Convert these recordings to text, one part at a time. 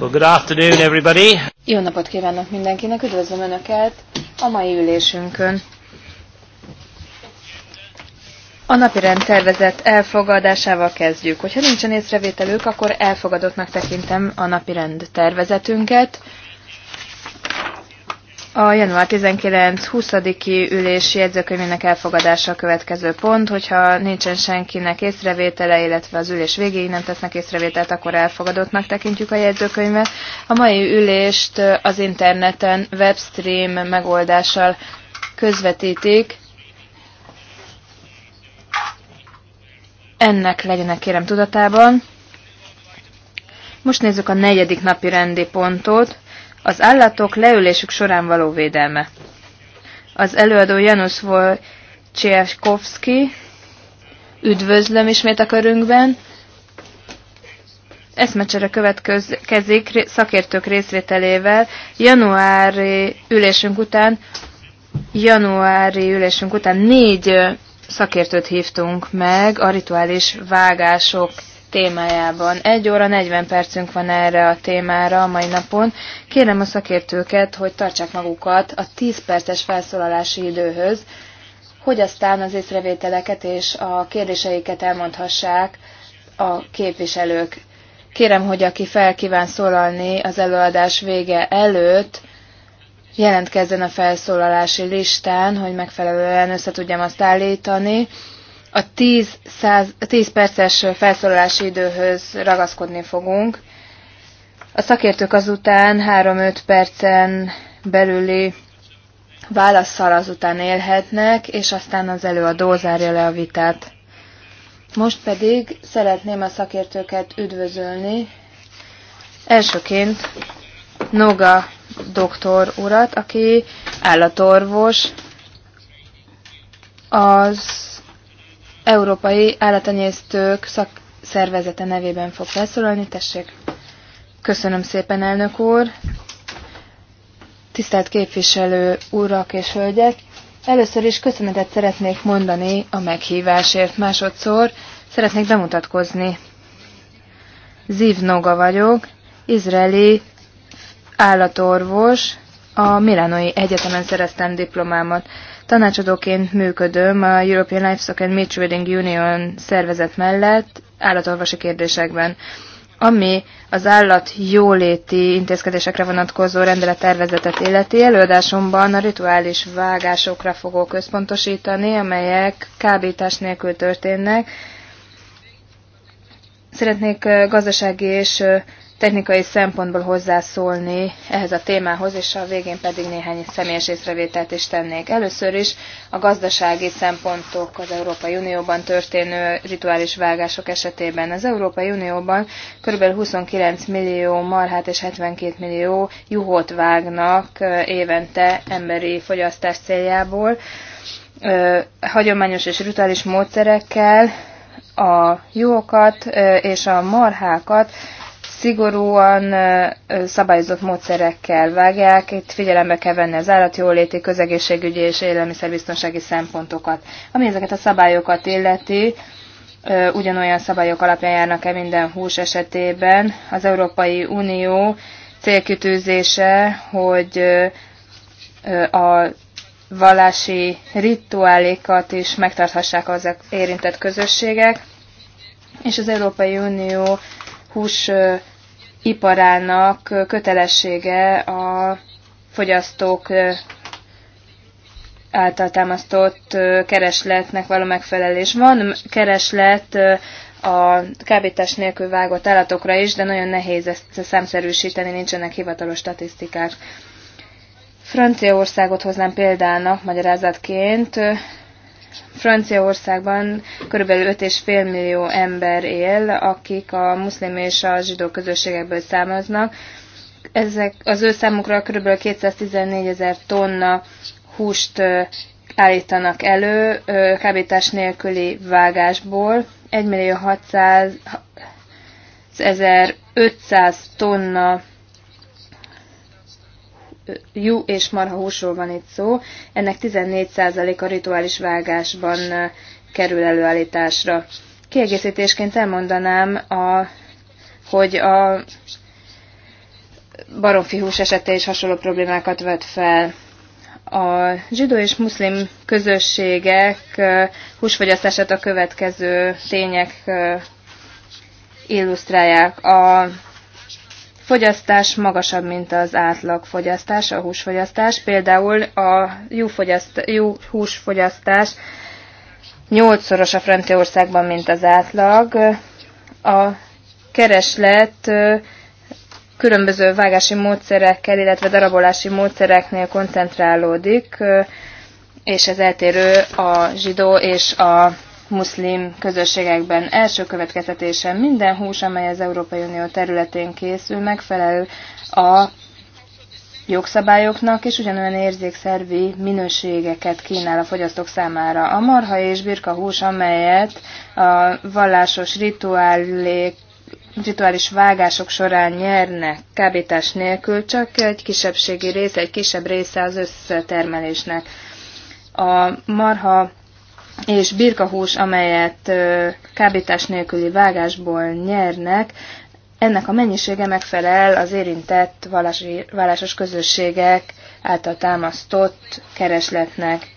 Well, good afternoon, everybody. Jó napot kívánok mindenkinek, üdvözlöm Önöket a mai ülésünkön. A napirend tervezett elfogadásával kezdjük. Hogyha nincsen észrevételük, akkor elfogadottnak tekintem a napirend tervezetünket. A január 19-20-i ülés jegyzőkönyvének elfogadása a következő pont, hogyha nincsen senkinek észrevétele, illetve az ülés végéig nem tesznek észrevételt, akkor elfogadottnak tekintjük a jegyzőkönyvet. A mai ülést eh, az interneten webstream megoldással közvetítik. Ennek legyenek kérem tudatában. Most nézzük a negyedik napi rendi pontot az állatok leülésük során való védelme. Az előadó Janusz Wojciechowski, üdvözlöm ismét a körünkben. Eszmecsere következik szakértők részvételével. Januári ülésünk után, januári ülésünk után négy szakértőt hívtunk meg a rituális vágások témájában. Egy óra 40 percünk van erre a témára a mai napon. Kérem a szakértőket, hogy tartsák magukat a 10 perces felszólalási időhöz, hogy aztán az észrevételeket és a kérdéseiket elmondhassák a képviselők. Kérem, hogy aki fel kíván szólalni az előadás vége előtt, jelentkezzen a felszólalási listán, hogy megfelelően össze tudjam azt állítani, a 10, 100, 10 perces felszólalási időhöz ragaszkodni fogunk. A szakértők azután 3-5 percen belüli válaszszal azután élhetnek, és aztán az előadó zárja le a vitát. Most pedig szeretném a szakértőket üdvözölni. Elsőként Noga doktor urat, aki állatorvos, az Európai Állatanyésztők szakszervezete nevében fog felszólalni. Tessék! Köszönöm szépen, elnök úr! Tisztelt képviselő urak és hölgyek! Először is köszönetet szeretnék mondani a meghívásért másodszor. Szeretnék bemutatkozni. Ziv Noga vagyok, izraeli állatorvos, a Milánoi Egyetemen szereztem diplomámat. Tanácsadóként működöm a European Livestock and Meat Trading Union szervezet mellett állatorvosi kérdésekben, ami az állat jóléti intézkedésekre vonatkozó rendelettervezetet illeti. Előadásomban a rituális vágásokra fogok összpontosítani, amelyek kábítás nélkül történnek. Szeretnék gazdasági és technikai szempontból hozzászólni ehhez a témához, és a végén pedig néhány személyes észrevételt is tennék. Először is a gazdasági szempontok az Európai Unióban történő rituális vágások esetében. Az Európai Unióban kb. 29 millió marhát és 72 millió juhot vágnak évente emberi fogyasztás céljából. Hagyományos és rituális módszerekkel a juhokat és a marhákat szigorúan szabályozott módszerekkel vágják, itt figyelembe kell venni az állatjóléti, közegészségügyi és élelmiszerbiztonsági szempontokat. Ami ezeket a szabályokat illeti, ugyanolyan szabályok alapján járnak e minden hús esetében. Az Európai Unió célkitűzése, hogy a vallási rituálékat is megtarthassák az érintett közösségek, és az Európai Unió hús iparának kötelessége a fogyasztók által támasztott keresletnek való megfelelés. Van kereslet a kábítás nélkül vágott állatokra is, de nagyon nehéz ezt számszerűsíteni, nincsenek hivatalos statisztikák. Franciaországot hoznám példának magyarázatként. Franciaországban kb. 5,5 millió ember él, akik a muszlim és a zsidó közösségekből származnak. Ezek, az ő számukra kb. 214 ezer tonna húst állítanak elő kábítás nélküli vágásból. 1 millió 600 1500 tonna jú és marha húsról van itt szó, ennek 14% a rituális vágásban kerül előállításra. Kiegészítésként elmondanám, a, hogy a baromfi hús esete is hasonló problémákat vet fel. A zsidó és muszlim közösségek húsfogyasztását a következő tények illusztrálják. A fogyasztás magasabb, mint az átlag fogyasztás, a húsfogyasztás. Például a jó húsfogyasztás nyolcszoros a Franciaországban, mint az átlag. A kereslet különböző vágási módszerekkel, illetve darabolási módszereknél koncentrálódik, és ez eltérő a zsidó és a muszlim közösségekben. Első következtetésen minden hús, amely az Európai Unió területén készül, megfelel a jogszabályoknak, és ugyanolyan érzékszervi minőségeket kínál a fogyasztók számára. A marha és birka hús, amelyet a vallásos rituálék rituális vágások során nyernek kábítás nélkül, csak egy kisebbségi része, egy kisebb része az összetermelésnek. A marha és birkahús, amelyet kábítás nélküli vágásból nyernek, ennek a mennyisége megfelel az érintett vallási, vallásos közösségek által támasztott keresletnek.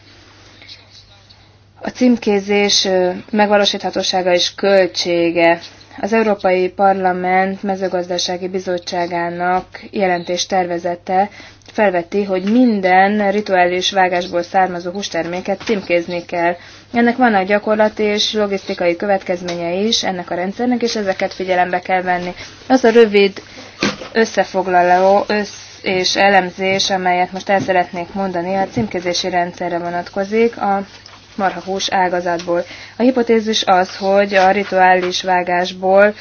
A címkézés megvalósíthatósága és költsége. Az Európai Parlament mezőgazdasági bizottságának jelentés tervezete felveti, hogy minden rituális vágásból származó hústerméket címkézni kell. Ennek vannak gyakorlati és logisztikai következményei is ennek a rendszernek, és ezeket figyelembe kell venni. Az a rövid összefoglaló össz és elemzés, amelyet most el szeretnék mondani, a címkézési rendszerre vonatkozik a marhahús ágazatból. A hipotézis az, hogy a rituális vágásból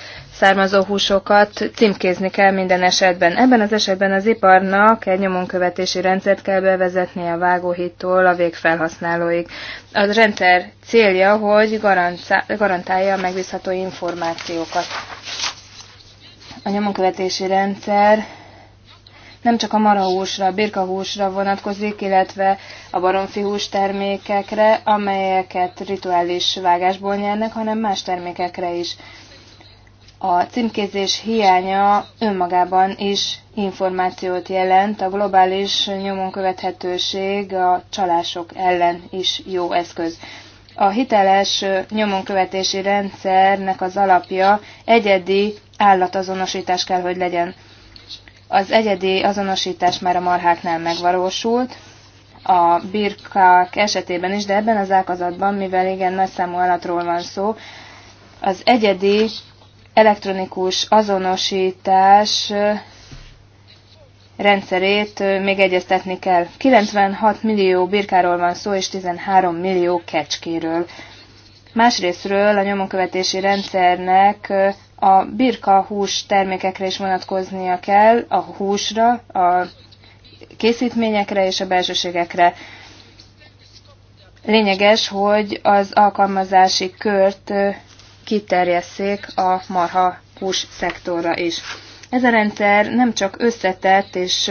származó húsokat címkézni kell minden esetben. Ebben az esetben az iparnak egy nyomonkövetési rendszert kell bevezetni a vágóhittól a végfelhasználóig. A rendszer célja, hogy garantálja a megbízható információkat. A nyomonkövetési rendszer nem csak a marahúsra, a birkahúsra vonatkozik, illetve a baromfihús termékekre, amelyeket rituális vágásból nyernek, hanem más termékekre is a címkézés hiánya önmagában is információt jelent, a globális nyomon követhetőség a csalások ellen is jó eszköz. A hiteles nyomonkövetési rendszernek az alapja egyedi állatazonosítás kell, hogy legyen. Az egyedi azonosítás már a marháknál megvalósult, a birkák esetében is, de ebben az ágazatban, mivel igen nagy számú állatról van szó, az egyedi elektronikus azonosítás rendszerét még egyeztetni kell. 96 millió birkáról van szó, és 13 millió kecskéről. Másrésztről a nyomonkövetési rendszernek a birka hús termékekre is vonatkoznia kell, a húsra, a készítményekre és a belsőségekre. Lényeges, hogy az alkalmazási kört kiterjesszék a marha hús szektorra is. Ez a rendszer nem csak összetett és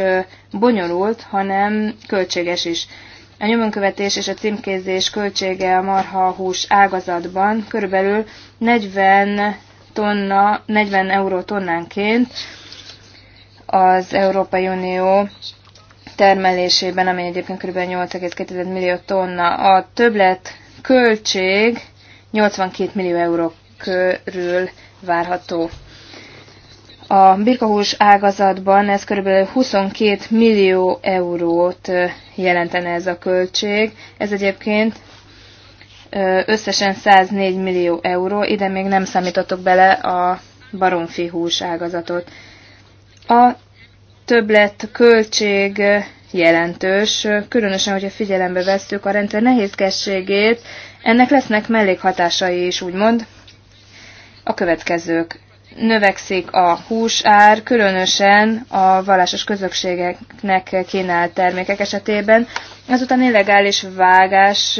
bonyolult, hanem költséges is. A nyomonkövetés és a címkézés költsége a marhahús ágazatban körülbelül 40 tonna, 40 euró tonnánként az Európai Unió termelésében, ami egyébként kb. 8,2 millió tonna. A többlet költség 82 millió euró körül várható. A birkahús ágazatban ez kb. 22 millió eurót jelentene ez a költség. Ez egyébként összesen 104 millió euró, ide még nem számítottuk bele a baromfi hús ágazatot. A többlet költség jelentős, különösen, hogyha figyelembe vesztük a rendszer nehézkességét, ennek lesznek mellékhatásai is, úgymond, a következők. Növekszik a húsár, különösen a vallásos közökségeknek kínált termékek esetében. Azután illegális vágás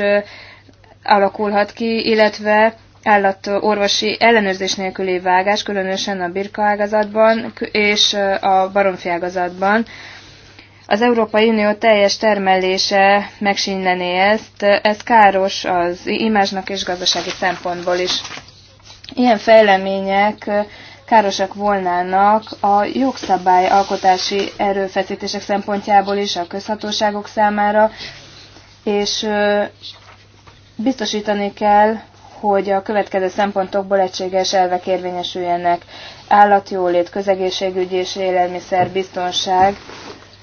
alakulhat ki, illetve állatorvosi ellenőrzés nélküli vágás, különösen a birkaágazatban és a baromfiágazatban. Az Európai Unió teljes termelése megsínylené ezt, ez káros az imázsnak és gazdasági szempontból is. Ilyen fejlemények károsak volnának a jogszabály alkotási erőfeszítések szempontjából is a közhatóságok számára, és biztosítani kell, hogy a következő szempontokból egységes elvek érvényesüljenek. Állatjólét, közegészségügy és élelmiszerbiztonság,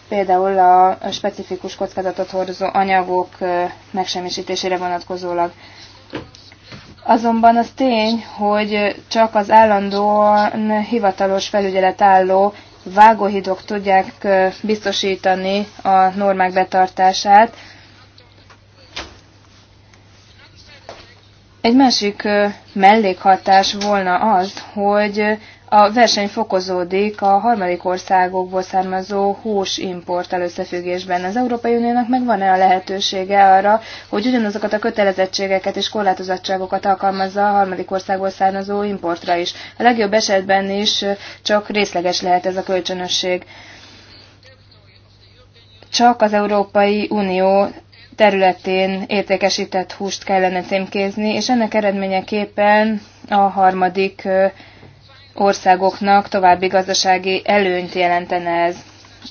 például a specifikus kockázatot hordozó anyagok megsemmisítésére vonatkozólag. Azonban az tény, hogy csak az állandóan hivatalos felügyelet álló vágóhidok tudják biztosítani a normák betartását. Egy másik mellékhatás volna az, hogy a verseny fokozódik a harmadik országokból származó import összefüggésben. Az Európai Uniónak megvan-e a lehetősége arra, hogy ugyanazokat a kötelezettségeket és korlátozottságokat alkalmazza a harmadik országból származó importra is? A legjobb esetben is csak részleges lehet ez a kölcsönösség. Csak az Európai Unió területén értékesített húst kellene címkézni, és ennek eredményeképpen a harmadik országoknak további gazdasági előnyt jelentene ez.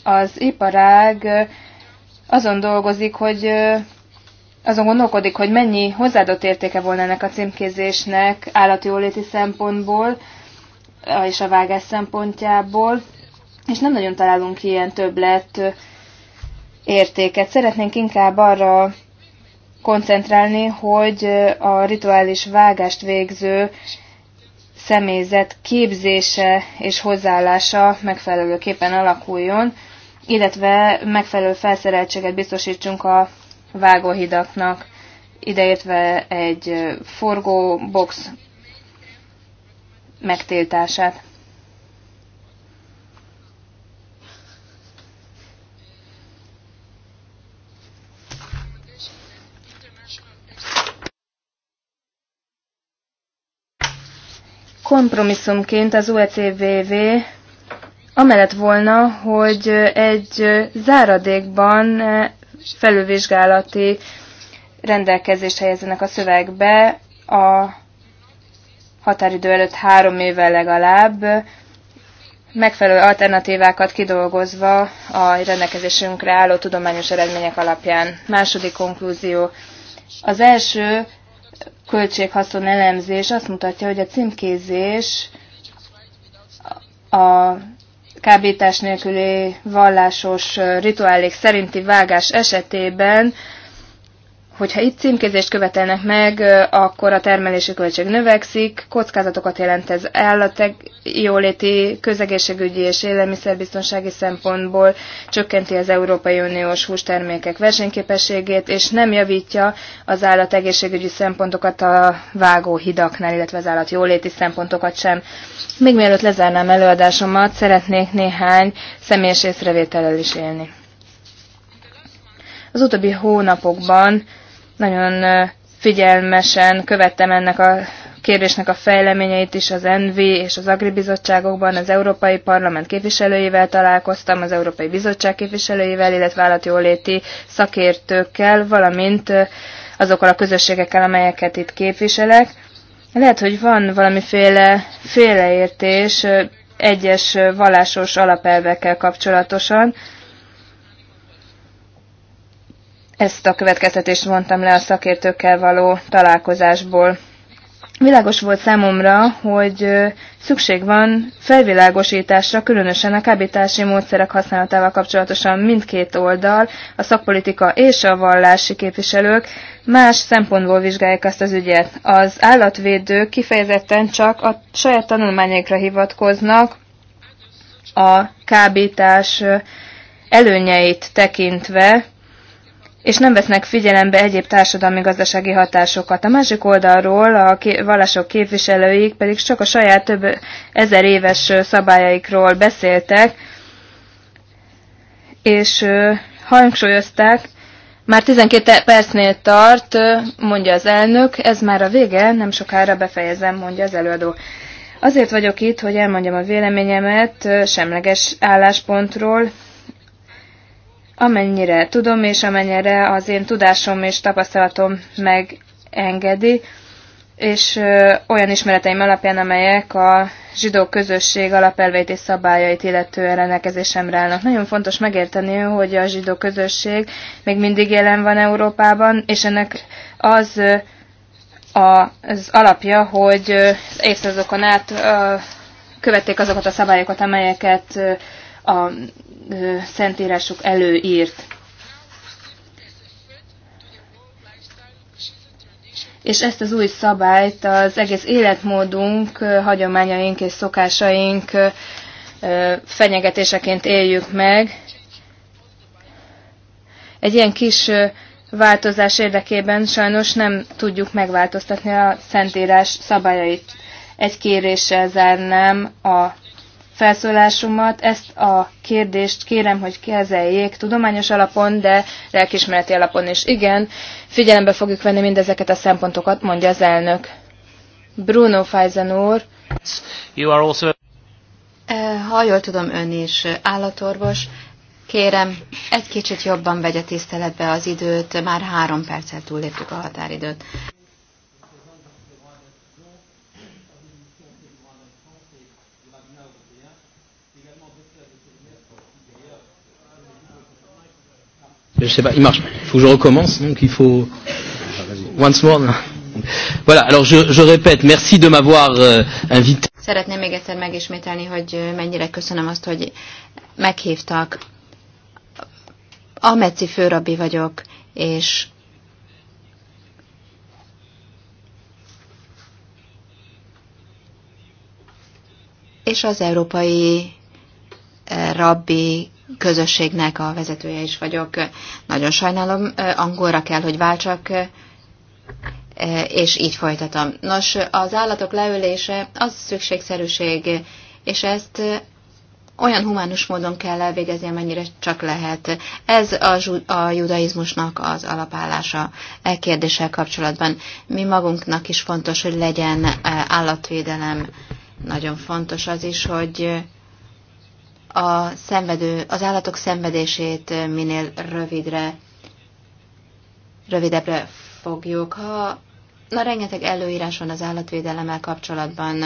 Az iparág azon dolgozik, hogy azon gondolkodik, hogy mennyi hozzáadott értéke volna ennek a címkézésnek állatjóléti szempontból és a vágás szempontjából, és nem nagyon találunk ilyen többlet értéket. Szeretnénk inkább arra koncentrálni, hogy a rituális vágást végző személyzet képzése és hozzáállása megfelelőképpen alakuljon, illetve megfelelő felszereltséget biztosítsunk a vágóhidaknak, ideértve egy forgóbox megtiltását. kompromisszumként az UECVV amellett volna, hogy egy záradékban felülvizsgálati rendelkezést helyezzenek a szövegbe a határidő előtt három évvel legalább, megfelelő alternatívákat kidolgozva a rendelkezésünkre álló tudományos eredmények alapján. Második konklúzió. Az első költséghaszon elemzés azt mutatja, hogy a címkézés a kábítás nélküli vallásos rituálék szerinti vágás esetében hogyha itt címkézést követelnek meg, akkor a termelési költség növekszik, kockázatokat jelent ez állateg, jóléti, közegészségügyi és élelmiszerbiztonsági szempontból, csökkenti az Európai Uniós hústermékek versenyképességét, és nem javítja az állategészségügyi szempontokat a vágóhidaknál, illetve az állat jóléti szempontokat sem. Még mielőtt lezárnám előadásomat, szeretnék néhány személyes észrevétellel is élni. Az utóbbi hónapokban nagyon figyelmesen követtem ennek a kérdésnek a fejleményeit is az NV és az Agri bizottságokban, az Európai Parlament képviselőivel találkoztam, az Európai Bizottság képviselőivel, illetve állatjóléti szakértőkkel, valamint azokkal a közösségekkel, amelyeket itt képviselek. Lehet, hogy van valamiféle félreértés egyes vallásos alapelvekkel kapcsolatosan, ezt a következtetést mondtam le a szakértőkkel való találkozásból. Világos volt számomra, hogy szükség van felvilágosításra, különösen a kábítási módszerek használatával kapcsolatosan mindkét oldal, a szakpolitika és a vallási képviselők más szempontból vizsgálják azt az ügyet. Az állatvédők kifejezetten csak a saját tanulmányokra hivatkoznak, a kábítás előnyeit tekintve, és nem vesznek figyelembe egyéb társadalmi-gazdasági hatásokat. A másik oldalról a vallások képviselőik pedig csak a saját több ezer éves szabályaikról beszéltek, és hangsúlyozták, már 12 percnél tart, mondja az elnök, ez már a vége, nem sokára befejezem, mondja az előadó. Azért vagyok itt, hogy elmondjam a véleményemet semleges álláspontról, Amennyire tudom, és amennyire az én tudásom és tapasztalatom megengedi, és olyan ismereteim alapján, amelyek a zsidó közösség alapelveit és szabályait illetően rendelkezésemre állnak. Nagyon fontos megérteni, hogy a zsidó közösség még mindig jelen van Európában, és ennek az az alapja, hogy évszázadokon át követték azokat a szabályokat, amelyeket a szentírások előírt. És ezt az új szabályt az egész életmódunk, hagyományaink és szokásaink fenyegetéseként éljük meg. Egy ilyen kis változás érdekében sajnos nem tudjuk megváltoztatni a Szentírás szabályait. Egy kéréssel zárnám a felszólásomat. Ezt a kérdést kérem, hogy kezeljék tudományos alapon, de lelkismereti alapon is. Igen, figyelembe fogjuk venni mindezeket a szempontokat, mondja az elnök. Bruno Feizen úr. You are also... Eh, ha jól tudom, ön is állatorvos. Kérem, egy kicsit jobban vegye tiszteletbe az időt, már három perccel túlléptük a határidőt. Je sais pas, il marche. Il faut que je recommence, donc il faut. Once more. Voilà, alors je, je répète, merci de m'avoir euh, invité. Szeretném még egyszer megismételni, hogy mennyire köszönöm azt, hogy meghívtak. Ameci főrabbi vagyok, és és az európai eh, rabbi közösségnek a vezetője is vagyok. Nagyon sajnálom, angolra kell, hogy váltsak, és így folytatom. Nos, az állatok leülése az szükségszerűség, és ezt olyan humánus módon kell elvégezni, amennyire csak lehet. Ez a, a judaizmusnak az alapállása e kérdéssel kapcsolatban. Mi magunknak is fontos, hogy legyen állatvédelem. Nagyon fontos az is, hogy a szenvedő, az állatok szenvedését minél rövidre, rövidebbre fogjuk. Ha, na, rengeteg előírás van az állatvédelemmel kapcsolatban.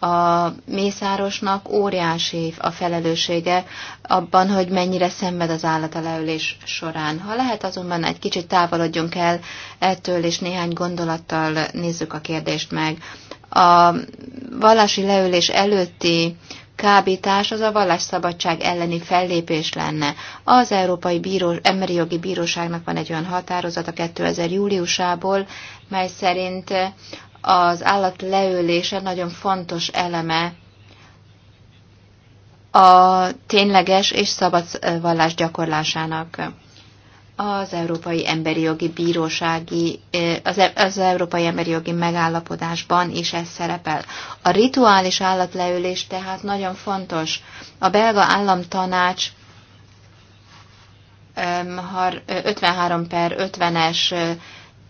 A mészárosnak óriási a felelőssége abban, hogy mennyire szenved az állat a leülés során. Ha lehet, azonban egy kicsit távolodjunk el ettől, és néhány gondolattal nézzük a kérdést meg. A vallási leülés előtti kábítás az a vallásszabadság elleni fellépés lenne. Az Európai Bíró, Emberi Jogi Bíróságnak van egy olyan határozata 2000 júliusából, mely szerint az állat leölése nagyon fontos eleme a tényleges és szabad vallás gyakorlásának az Európai Emberi Jogi Bírósági, az, e az Európai Emberi Jogi Megállapodásban is ez szerepel. A rituális állatleülés tehát nagyon fontos. A belga államtanács 53 per 50-es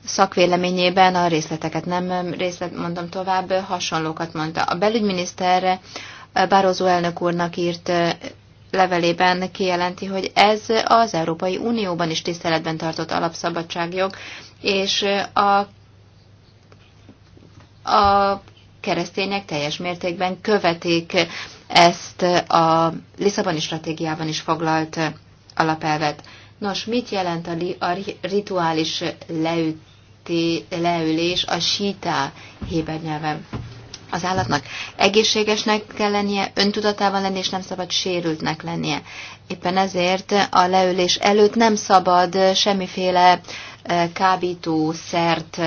szakvéleményében a részleteket nem részlet mondom tovább, hasonlókat mondta. A belügyminiszter Bározó elnök úrnak írt levelében kijelenti, hogy ez az Európai Unióban is tiszteletben tartott alapszabadságjog, és a, a keresztények teljes mértékben követik ezt a Lisszaboni stratégiában is foglalt alapelvet. Nos, mit jelent a, li, a rituális leüti, leülés a sítá héber nyelven? az állatnak. Egészségesnek kell lennie, öntudatában lennie, és nem szabad sérültnek lennie. Éppen ezért a leülés előtt nem szabad semmiféle e, kábítószert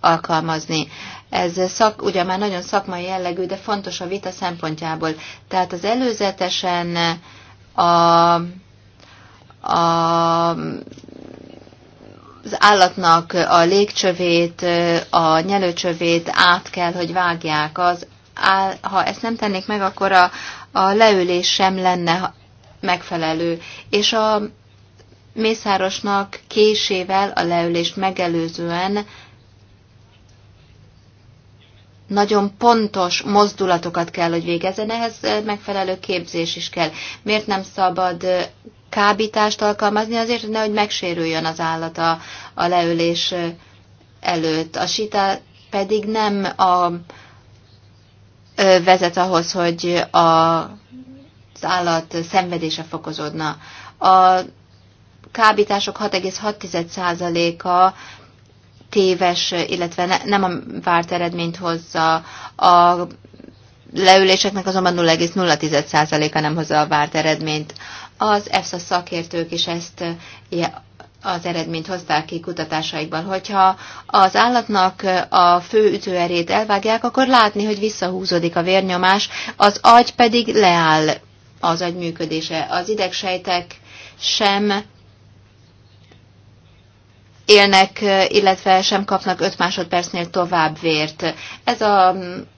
alkalmazni. Ez szak, ugye már nagyon szakmai jellegű, de fontos a vita szempontjából. Tehát az előzetesen a, a az állatnak a légcsövét, a nyelőcsövét át kell, hogy vágják. Az, ha ezt nem tennék meg, akkor a, a leülés sem lenne megfelelő. És a mészárosnak késével a leülést megelőzően nagyon pontos mozdulatokat kell, hogy végezzen, ehhez megfelelő képzés is kell. Miért nem szabad kábítást alkalmazni azért, hogy nehogy megsérüljön az állat a, a leülés előtt. A sita pedig nem a, vezet ahhoz, hogy a, az állat szenvedése fokozódna. A kábítások 6,6%-a téves, illetve ne, nem a várt eredményt hozza. A leüléseknek azonban 0,0%-a nem hozza a várt eredményt. Az EFSA szakértők is ezt az eredményt hozták ki kutatásaikban. Hogyha az állatnak a fő ütőerét elvágják, akkor látni, hogy visszahúzódik a vérnyomás, az agy pedig leáll az agy működése. Az idegsejtek sem élnek, illetve sem kapnak 5 másodpercnél tovább vért. Ez a,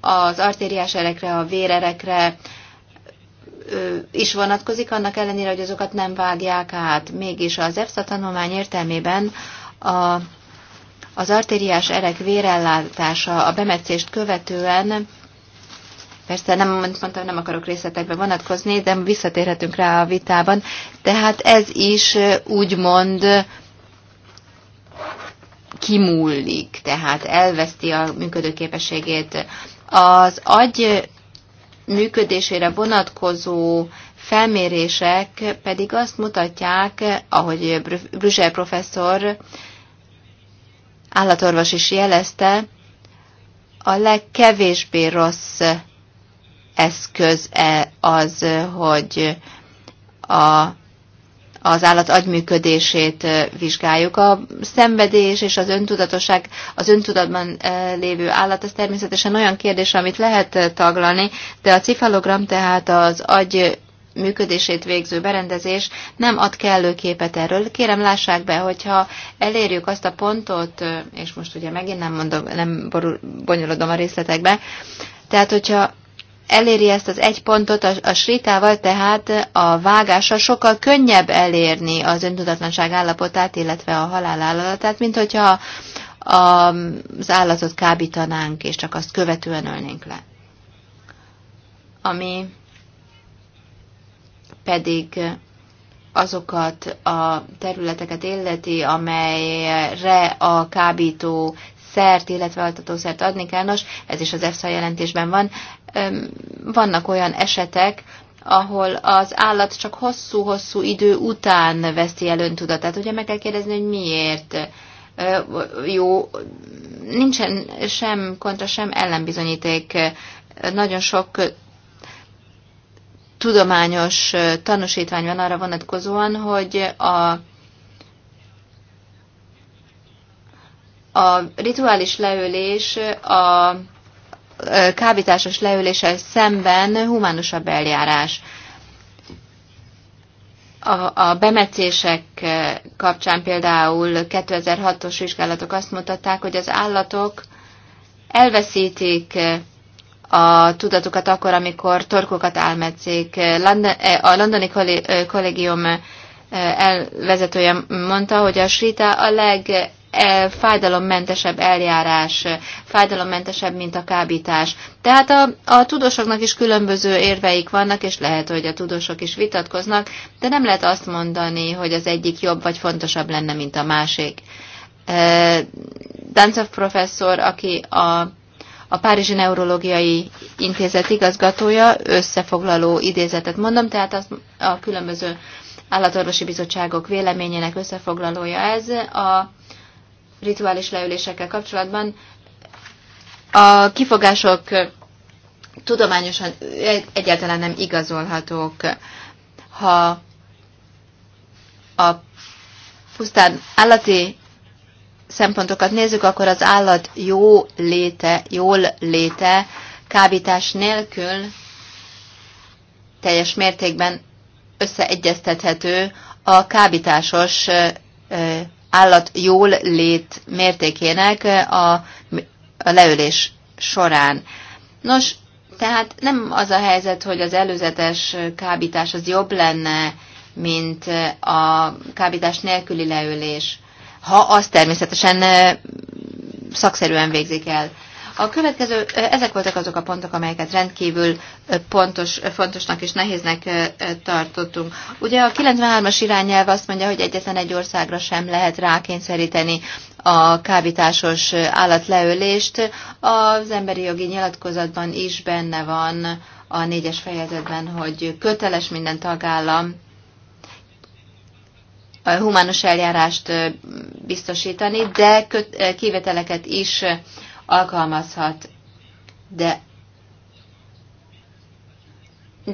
az artériás erekre, a vérerekre is vonatkozik, annak ellenére, hogy azokat nem vágják át. Mégis az EFSA tanulmány értelmében a, az artériás erek vérellátása a bemetszést követően Persze nem mondtam, nem akarok részletekbe vonatkozni, de visszatérhetünk rá a vitában. Tehát ez is úgymond kimúlik, tehát elveszti a működőképességét. Az agy működésére vonatkozó felmérések pedig azt mutatják, ahogy Brüssel professzor állatorvos is jelezte, a legkevésbé rossz eszköz -e az, hogy a az állat agyműködését vizsgáljuk. A szenvedés és az öntudatosság, az öntudatban lévő állat, ez természetesen olyan kérdés, amit lehet taglalni, de a cifalogram, tehát az agy működését végző berendezés nem ad kellő képet erről. Kérem, lássák be, hogyha elérjük azt a pontot, és most ugye megint nem, mondom, nem borul, bonyolodom a részletekbe, tehát hogyha eléri ezt az egy pontot, a, a sritával tehát a vágása sokkal könnyebb elérni az öntudatlanság állapotát, illetve a halál állapotát, mint hogyha az állatot kábítanánk, és csak azt követően ölnénk le. Ami pedig azokat a területeket illeti, amelyre a kábító szert, illetve altatószert adni kell. Nos, ez is az EFSA jelentésben van. Vannak olyan esetek, ahol az állat csak hosszú-hosszú idő után veszi el öntudatát. Ugye meg kell kérdezni, hogy miért jó, nincsen sem kontra, sem ellenbizonyíték. Nagyon sok tudományos tanúsítvány van arra vonatkozóan, hogy a A rituális leülés a kábításos leüléssel szemben humánusabb eljárás. A, a bemetszések kapcsán például 2006-os vizsgálatok azt mutatták, hogy az állatok elveszítik a tudatukat akkor, amikor torkokat álmetszék. A londoni kollégium elvezetője mondta, hogy a srita a leg E, fájdalommentesebb eljárás, fájdalommentesebb, mint a kábítás. Tehát a, a tudósoknak is különböző érveik vannak, és lehet, hogy a tudósok is vitatkoznak, de nem lehet azt mondani, hogy az egyik jobb vagy fontosabb lenne, mint a másik. E, Dancev professzor, aki a a Párizsi Neurológiai Intézet igazgatója összefoglaló idézetet mondom, tehát az a különböző állatorvosi bizottságok véleményének összefoglalója ez. A rituális leülésekkel kapcsolatban a kifogások tudományosan egyáltalán nem igazolhatók. Ha a pusztán állati szempontokat nézzük, akkor az állat jó léte, jól léte kábítás nélkül teljes mértékben összeegyeztethető a kábításos állat jól lét mértékének a, a leülés során. Nos, tehát nem az a helyzet, hogy az előzetes kábítás az jobb lenne, mint a kábítás nélküli leülés, ha azt természetesen szakszerűen végzik el. A következő, ezek voltak azok a pontok, amelyeket rendkívül pontos, fontosnak és nehéznek tartottunk. Ugye a 93-as irányelv azt mondja, hogy egyetlen egy országra sem lehet rákényszeríteni a kábításos állatleölést. Az emberi jogi nyilatkozatban is benne van a négyes fejezetben, hogy köteles minden tagállam a humánus eljárást biztosítani, de kiveteleket is alkalmazhat, de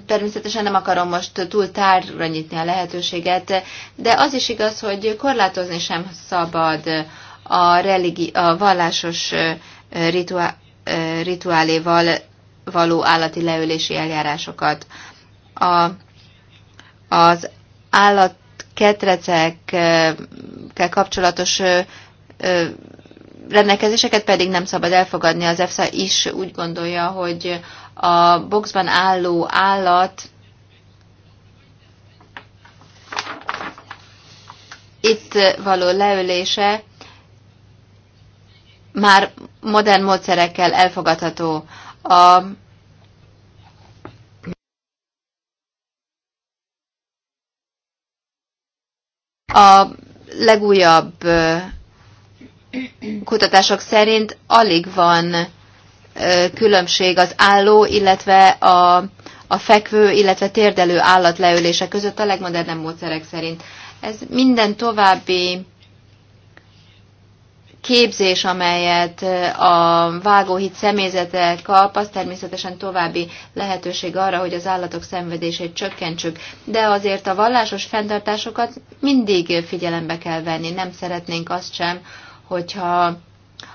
természetesen nem akarom most túl tárra nyitni a lehetőséget, de az is igaz, hogy korlátozni sem szabad a, religi, a vallásos rituá, rituáléval való állati leülési eljárásokat. A, az állat ketrecekkel kapcsolatos rendelkezéseket pedig nem szabad elfogadni. Az EFSA is úgy gondolja, hogy a boxban álló állat itt való leülése már modern módszerekkel elfogadható. A a legújabb kutatások szerint alig van különbség az álló, illetve a, a fekvő, illetve térdelő állat leülése között a legmodernebb módszerek szerint. Ez minden további képzés, amelyet a vágóhíd személyzete kap, az természetesen további lehetőség arra, hogy az állatok szenvedését csökkentsük. De azért a vallásos fenntartásokat mindig figyelembe kell venni. Nem szeretnénk azt sem, hogyha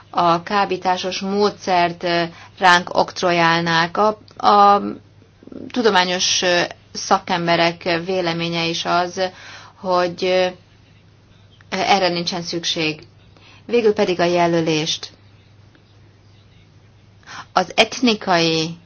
a kábításos módszert ránk oktrojálnák. A, a tudományos szakemberek véleménye is az, hogy erre nincsen szükség. Végül pedig a jelölést. Az etnikai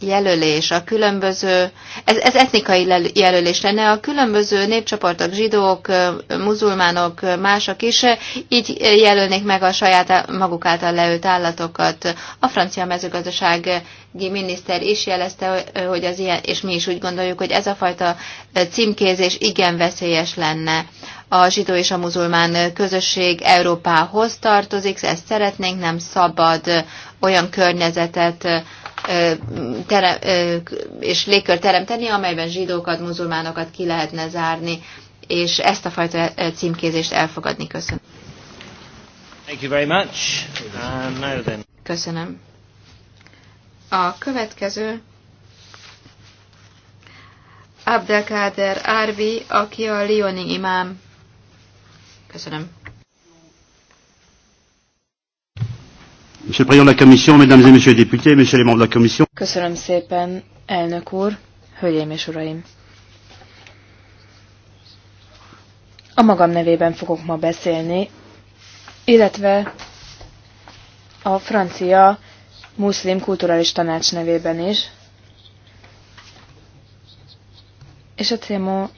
jelölés, a különböző, ez, ez etnikai jelölés lenne, a különböző népcsoportok, zsidók, muzulmánok, mások is így jelölnék meg a saját maguk által leült állatokat. A francia mezőgazdaság miniszter is jelezte, hogy az ilyen, és mi is úgy gondoljuk, hogy ez a fajta címkézés igen veszélyes lenne a zsidó és a muzulmán közösség Európához tartozik, ezt szeretnénk, nem szabad olyan környezetet és légkör teremteni, amelyben zsidókat, muzulmánokat ki lehetne zárni, és ezt a fajta címkézést elfogadni. Köszönöm. Thank you very much. Uh, then. Köszönöm. A következő Abdelkader Árvi, aki a Lioni imám. Köszönöm. Köszönöm szépen, elnök úr, hölgyeim és uraim. A magam nevében fogok ma beszélni, illetve a francia muszlim kulturális tanács nevében is. És a CMO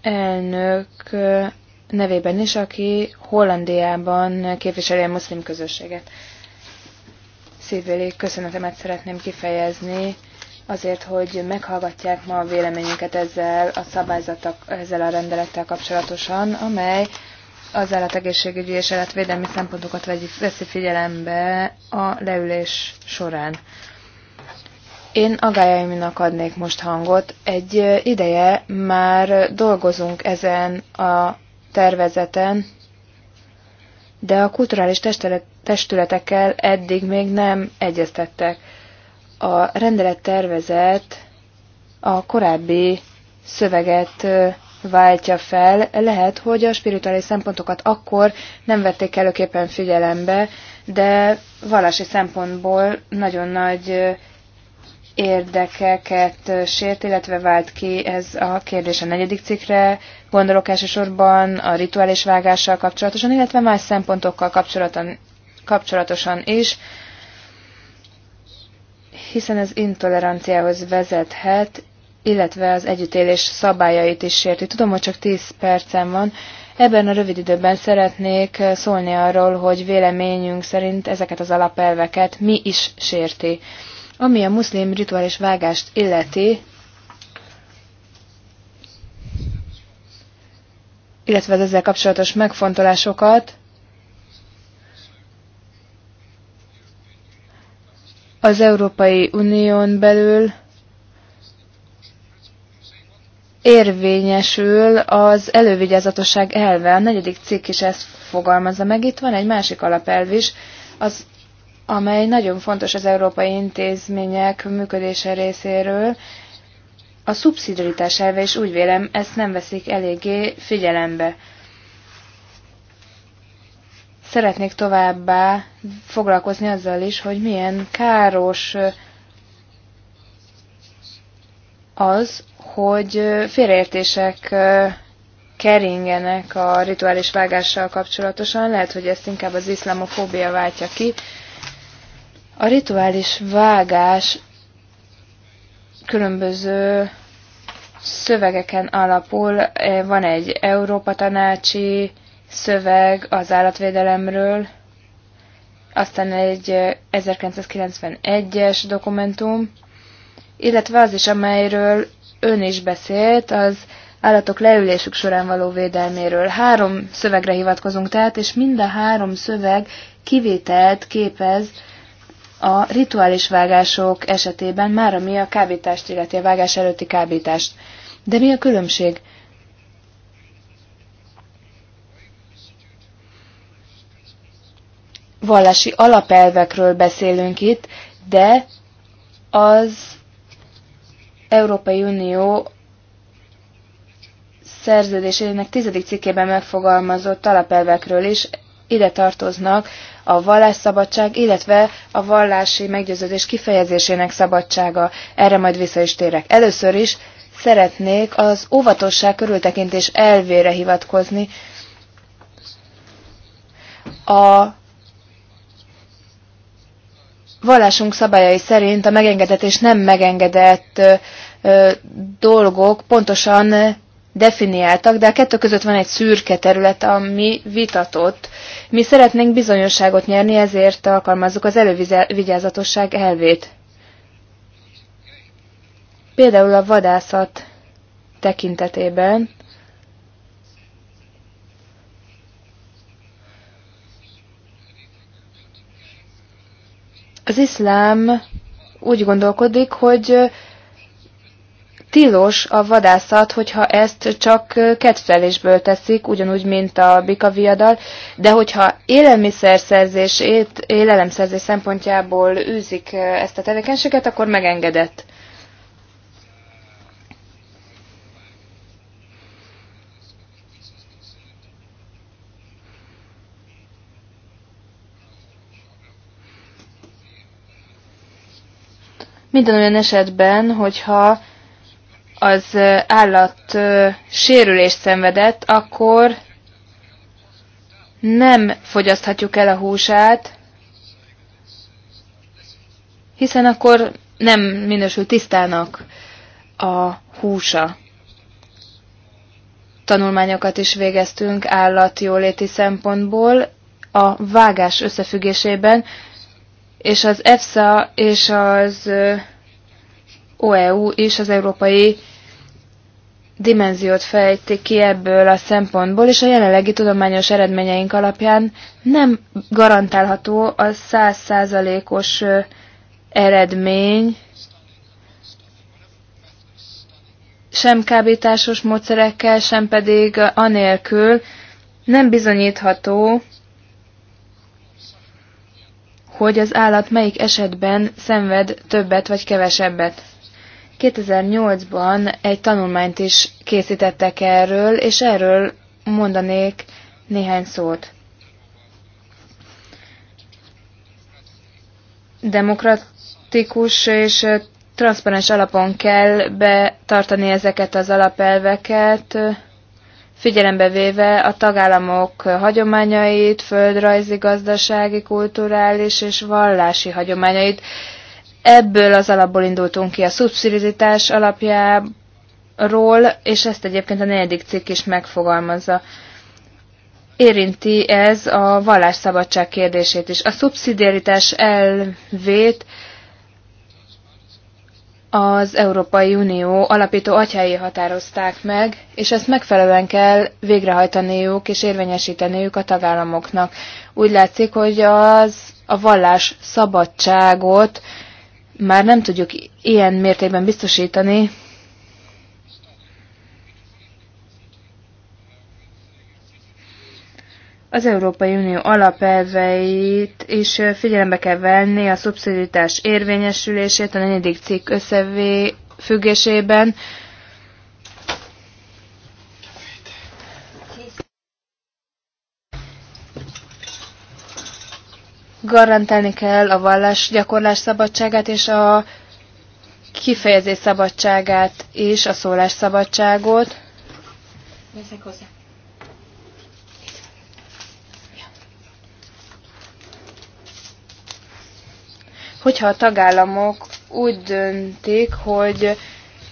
elnök nevében is, aki Hollandiában képviseli a muszlim közösséget. Szívvéli köszönetemet szeretném kifejezni azért, hogy meghallgatják ma a véleményünket ezzel a szabályzatok, ezzel a rendelettel kapcsolatosan, amely az állategészségügyi és állatvédelmi szempontokat veszi figyelembe a leülés során. Én agályaiminak adnék most hangot. Egy ideje már dolgozunk ezen a tervezeten, de a kulturális testületekkel eddig még nem egyeztettek. A rendelet tervezet, a korábbi szöveget váltja fel, lehet, hogy a spirituális szempontokat akkor nem vették előképpen figyelembe, de vallási szempontból nagyon nagy érdekeket sért, illetve vált ki ez a kérdés a negyedik cikkre, gondolok elsősorban a rituális vágással kapcsolatosan, illetve más szempontokkal kapcsolatosan, kapcsolatosan is, hiszen ez intoleranciához vezethet, illetve az együttélés szabályait is sérti. Tudom, hogy csak 10 percem van. Ebben a rövid időben szeretnék szólni arról, hogy véleményünk szerint ezeket az alapelveket mi is sérti. Ami a muszlim rituális vágást illeti, illetve az ezzel kapcsolatos megfontolásokat, az Európai Unión belül érvényesül az elővigyázatosság elve. A negyedik cikk is ezt fogalmazza meg. Itt van egy másik alapelv is, az amely nagyon fontos az európai intézmények működése részéről. A szubszidiaritás elve is úgy vélem, ezt nem veszik eléggé figyelembe. Szeretnék továbbá foglalkozni azzal is, hogy milyen káros az, hogy félreértések keringenek a rituális vágással kapcsolatosan. Lehet, hogy ezt inkább az iszlamofóbia váltja ki, a rituális vágás különböző szövegeken alapul. Eh, van egy Európa tanácsi szöveg az állatvédelemről, aztán egy 1991-es eh, dokumentum, illetve az is, amelyről ön is beszélt, az állatok leülésük során való védelméről. Három szövegre hivatkozunk tehát, és mind a három szöveg kivételt képez a rituális vágások esetében már mi a kábítást illeti, a vágás előtti kábítást. De mi a különbség? Vallási alapelvekről beszélünk itt, de az Európai Unió szerződésének tizedik cikkében megfogalmazott alapelvekről is, ide tartoznak a vallásszabadság, illetve a vallási meggyőződés kifejezésének szabadsága. Erre majd vissza is térek. Először is szeretnék az óvatosság körültekintés elvére hivatkozni. A vallásunk szabályai szerint a megengedett és nem megengedett dolgok pontosan definiáltak, de a kettő között van egy szürke terület, ami vitatott. Mi szeretnénk bizonyosságot nyerni, ezért alkalmazzuk az elővigyázatosság elvét. Például a vadászat tekintetében az iszlám úgy gondolkodik, hogy tilos a vadászat, hogyha ezt csak kedvelésből teszik, ugyanúgy, mint a bikaviadal, de hogyha élelmiszerszerzés, élelemszerzés szempontjából űzik ezt a tevékenységet, akkor megengedett. Minden olyan esetben, hogyha az állat sérülést szenvedett, akkor nem fogyaszthatjuk el a húsát, hiszen akkor nem minősül tisztának a húsa. Tanulmányokat is végeztünk állatjóléti szempontból a vágás összefüggésében, és az EFSA és az OEU is, az Európai dimenziót fejti ki ebből a szempontból, és a jelenlegi tudományos eredményeink alapján nem garantálható a százszázalékos eredmény, sem kábításos módszerekkel, sem pedig anélkül nem bizonyítható, hogy az állat melyik esetben szenved többet vagy kevesebbet. 2008-ban egy tanulmányt is készítettek erről, és erről mondanék néhány szót. Demokratikus és transzparens alapon kell betartani ezeket az alapelveket, figyelembe véve a tagállamok hagyományait, földrajzi, gazdasági, kulturális és vallási hagyományait. Ebből az alapból indultunk ki a szubszidizitás alapjáról, és ezt egyébként a negyedik cikk is megfogalmazza. Érinti ez a vallásszabadság kérdését is. A szubszidiaritás elvét az Európai Unió alapító atyái határozták meg, és ezt megfelelően kell végrehajtaniuk és érvényesíteniük a tagállamoknak. Úgy látszik, hogy az a vallás szabadságot már nem tudjuk ilyen mértékben biztosítani, az Európai Unió alapelveit is figyelembe kell venni a szubszidiaritás érvényesülését a negyedik cikk összefüggésében, garantálni kell a vallás gyakorlás szabadságát és a kifejezés szabadságát és a szólás szabadságot. Hogyha a tagállamok úgy döntik, hogy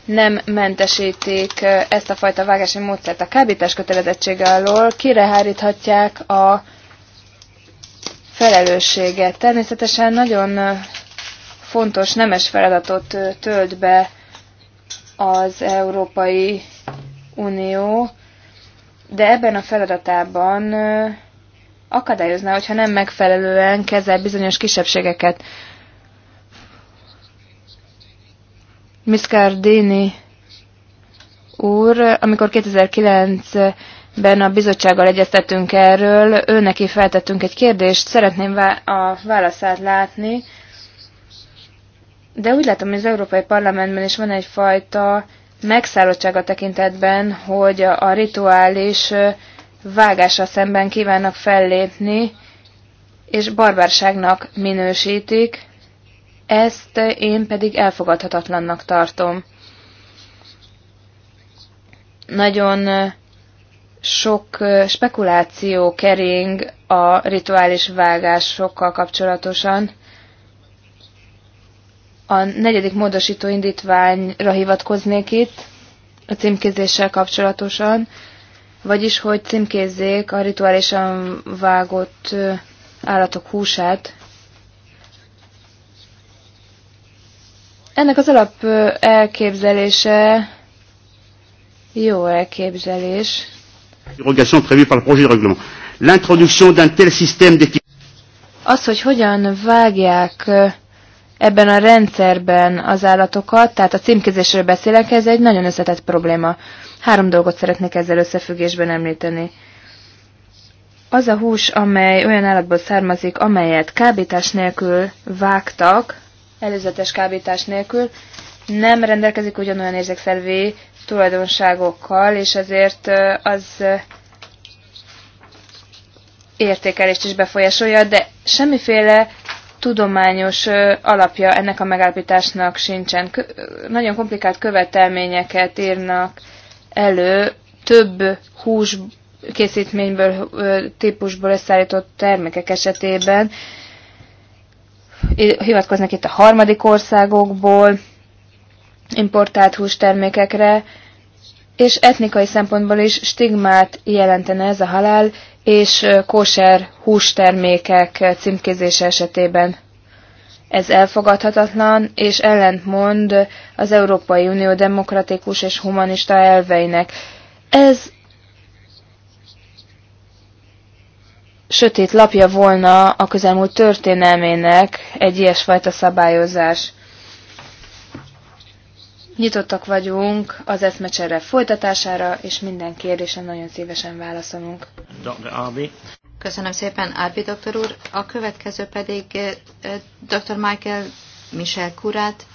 nem mentesítik ezt a fajta vágási módszert a kábítás kötelezettsége alól, háríthatják a felelősséget. Természetesen nagyon fontos nemes feladatot tölt be az Európai Unió, de ebben a feladatában akadályozná, hogyha nem megfelelően kezel bizonyos kisebbségeket. Miscardini úr, amikor 2009 Ben a bizottsággal egyeztetünk erről, ő neki feltettünk egy kérdést, szeretném a válaszát látni, de úgy látom, hogy az Európai Parlamentben is van egyfajta megszállottság a tekintetben, hogy a rituális vágásra szemben kívánnak fellépni, és barbárságnak minősítik, ezt én pedig elfogadhatatlannak tartom. Nagyon sok spekuláció kering a rituális vágásokkal kapcsolatosan. A negyedik módosító indítványra hivatkoznék itt, a címkézéssel kapcsolatosan, vagyis hogy címkézzék a rituálisan vágott állatok húsát. Ennek az alap elképzelése jó elképzelés, dérogations prévues par le projet de règlement. L'introduction d'un tel système Az, hogy hogyan vágják ebben a rendszerben az állatokat, tehát a címkézésről beszélek, ez egy nagyon összetett probléma. Három dolgot szeretnék ezzel összefüggésben említeni. Az a hús, amely olyan állatból származik, amelyet kábítás nélkül vágtak, előzetes kábítás nélkül, nem rendelkezik ugyanolyan érzékszervé, tulajdonságokkal, és ezért az értékelést is befolyásolja, de semmiféle tudományos alapja ennek a megállapításnak sincsen. Nagyon komplikált követelményeket írnak elő, több hús készítményből, típusból összeállított termékek esetében. Hivatkoznak itt a harmadik országokból importált hústermékekre, és etnikai szempontból is stigmát jelentene ez a halál és kóser hústermékek címkézése esetében. Ez elfogadhatatlan, és ellentmond az Európai Unió demokratikus és humanista elveinek. Ez sötét lapja volna a közelmúlt történelmének egy ilyesfajta szabályozás. Nyitottak vagyunk az eszmecsere folytatására, és minden kérdésen nagyon szívesen válaszolunk. Dr. Arby. Köszönöm szépen, Arbi doktor úr. A következő pedig eh, eh, dr. Michael Michel Kurát,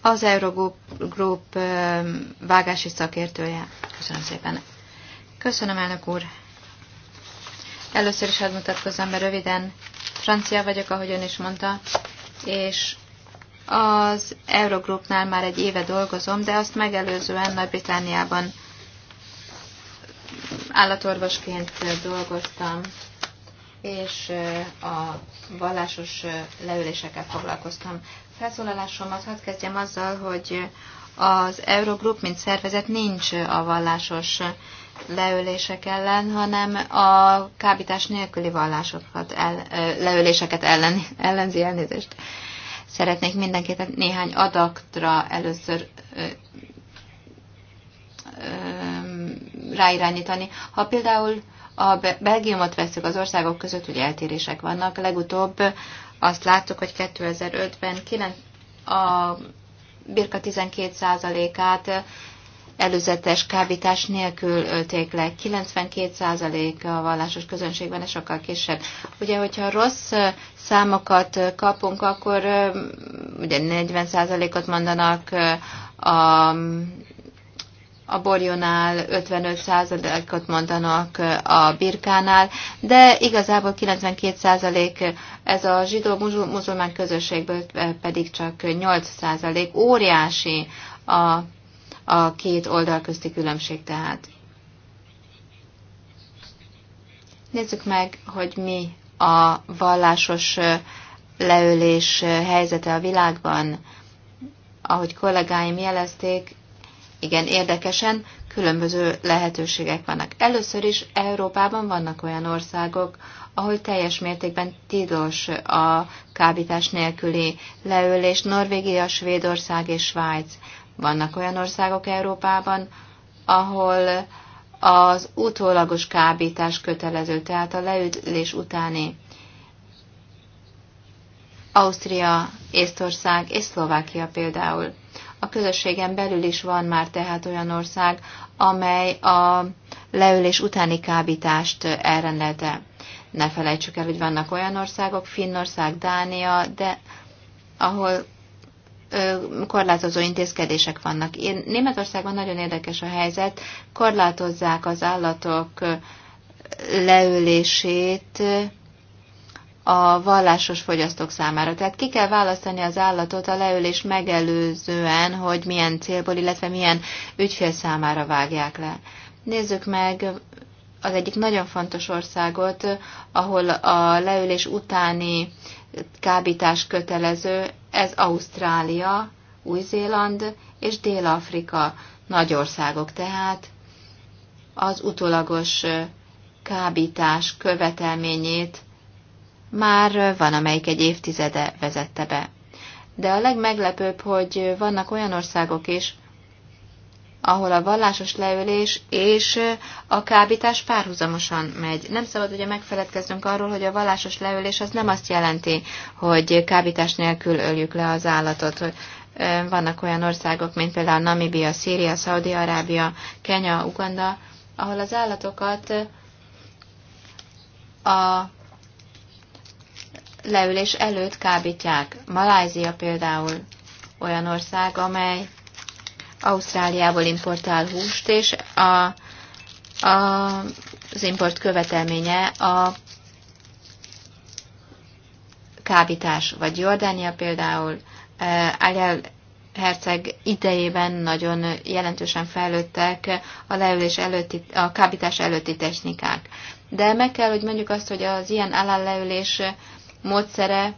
az Eurogroup Group eh, vágási szakértője. Köszönöm szépen. Köszönöm, elnök úr. Először is hadd mutatkozzam be röviden. Francia vagyok, ahogy ön is mondta, és az Eurogroupnál már egy éve dolgozom, de azt megelőzően Nagy-Britániában állatorvosként dolgoztam, és a vallásos leülésekkel foglalkoztam. Felszólalásomat hadd kezdjem azzal, hogy az Eurogroup, mint szervezet nincs a vallásos leülések ellen, hanem a kábítás nélküli vallásokat el, leüléseket ellen, ellenzi elnézést. Szeretnék mindenkit néhány adaktra először ráirányítani. Ha például a Belgiumot veszük az országok között, ugye eltérések vannak. Legutóbb azt láttuk, hogy 2005-ben a birka 12%-át előzetes kábítás nélkül ölték le. 92% a vallásos közönségben, és sokkal kisebb. Ugye, hogyha rossz számokat kapunk, akkor ugye 40%-ot mondanak a, a borjonál, 55%-ot mondanak a birkánál, de igazából 92% ez a zsidó-muzulmán közösségből pedig csak 8% óriási a a két oldal közti különbség tehát. Nézzük meg, hogy mi a vallásos leülés helyzete a világban. Ahogy kollégáim jelezték, igen, érdekesen különböző lehetőségek vannak. Először is Európában vannak olyan országok, ahol teljes mértékben tilos a kábítás nélküli leülés, Norvégia, Svédország és Svájc. Vannak olyan országok Európában, ahol az utólagos kábítás kötelező, tehát a leüdlés utáni Ausztria, Észtország és Szlovákia például. A közösségen belül is van már tehát olyan ország, amely a leülés utáni kábítást elrendelte. Ne felejtsük el, hogy vannak olyan országok, Finnország, Dánia, de ahol korlátozó intézkedések vannak. Én, Németországban nagyon érdekes a helyzet, korlátozzák az állatok leülését a vallásos fogyasztók számára. Tehát ki kell választani az állatot a leülés megelőzően, hogy milyen célból, illetve milyen ügyfél számára vágják le. Nézzük meg az egyik nagyon fontos országot, ahol a leülés utáni kábítás kötelező, ez Ausztrália, Új-Zéland és Dél-Afrika nagy országok tehát az utolagos kábítás követelményét már van, amelyik egy évtizede vezette be. De a legmeglepőbb, hogy vannak olyan országok is, ahol a vallásos leülés és a kábítás párhuzamosan megy. Nem szabad ugye megfeledkeznünk arról, hogy a vallásos leülés az nem azt jelenti, hogy kábítás nélkül öljük le az állatot. vannak olyan országok, mint például Namibia, Szíria, Szaudi-Arábia, Kenya, Uganda, ahol az állatokat a leülés előtt kábítják. Malázia például olyan ország, amely Ausztráliából importál húst, és a, a, az import követelménye a kábítás, vagy Jordánia például, e, Ágyel herceg idejében nagyon jelentősen fejlődtek a leülés előtti, a kábítás előtti technikák. De meg kell, hogy mondjuk azt, hogy az ilyen állalleülés módszere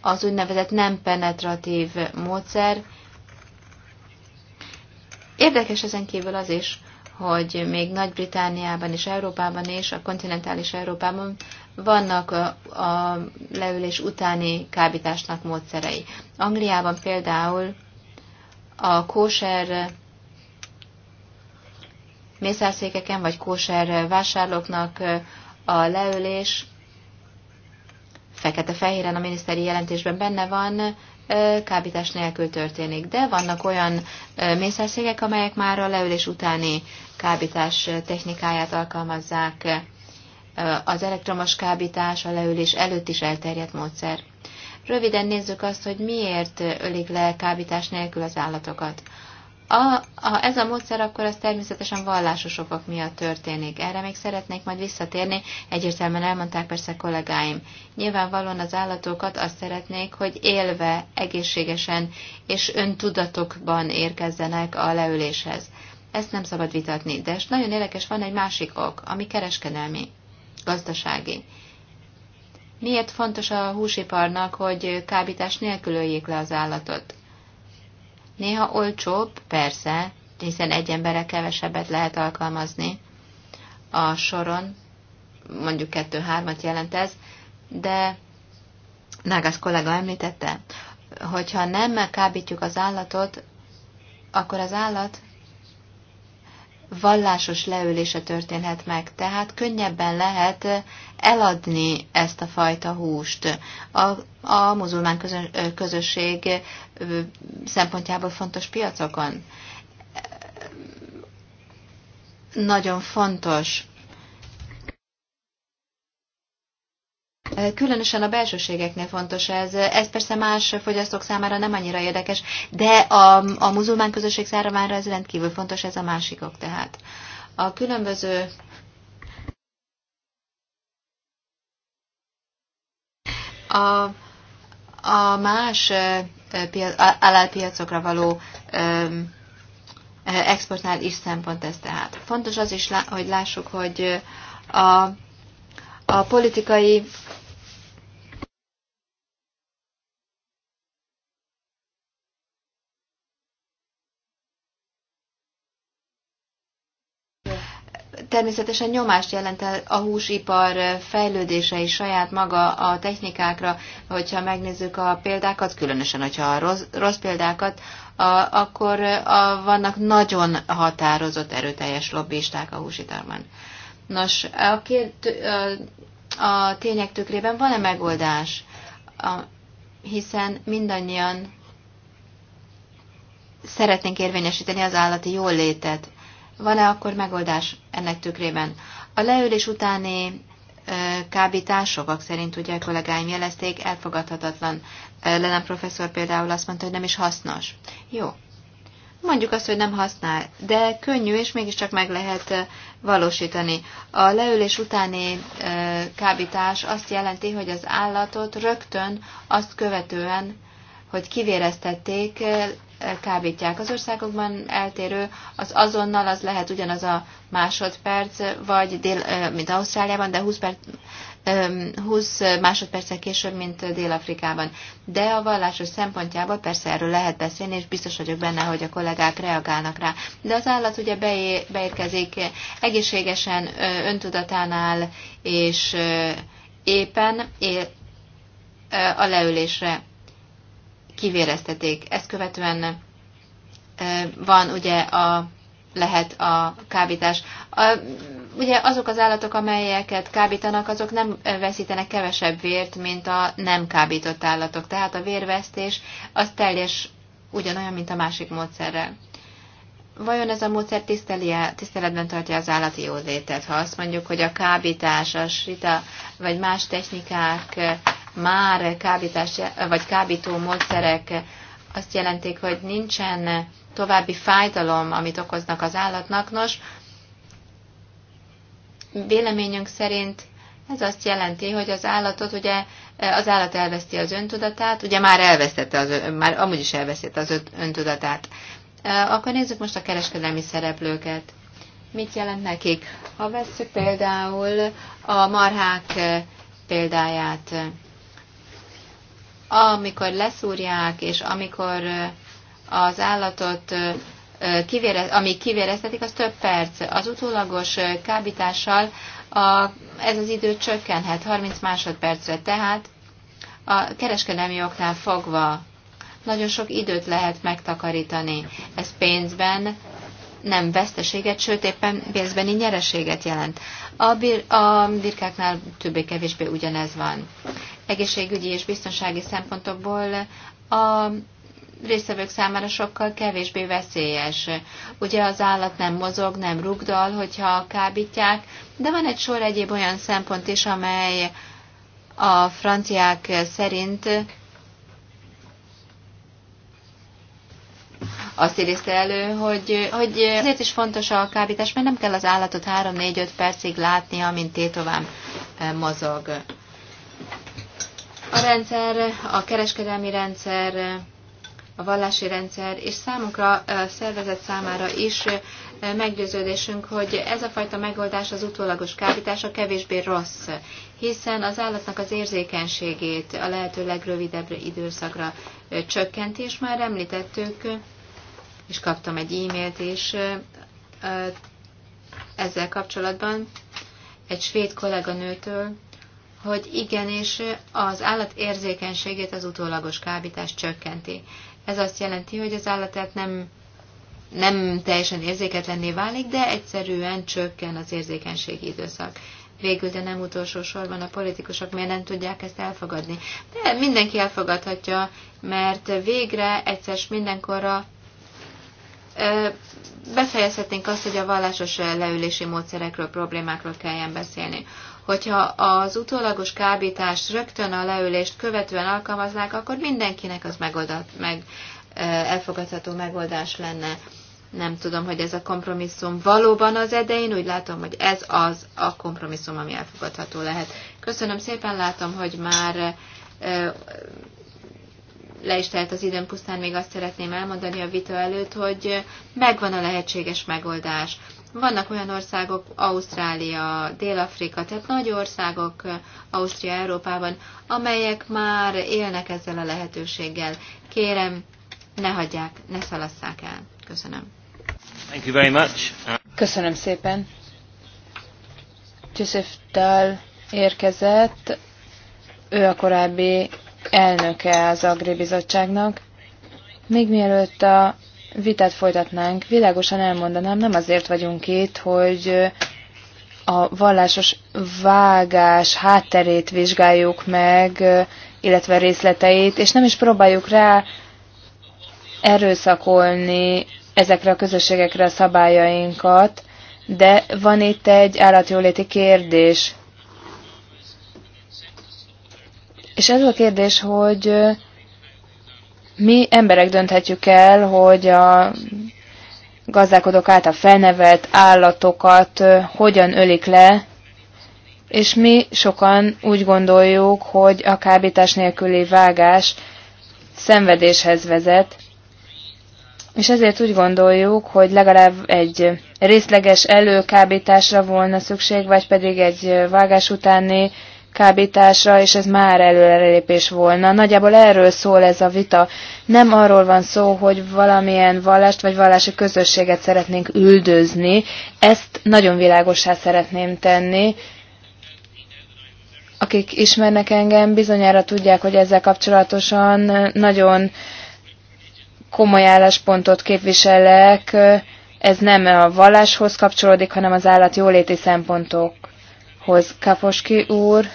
az úgynevezett nem penetratív módszer, Érdekes ezen kívül az is, hogy még Nagy-Britániában és Európában és a kontinentális Európában vannak a, a leülés utáni kábításnak módszerei. Angliában például a kóser mészárszékeken vagy kóser vásárlóknak a leülés fekete-fehéren a miniszteri jelentésben benne van, kábítás nélkül történik. De vannak olyan mészárszégek, amelyek már a leülés utáni kábítás technikáját alkalmazzák. Az elektromos kábítás a leülés előtt is elterjedt módszer. Röviden nézzük azt, hogy miért ölik le kábítás nélkül az állatokat. A, ha ez a módszer, akkor az természetesen vallásos okok miatt történik. Erre még szeretnék majd visszatérni, egyértelműen elmondták persze kollégáim. Nyilvánvalóan az állatokat azt szeretnék, hogy élve, egészségesen és öntudatokban érkezzenek a leüléshez. Ezt nem szabad vitatni, de és nagyon érdekes van egy másik ok, ami kereskedelmi, gazdasági. Miért fontos a húsiparnak, hogy kábítás nélkül öljék le az állatot? Néha olcsóbb, persze, hiszen egy emberre kevesebbet lehet alkalmazni a soron, mondjuk kettő-hármat jelent ez, de Nágász kollega említette, hogyha nem kábítjuk az állatot, akkor az állat vallásos leülése történhet meg, tehát könnyebben lehet eladni ezt a fajta húst. A, a muzulmán közösség szempontjából fontos piacokon. Nagyon fontos Különösen a belsőségeknél fontos ez. Ez persze más fogyasztók számára nem annyira érdekes, de a, a muzulmán közösség számára ez rendkívül fontos, ez a másikok tehát. A különböző a, a más állálpiacokra való exportnál is szempont ez tehát. Fontos az is, hogy lássuk, hogy a a politikai természetesen nyomást jelent a húsipar fejlődése is saját maga a technikákra, hogyha megnézzük a példákat, különösen, hogyha a rossz, rossz példákat, a, akkor a, vannak nagyon határozott, erőteljes lobbisták a húsitarban. Nos, a, kért, a tények tükrében van-e megoldás? A, hiszen mindannyian szeretnénk érvényesíteni az állati jólétet. Van-e akkor megoldás ennek tükrében? A leülés utáni kábítás sokak szerint, ugye a kollégáim jelezték, elfogadhatatlan. lenem professzor például azt mondta, hogy nem is hasznos. Jó, mondjuk azt, hogy nem használ, de könnyű, és mégiscsak meg lehet valósítani. A leülés utáni kábítás azt jelenti, hogy az állatot rögtön azt követően, hogy kivéreztették, kábítják. Az országokban eltérő, az azonnal az lehet ugyanaz a másodperc, vagy dél, mint Ausztráliában, de 20 perc, 20 másodperccel később, mint Dél-Afrikában. De a vallásos szempontjából persze erről lehet beszélni, és biztos vagyok benne, hogy a kollégák reagálnak rá. De az állat ugye beérkezik egészségesen, öntudatánál, és éppen a leülésre kivéreztetik. Ezt követően van ugye a lehet a kábítás. A, ugye azok az állatok, amelyeket kábítanak, azok nem veszítenek kevesebb vért, mint a nem kábított állatok. Tehát a vérvesztés az teljes ugyanolyan, mint a másik módszerrel. Vajon ez a módszer tiszteletben tartja az állati jólétet? Ha azt mondjuk, hogy a kábítás, a srita vagy más technikák már kábítás, vagy kábító módszerek azt jelentik, hogy nincsen további fájdalom, amit okoznak az állatnak, nos, Véleményünk szerint ez azt jelenti, hogy az állatot ugye e, az állat elveszti az öntudatát, ugye már elvesztette, az, már amúgy is elvesztette az öntudatát. E, akkor nézzük most a kereskedelmi szereplőket. Mit jelent nekik? Ha vesszük például a marhák e, példáját, amikor leszúrják, és amikor az állatot kivérez, amíg kivéreztetik, az több perc. Az utólagos kábítással a, ez az idő csökkenhet 30 másodpercre, tehát a kereskedelmi oknál fogva nagyon sok időt lehet megtakarítani. Ez pénzben nem veszteséget, sőt éppen pénzbeni nyereséget jelent. A, bir, a birkáknál többé-kevésbé ugyanez van. Egészségügyi és biztonsági szempontokból a résztvevők számára sokkal kevésbé veszélyes. Ugye az állat nem mozog, nem rugdal, hogyha kábítják, de van egy sor egyéb olyan szempont is, amely a franciák szerint azt írta elő, hogy, hogy azért is fontos a kábítás, mert nem kell az állatot 3-4-5 percig látni, amint tétován eh, mozog. A rendszer, a kereskedelmi rendszer a vallási rendszer, és számunkra, a szervezet számára is meggyőződésünk, hogy ez a fajta megoldás az utólagos a kevésbé rossz, hiszen az állatnak az érzékenységét a lehető legrövidebb időszakra csökkenti, és már említettük, és kaptam egy e-mailt is ezzel kapcsolatban egy svéd kolléganőtől, hogy igenis az állat érzékenységét az utólagos kábítás csökkenti. Ez azt jelenti, hogy az állatát nem, nem teljesen érzéketlenné válik, de egyszerűen csökken az érzékenységi időszak. Végül, de nem utolsó sorban a politikusok miért nem tudják ezt elfogadni. De mindenki elfogadhatja, mert végre egyszer mindenkorra befejezhetnénk azt, hogy a vallásos leülési módszerekről, problémákról kelljen beszélni. Hogyha az utólagos kábítást rögtön a leülést követően alkalmaznák, akkor mindenkinek az megoldat, meg elfogadható megoldás lenne. Nem tudom, hogy ez a kompromisszum valóban az edején, úgy látom, hogy ez az a kompromisszum, ami elfogadható lehet. Köszönöm szépen, látom, hogy már le is telt az időm, pusztán még azt szeretném elmondani a vita előtt, hogy megvan a lehetséges megoldás. Vannak olyan országok, Ausztrália, Dél-Afrika, tehát nagy országok eh, Ausztria, Európában, amelyek már élnek ezzel a lehetőséggel. Kérem, ne hagyják, ne szalasszák el. Köszönöm. Thank you very much. Köszönöm szépen. Joseph Dahl érkezett, ő a korábbi elnöke az Bizottságnak. Még mielőtt a vitát folytatnánk, világosan elmondanám, nem azért vagyunk itt, hogy a vallásos vágás hátterét vizsgáljuk meg, illetve részleteit, és nem is próbáljuk rá erőszakolni ezekre a közösségekre a szabályainkat, de van itt egy állatjóléti kérdés. És ez a kérdés, hogy mi emberek dönthetjük el, hogy a gazdálkodók által felnevelt állatokat hogyan ölik le, és mi sokan úgy gondoljuk, hogy a kábítás nélküli vágás szenvedéshez vezet, és ezért úgy gondoljuk, hogy legalább egy részleges előkábításra volna szükség, vagy pedig egy vágás utáni kábításra, és ez már előrelépés volna. Nagyjából erről szól ez a vita. Nem arról van szó, hogy valamilyen vallást vagy vallási közösséget szeretnénk üldözni. Ezt nagyon világosá szeretném tenni. Akik ismernek engem, bizonyára tudják, hogy ezzel kapcsolatosan nagyon komoly álláspontot képviselek. Ez nem a valláshoz kapcsolódik, hanem az állat jóléti szempontokhoz Kaposki úr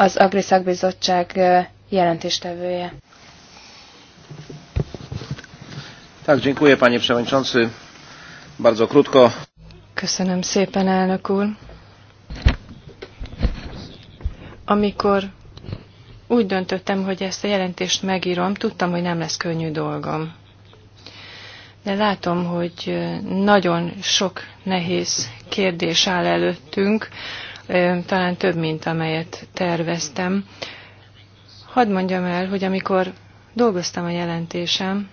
az Agriszakbizottság jelentéstevője. Tak, dziękuję panie przewodniczący. Bardzo krótko. Köszönöm szépen, elnök úr. Amikor úgy döntöttem, hogy ezt a jelentést megírom, tudtam, hogy nem lesz könnyű dolgom. De látom, hogy nagyon sok nehéz kérdés áll előttünk, talán több, mint amelyet terveztem. Hadd mondjam el, hogy amikor dolgoztam a jelentésem,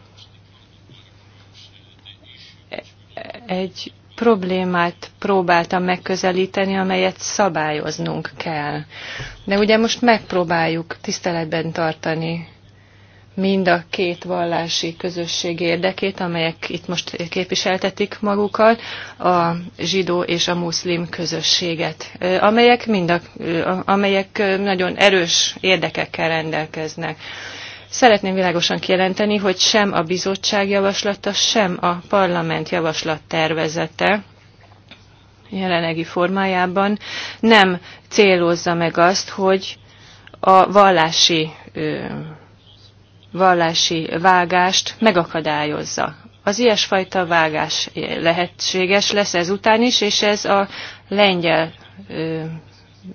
egy problémát próbáltam megközelíteni, amelyet szabályoznunk kell. De ugye most megpróbáljuk tiszteletben tartani mind a két vallási közösség érdekét, amelyek itt most képviseltetik magukat, a zsidó és a muszlim közösséget, amelyek, mind a, amelyek nagyon erős érdekekkel rendelkeznek. Szeretném világosan kijelenteni, hogy sem a bizottság javaslata, sem a parlament javaslat tervezete jelenlegi formájában nem célozza meg azt, hogy a vallási vallási vágást megakadályozza. Az ilyesfajta vágás lehetséges lesz ezután is, és ez a lengyel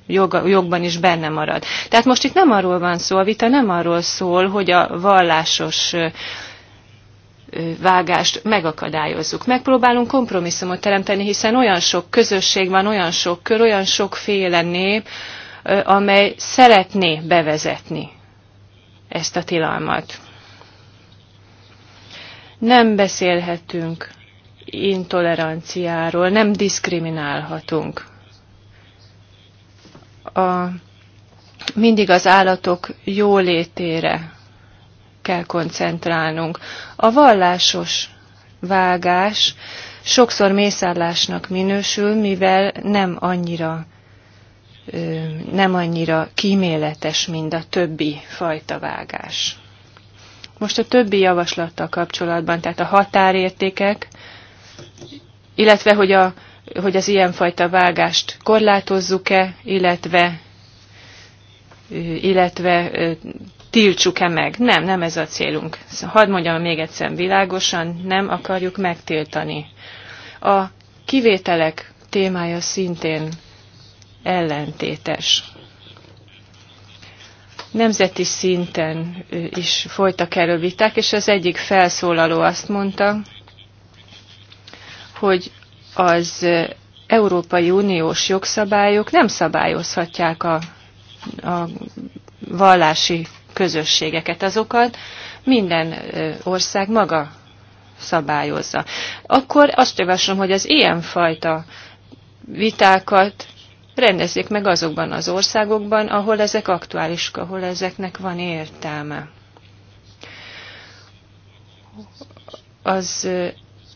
jog, jogban is benne marad. Tehát most itt nem arról van szó, a vita nem arról szól, hogy a vallásos vágást megakadályozzuk. Megpróbálunk kompromisszumot teremteni, hiszen olyan sok közösség van, olyan sok kör, olyan sokféle nép, amely szeretné bevezetni ezt a tilalmat. Nem beszélhetünk intoleranciáról, nem diszkriminálhatunk. A, mindig az állatok jólétére kell koncentrálnunk. A vallásos vágás sokszor mészállásnak minősül, mivel nem annyira nem annyira kíméletes, mint a többi fajta vágás. Most a többi javaslattal kapcsolatban, tehát a határértékek, illetve hogy, a, hogy az ilyenfajta vágást korlátozzuk-e, illetve, illetve tiltsuk-e meg. Nem, nem ez a célunk. Hadd mondjam még egyszer világosan, nem akarjuk megtiltani. A kivételek témája szintén ellentétes. Nemzeti szinten is folytak erről viták, és az egyik felszólaló azt mondta, hogy az Európai Uniós jogszabályok nem szabályozhatják a, a vallási közösségeket, azokat minden ország maga szabályozza. Akkor azt javaslom, hogy az ilyenfajta vitákat rendezzék meg azokban az országokban, ahol ezek aktuálisak, ahol ezeknek van értelme. Az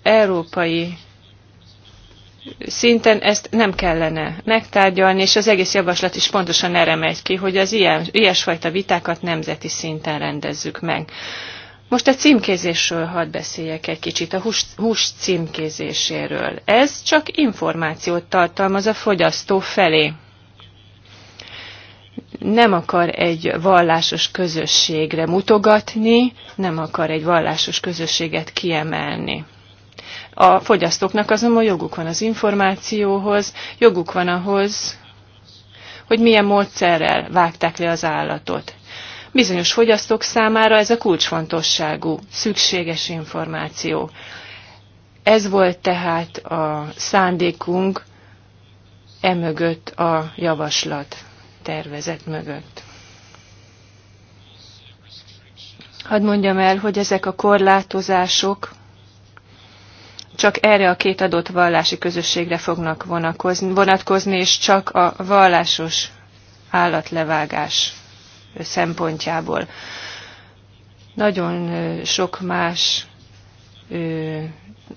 európai szinten ezt nem kellene megtárgyalni, és az egész javaslat is pontosan erre megy ki, hogy az ilyen, ilyesfajta vitákat nemzeti szinten rendezzük meg. Most a címkézésről hadd beszéljek egy kicsit, a hús, hús címkézéséről. Ez csak információt tartalmaz a fogyasztó felé. Nem akar egy vallásos közösségre mutogatni, nem akar egy vallásos közösséget kiemelni. A fogyasztóknak azonban joguk van az információhoz, joguk van ahhoz, hogy milyen módszerrel vágták le az állatot. Bizonyos fogyasztók számára ez a kulcsfontosságú, szükséges információ. Ez volt tehát a szándékunk emögött a javaslat tervezet mögött. Hadd mondjam el, hogy ezek a korlátozások csak erre a két adott vallási közösségre fognak vonatkozni, és csak a vallásos állatlevágás szempontjából. Nagyon sok más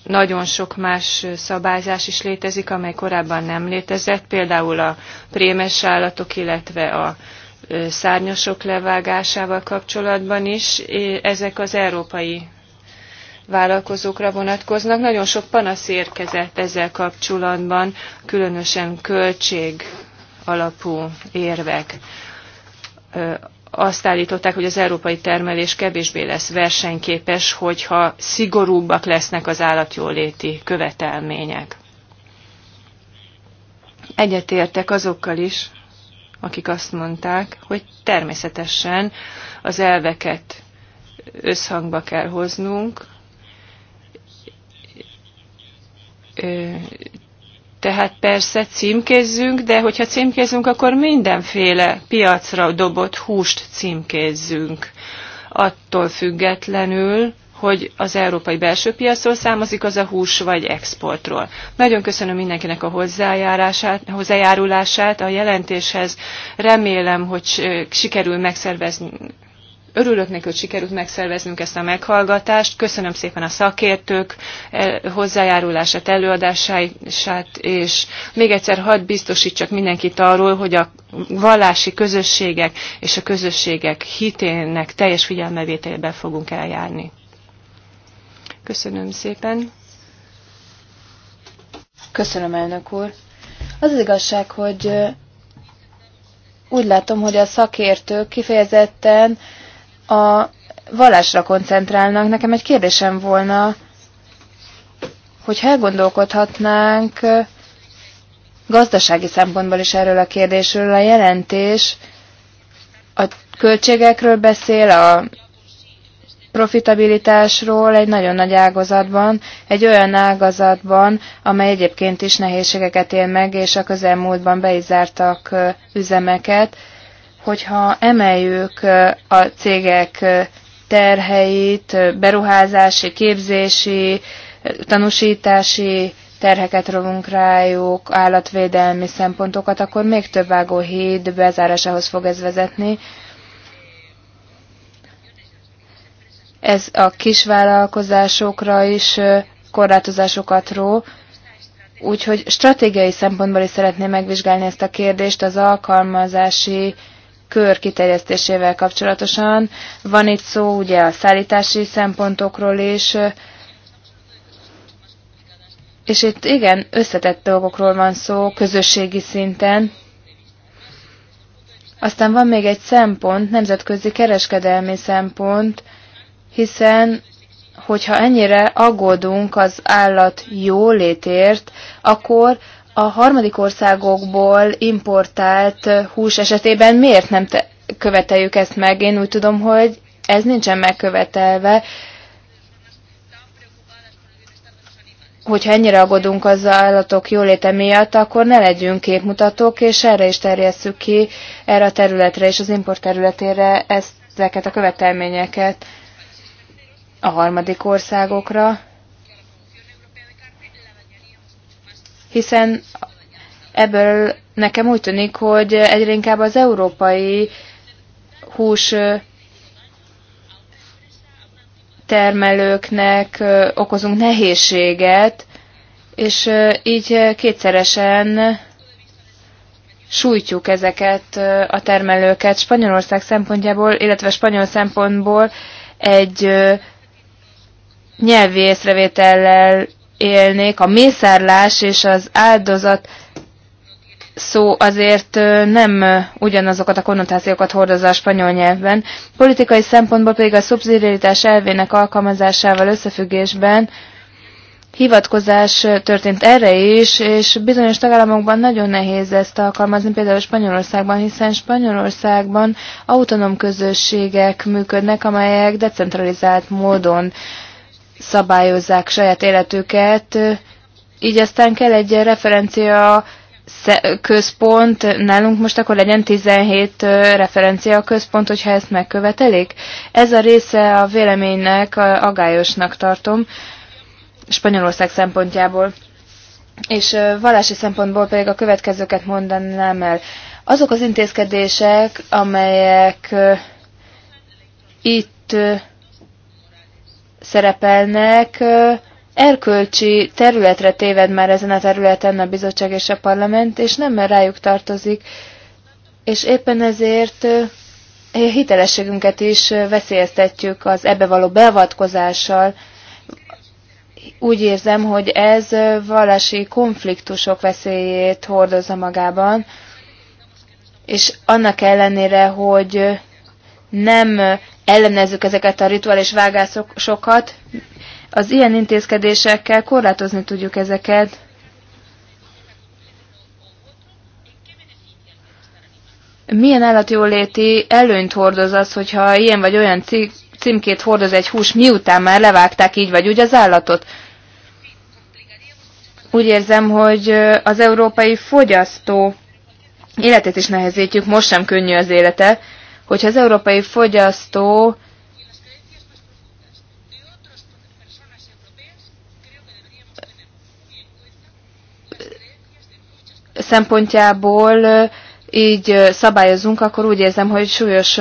nagyon sok más szabályzás is létezik, amely korábban nem létezett, például a prémes állatok, illetve a szárnyosok levágásával kapcsolatban is. Ezek az európai vállalkozókra vonatkoznak. Nagyon sok panasz érkezett ezzel kapcsolatban, különösen költség alapú érvek azt állították, hogy az európai termelés kevésbé lesz versenyképes, hogyha szigorúbbak lesznek az állatjóléti követelmények. Egyetértek azokkal is, akik azt mondták, hogy természetesen az elveket összhangba kell hoznunk, tehát persze címkézzünk, de hogyha címkézzünk, akkor mindenféle piacra dobott húst címkézzünk. Attól függetlenül, hogy az európai belső piacról számozik az a hús, vagy exportról. Nagyon köszönöm mindenkinek a hozzájárását, hozzájárulását a jelentéshez. Remélem, hogy sikerül megszervezni Örülök neki, hogy sikerült megszerveznünk ezt a meghallgatást. Köszönöm szépen a szakértők e, hozzájárulását, előadását, és még egyszer hadd biztosítsak mindenkit arról, hogy a vallási közösségek és a közösségek hitének teljes figyelmevételben fogunk eljárni. Köszönöm szépen. Köszönöm, elnök úr. Az, az igazság, hogy úgy látom, hogy a szakértők kifejezetten a vallásra koncentrálnak. Nekem egy kérdésem volna, hogy elgondolkodhatnánk gazdasági szempontból is erről a kérdésről. A jelentés a költségekről beszél, a profitabilitásról egy nagyon nagy ágazatban, egy olyan ágazatban, amely egyébként is nehézségeket él meg, és a közelmúltban be is zártak üzemeket hogyha emeljük a cégek terheit, beruházási, képzési, tanúsítási terheket rovunk rájuk, állatvédelmi szempontokat, akkor még több híd bezárásához fog ez vezetni. Ez a kisvállalkozásokra is korlátozásokat ró, úgyhogy stratégiai szempontból is szeretném megvizsgálni ezt a kérdést az alkalmazási kör kiterjesztésével kapcsolatosan. Van itt szó ugye a szállítási szempontokról is, és itt igen, összetett dolgokról van szó közösségi szinten. Aztán van még egy szempont, nemzetközi kereskedelmi szempont, hiszen hogyha ennyire aggódunk az állat jólétért, akkor a harmadik országokból importált hús esetében miért nem te követeljük ezt meg? Én úgy tudom, hogy ez nincsen megkövetelve. Hogyha ennyire aggódunk az állatok jóléte miatt, akkor ne legyünk képmutatók, és erre is terjesszük ki, erre a területre és az import területére ezeket a követelményeket a harmadik országokra hiszen ebből nekem úgy tűnik, hogy egyre inkább az európai hús termelőknek okozunk nehézséget, és így kétszeresen sújtjuk ezeket a termelőket Spanyolország szempontjából, illetve spanyol szempontból egy nyelvi észrevétellel élnék. A mészárlás és az áldozat szó azért nem ugyanazokat a konnotációkat hordozza a spanyol nyelvben. Politikai szempontból pedig a szubszidiaritás elvének alkalmazásával összefüggésben hivatkozás történt erre is, és bizonyos tagállamokban nagyon nehéz ezt alkalmazni, például Spanyolországban, hiszen Spanyolországban autonóm közösségek működnek, amelyek decentralizált módon szabályozzák saját életüket, így aztán kell egy referencia központ, nálunk most akkor legyen 17 referencia központ, hogyha ezt megkövetelik. Ez a része a véleménynek agályosnak tartom, Spanyolország szempontjából. És vallási szempontból pedig a következőket mondanám el. Azok az intézkedések, amelyek itt szerepelnek, erkölcsi területre téved már ezen a területen a bizottság és a parlament, és nem rájuk tartozik, és éppen ezért hitelességünket is veszélyeztetjük az ebbe való beavatkozással. Úgy érzem, hogy ez vallási konfliktusok veszélyét hordozza magában, és annak ellenére, hogy nem ellenezzük ezeket a rituális vágásokat, az ilyen intézkedésekkel korlátozni tudjuk ezeket. Milyen állatjóléti előnyt hordoz az, hogyha ilyen vagy olyan címkét hordoz egy hús, miután már levágták így vagy úgy az állatot? Úgy érzem, hogy az európai fogyasztó életét is nehezítjük, most sem könnyű az élete, hogyha az európai fogyasztó szempontjából így szabályozunk, akkor úgy érzem, hogy súlyos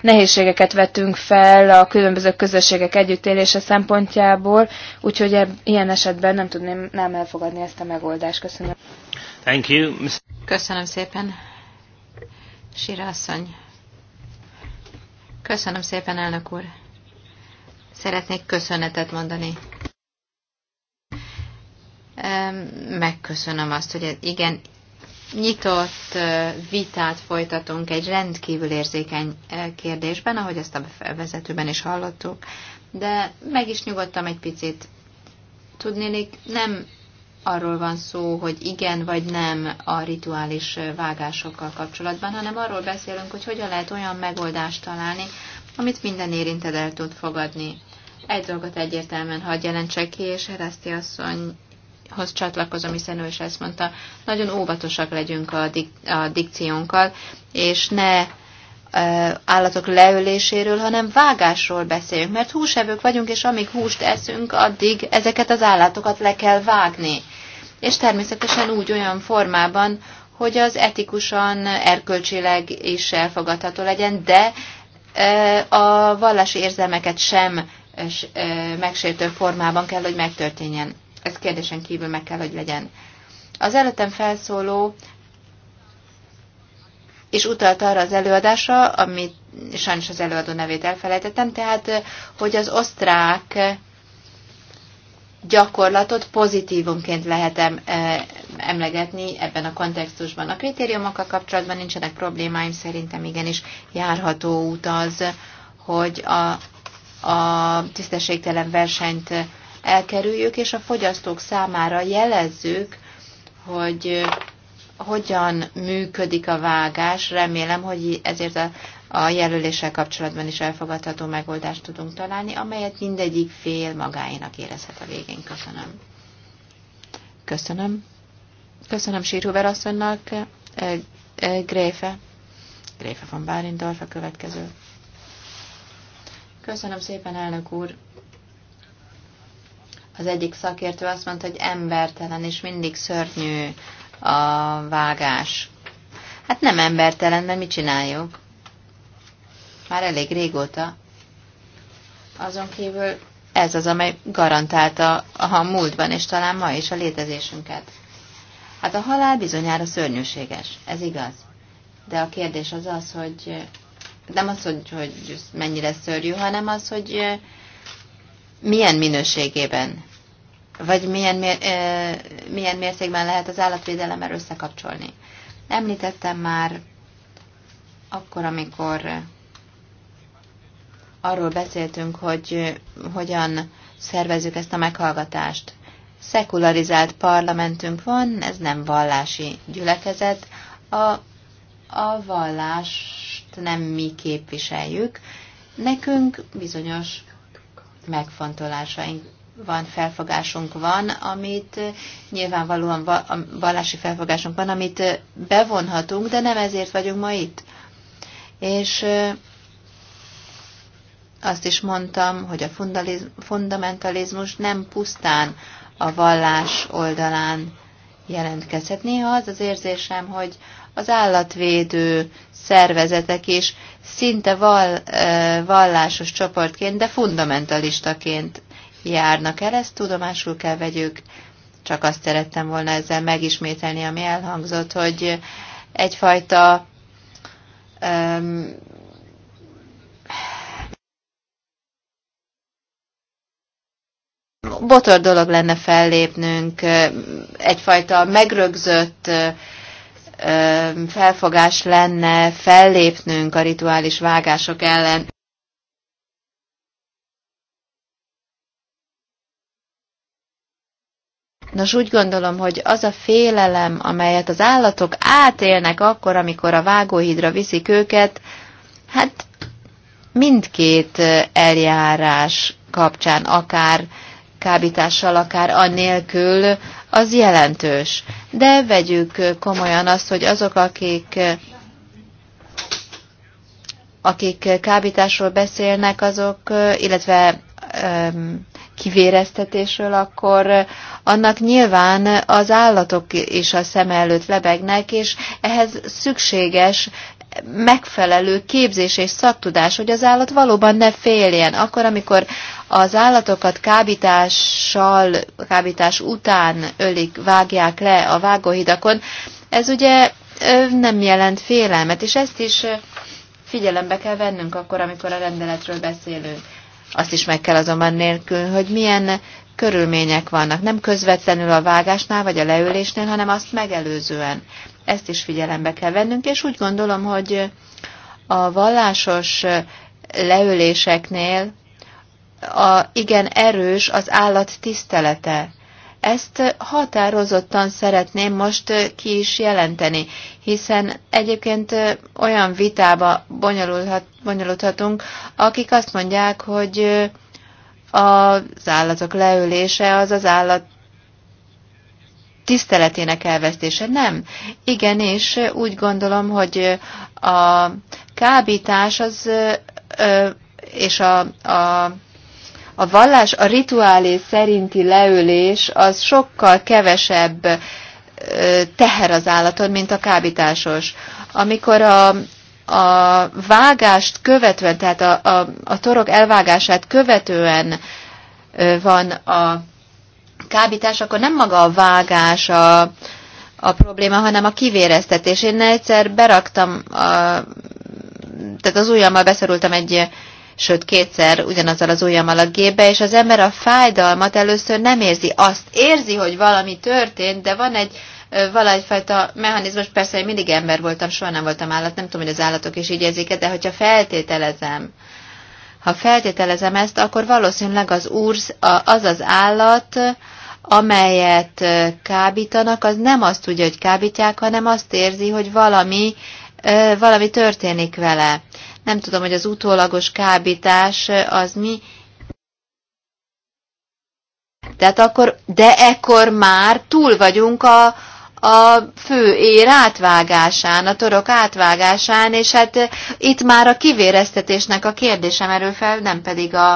nehézségeket vetünk fel a különböző közösségek együttélése szempontjából, úgyhogy ilyen esetben nem tudném nem elfogadni ezt a megoldást. Köszönöm. Thank you. Köszönöm szépen. Sira asszony. Köszönöm szépen, elnök úr. Szeretnék köszönetet mondani. Megköszönöm azt, hogy igen, nyitott vitát folytatunk egy rendkívül érzékeny kérdésben, ahogy ezt a vezetőben is hallottuk, de meg is nyugodtam egy picit. Tudnélik, nem arról van szó, hogy igen vagy nem a rituális vágásokkal kapcsolatban, hanem arról beszélünk, hogy hogyan lehet olyan megoldást találni, amit minden érinted el tud fogadni. Egy dolgot egyértelműen hadd jelentsek ki, és Ereszti asszonyhoz csatlakozom, hiszen ő is ezt mondta, nagyon óvatosak legyünk a, dik- a dikciónkkal, és ne állatok leöléséről, hanem vágásról beszéljünk, mert húsevők vagyunk, és amíg húst eszünk, addig ezeket az állatokat le kell vágni és természetesen úgy olyan formában, hogy az etikusan, erkölcsileg is elfogadható legyen, de a vallási érzelmeket sem megsértő formában kell, hogy megtörténjen. Ez kérdésen kívül meg kell, hogy legyen. Az előttem felszóló és utalta arra az előadásra, amit sajnos az előadó nevét elfelejtettem, tehát, hogy az osztrák gyakorlatot pozitívumként lehetem e, emlegetni ebben a kontextusban. A kritériumokkal kapcsolatban nincsenek problémáim, szerintem igenis járható út az, hogy a, a tisztességtelen versenyt elkerüljük, és a fogyasztók számára jelezzük, hogy hogyan működik a vágás. Remélem, hogy ezért a a jelöléssel kapcsolatban is elfogadható megoldást tudunk találni, amelyet mindegyik fél magáénak érezhet a végén. Köszönöm. Köszönöm. Köszönöm Sírhuber asszonynak. E, e, e, Gréfe. Gréfe van Bárindorf a következő. Köszönöm szépen, elnök úr. Az egyik szakértő azt mondta, hogy embertelen és mindig szörnyű a vágás. Hát nem embertelen, mert mit csináljuk? már elég régóta. Azon kívül ez az, amely garantálta a múltban és talán ma is a létezésünket. Hát a halál bizonyára szörnyűséges, ez igaz. De a kérdés az az, hogy nem az, hogy, hogy mennyire szörnyű, hanem az, hogy milyen minőségében, vagy milyen, milyen mértékben lehet az állatvédelemmel összekapcsolni. Említettem már akkor, amikor arról beszéltünk, hogy hogyan szervezzük ezt a meghallgatást. Szekularizált parlamentünk van, ez nem vallási gyülekezet. A, a vallást nem mi képviseljük, nekünk bizonyos megfontolásaink van, felfogásunk van, amit nyilvánvalóan vallási felfogásunk van, amit bevonhatunk, de nem ezért vagyunk ma itt. És azt is mondtam, hogy a fundamentalizmus nem pusztán a vallás oldalán jelentkezhet. Néha az az érzésem, hogy az állatvédő szervezetek is szinte val, vallásos csoportként, de fundamentalistaként járnak el, ezt tudomásul kell vegyük. Csak azt szerettem volna ezzel megismételni, ami elhangzott, hogy egyfajta um, botor dolog lenne fellépnünk, egyfajta megrögzött felfogás lenne fellépnünk a rituális vágások ellen. Nos, úgy gondolom, hogy az a félelem, amelyet az állatok átélnek akkor, amikor a vágóhídra viszik őket, hát mindkét eljárás kapcsán akár kábítással, akár annélkül, az jelentős. De vegyük komolyan azt, hogy azok, akik akik kábításról beszélnek, azok, illetve kivéreztetésről, akkor annak nyilván az állatok is a szem előtt lebegnek, és ehhez szükséges megfelelő képzés és szaktudás, hogy az állat valóban ne féljen. Akkor, amikor az állatokat kábítással, kábítás után ölik, vágják le a vágóhidakon, ez ugye nem jelent félelmet, és ezt is figyelembe kell vennünk akkor, amikor a rendeletről beszélünk. Azt is meg kell azonban nélkül, hogy milyen körülmények vannak, nem közvetlenül a vágásnál vagy a leülésnél, hanem azt megelőzően. Ezt is figyelembe kell vennünk, és úgy gondolom, hogy a vallásos leüléseknél a, igen erős az állat tisztelete. Ezt határozottan szeretném most ki is jelenteni, hiszen egyébként olyan vitába bonyolulhat, bonyolulhatunk, akik azt mondják, hogy az állatok leülése az az állat tiszteletének elvesztése. Nem. Igenis, úgy gondolom, hogy a kábítás az, és a, a a vallás, a rituálé szerinti leülés az sokkal kevesebb teher az állaton, mint a kábításos. Amikor a, a vágást követően, tehát a, a, a torok elvágását követően van a kábítás, akkor nem maga a vágás a, a probléma, hanem a kivéreztetés. Én egyszer beraktam, a, tehát az ujjammal beszorultam egy, sőt kétszer ugyanazzal az ujjammal a gépbe, és az ember a fájdalmat először nem érzi. Azt érzi, hogy valami történt, de van egy valahelyfajta mechanizmus, persze én mindig ember voltam, soha nem voltam állat, nem tudom, hogy az állatok is így érzik de hogyha feltételezem, ha feltételezem ezt, akkor valószínűleg az úr, az az állat, amelyet kábítanak, az nem azt tudja, hogy kábítják, hanem azt érzi, hogy valami, valami történik vele. Nem tudom, hogy az utólagos kábítás az mi, tehát akkor, de ekkor már túl vagyunk a, a fő ér átvágásán, a torok átvágásán, és hát eh, itt már a kivéreztetésnek a kérdése merül fel, nem pedig a,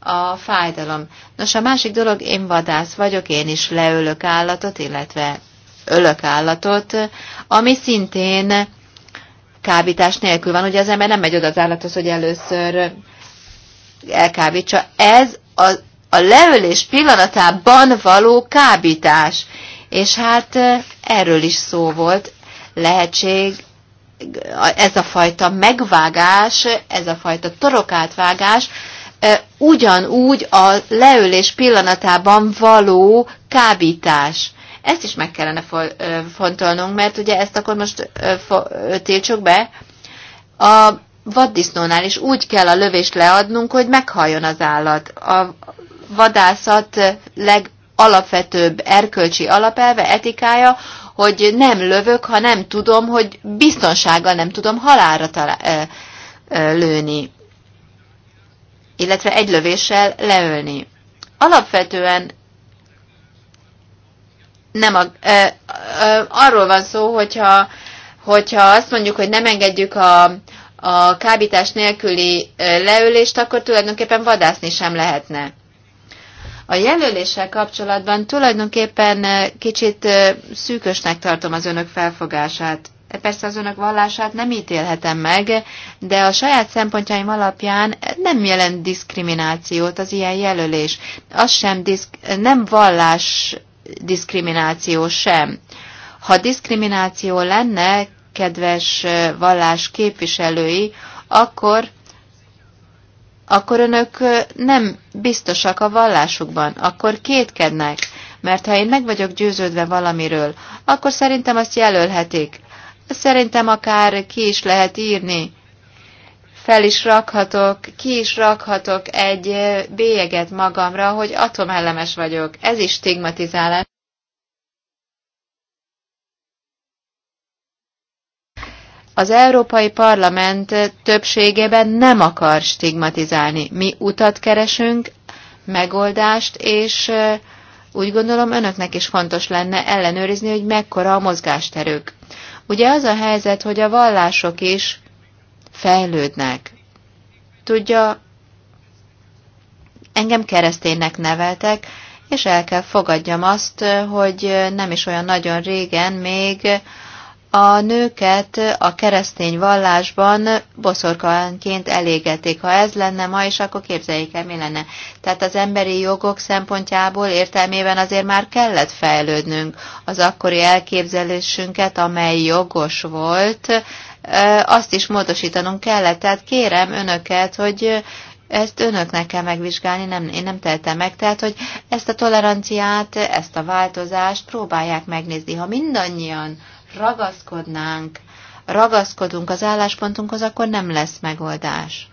a fájdalom. Nos, a másik dolog, én vadász vagyok, én is leölök állatot, illetve ölök állatot, ami szintén kábítás nélkül van. Ugye az ember nem megy oda az állathoz, hogy először elkábítsa. Ez a, a leölés pillanatában való kábítás. És hát erről is szó volt, lehetség, ez a fajta megvágás, ez a fajta torokátvágás, ugyanúgy a leülés pillanatában való kábítás. Ezt is meg kellene fontolnunk, mert ugye ezt akkor most tiltsuk be. A vaddisznónál is úgy kell a lövést leadnunk, hogy meghalljon az állat. A vadászat leg alapvetőbb erkölcsi alapelve, etikája, hogy nem lövök, ha nem tudom, hogy biztonsággal nem tudom halálra ö, ö, lőni, illetve egy lövéssel leölni. Alapvetően nem a, ö, ö, arról van szó, hogyha, hogyha azt mondjuk, hogy nem engedjük a, a kábítás nélküli leülést, akkor tulajdonképpen vadászni sem lehetne. A jelöléssel kapcsolatban tulajdonképpen eh, kicsit eh, szűkösnek tartom az önök felfogását. E, persze az önök vallását nem ítélhetem meg, de a saját szempontjaim alapján nem jelent diszkriminációt az ilyen jelölés. Az sem diszk- nem vallás diszkrimináció sem. Ha diszkrimináció lenne, kedves eh, vallás képviselői, akkor akkor önök nem biztosak a vallásukban, akkor kétkednek, mert ha én meg vagyok győződve valamiről, akkor szerintem azt jelölhetik. Szerintem akár ki is lehet írni. Fel is rakhatok, ki is rakhatok egy bélyeget magamra, hogy atomellemes vagyok. Ez is stigmatizálás. az Európai Parlament többségében nem akar stigmatizálni. Mi utat keresünk, megoldást, és úgy gondolom önöknek is fontos lenne ellenőrizni, hogy mekkora a mozgásterük. Ugye az a helyzet, hogy a vallások is fejlődnek. Tudja, engem kereszténynek neveltek, és el kell fogadjam azt, hogy nem is olyan nagyon régen még a nőket a keresztény vallásban boszorkánként elégetik. Ha ez lenne ma és akkor képzeljék el, mi lenne. Tehát az emberi jogok szempontjából értelmében azért már kellett fejlődnünk az akkori elképzelésünket, amely jogos volt, azt is módosítanunk kellett. Tehát kérem önöket, hogy ezt önöknek kell megvizsgálni, nem, én nem tehetem meg. Tehát, hogy ezt a toleranciát, ezt a változást próbálják megnézni. Ha mindannyian ragaszkodnánk, ragaszkodunk az álláspontunkhoz, akkor nem lesz megoldás.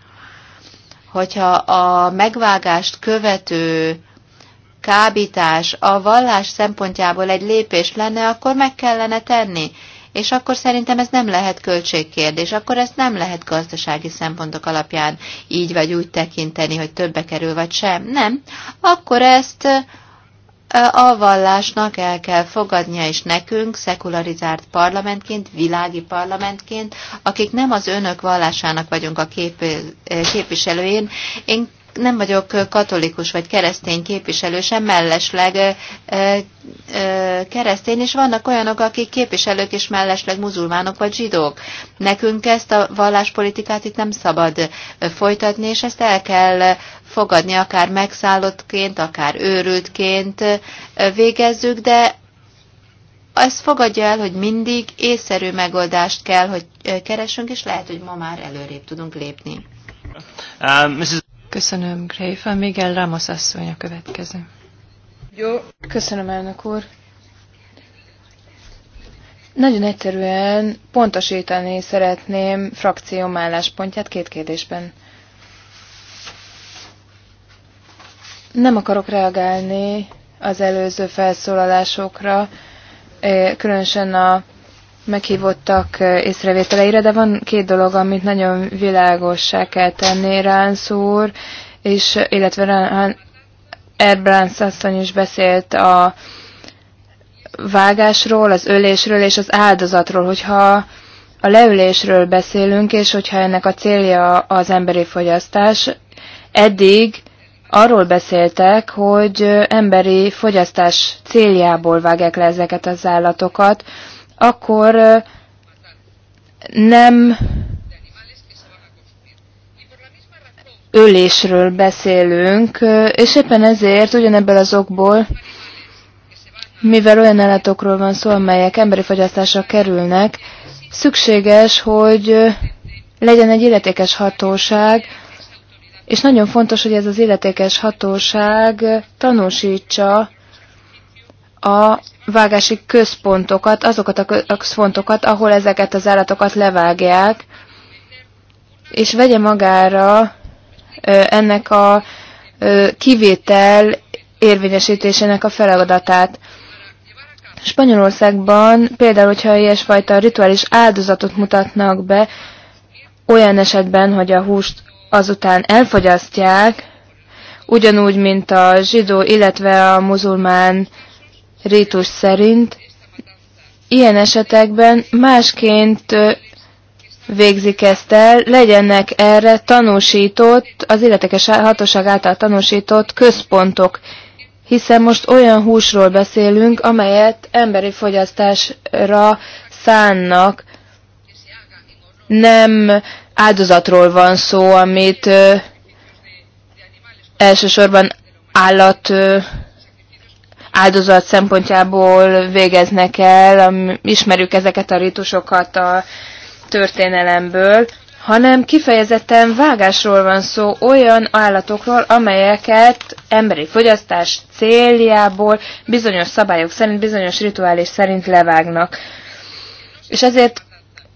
Hogyha a megvágást követő kábítás a vallás szempontjából egy lépés lenne, akkor meg kellene tenni. És akkor szerintem ez nem lehet költségkérdés, akkor ezt nem lehet gazdasági szempontok alapján így vagy úgy tekinteni, hogy többe kerül vagy sem. Nem. Akkor ezt a vallásnak el kell fogadnia is nekünk, szekularizált parlamentként, világi parlamentként, akik nem az önök vallásának vagyunk a kép, eh, képviselőjén. Én nem vagyok katolikus vagy keresztény képviselő sem, mellesleg keresztény, és vannak olyanok, akik képviselők és mellesleg muzulmánok vagy zsidók. Nekünk ezt a valláspolitikát itt nem szabad folytatni, és ezt el kell fogadni, akár megszállottként, akár őrültként végezzük, de az fogadja el, hogy mindig észszerű megoldást kell, hogy keresünk, és lehet, hogy ma már előrébb tudunk lépni. Uh, Mrs. Köszönöm, Gréfa. Miguel Ramos asszony a következő. Jó. Köszönöm, elnök úr. Nagyon egyszerűen pontosítani szeretném frakcióm álláspontját két kérdésben. Nem akarok reagálni az előző felszólalásokra, eh, különösen a meghívottak eh, észrevételeire, de van két dolog, amit nagyon világossá kell tenni Ránsz úr, és, illetve Erbránsz asszony is beszélt a vágásról, az ölésről és az áldozatról, hogyha a leülésről beszélünk, és hogyha ennek a célja az emberi fogyasztás, eddig arról beszéltek, hogy emberi fogyasztás céljából vágják le ezeket az állatokat, akkor nem ölésről beszélünk, és éppen ezért ugyanebből az okból, mivel olyan állatokról van szó, amelyek emberi fogyasztásra kerülnek, szükséges, hogy legyen egy illetékes hatóság, és nagyon fontos, hogy ez az illetékes hatóság tanúsítsa a vágási központokat, azokat a központokat, ahol ezeket az állatokat levágják, és vegye magára ennek a kivétel érvényesítésének a feladatát. Spanyolországban például, hogyha ilyesfajta rituális áldozatot mutatnak be, olyan esetben, hogy a húst azután elfogyasztják, ugyanúgy, mint a zsidó, illetve a muzulmán rítus szerint ilyen esetekben másként végzik ezt el, legyenek erre tanúsított, az illetékes hatóság által tanúsított központok, hiszen most olyan húsról beszélünk, amelyet emberi fogyasztásra szánnak. Nem áldozatról van szó, amit ö, elsősorban állat ö, áldozat szempontjából végeznek el, ismerjük ezeket a ritusokat a történelemből, hanem kifejezetten vágásról van szó olyan állatokról, amelyeket emberi fogyasztás céljából bizonyos szabályok szerint, bizonyos rituális szerint levágnak. És ezért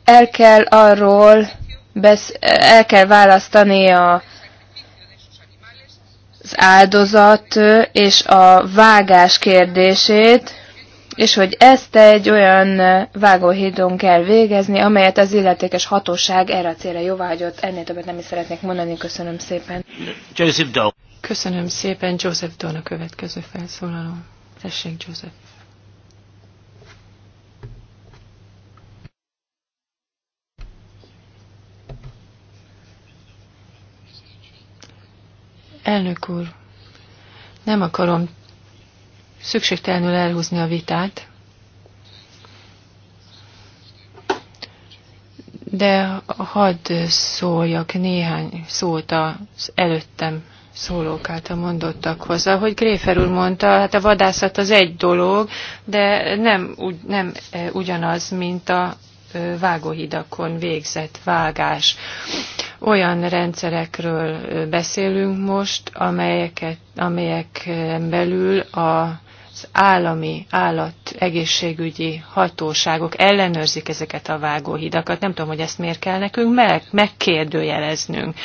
el kell arról, besz- el kell választani a az áldozat és a vágás kérdését, és hogy ezt egy olyan vágóhídon kell végezni, amelyet az illetékes hatóság erre a célra jóvágyott. Ennél többet nem is szeretnék mondani. Köszönöm szépen. Joseph Doe. Köszönöm szépen. Joseph Doe a következő felszólaló. Tessék, Joseph. Elnök úr, nem akarom szükségtelenül elhúzni a vitát, de hadd szóljak néhány szót az előttem szólók által mondottakhoz. Ahogy Gréfer úr mondta, hát a vadászat az egy dolog, de nem, nem eh, ugyanaz, mint a vágóhidakon végzett vágás. Olyan rendszerekről beszélünk most, amelyeket, amelyek belül a az állami állat egészségügyi hatóságok ellenőrzik ezeket a vágóhidakat. Nem tudom, hogy ezt miért kell nekünk meg, megkérdőjeleznünk.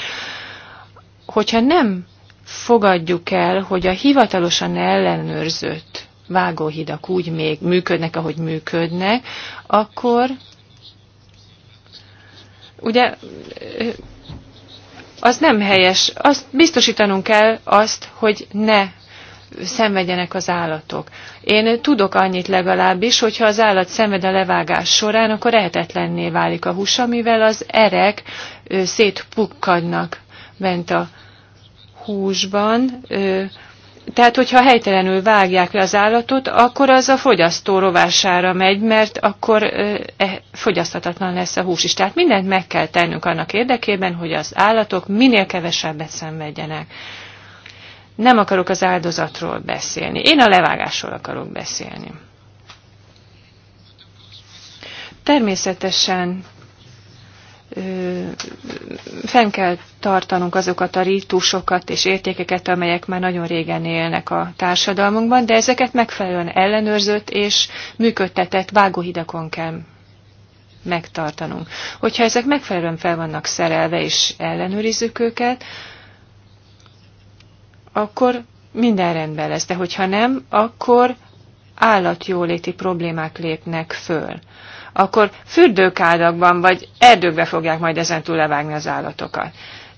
Hogyha nem fogadjuk el, hogy a hivatalosan ellenőrzött vágóhidak úgy még működnek, ahogy működnek, akkor ugye az nem helyes. Azt biztosítanunk kell azt, hogy ne szenvedjenek az állatok. Én tudok annyit legalábbis, hogyha az állat szenved a levágás során, akkor ehetetlenné válik a hús, amivel az erek szétpukkadnak bent a húsban tehát, hogyha helytelenül vágják le az állatot, akkor az a fogyasztó rovására megy, mert akkor e, fogyaszthatatlan lesz a hús is. Tehát mindent meg kell tennünk annak érdekében, hogy az állatok minél kevesebbet szenvedjenek. Nem akarok az áldozatról beszélni. Én a levágásról akarok beszélni. Természetesen fenn kell tartanunk azokat a rítusokat és értékeket, amelyek már nagyon régen élnek a társadalmunkban, de ezeket megfelelően ellenőrzött és működtetett vágóhidakon kell megtartanunk. Hogyha ezek megfelelően fel vannak szerelve és ellenőrizzük őket, akkor minden rendben lesz, de hogyha nem, akkor állatjóléti problémák lépnek föl akkor fürdőkádakban vagy erdőkbe fogják majd ezen levágni az állatokat.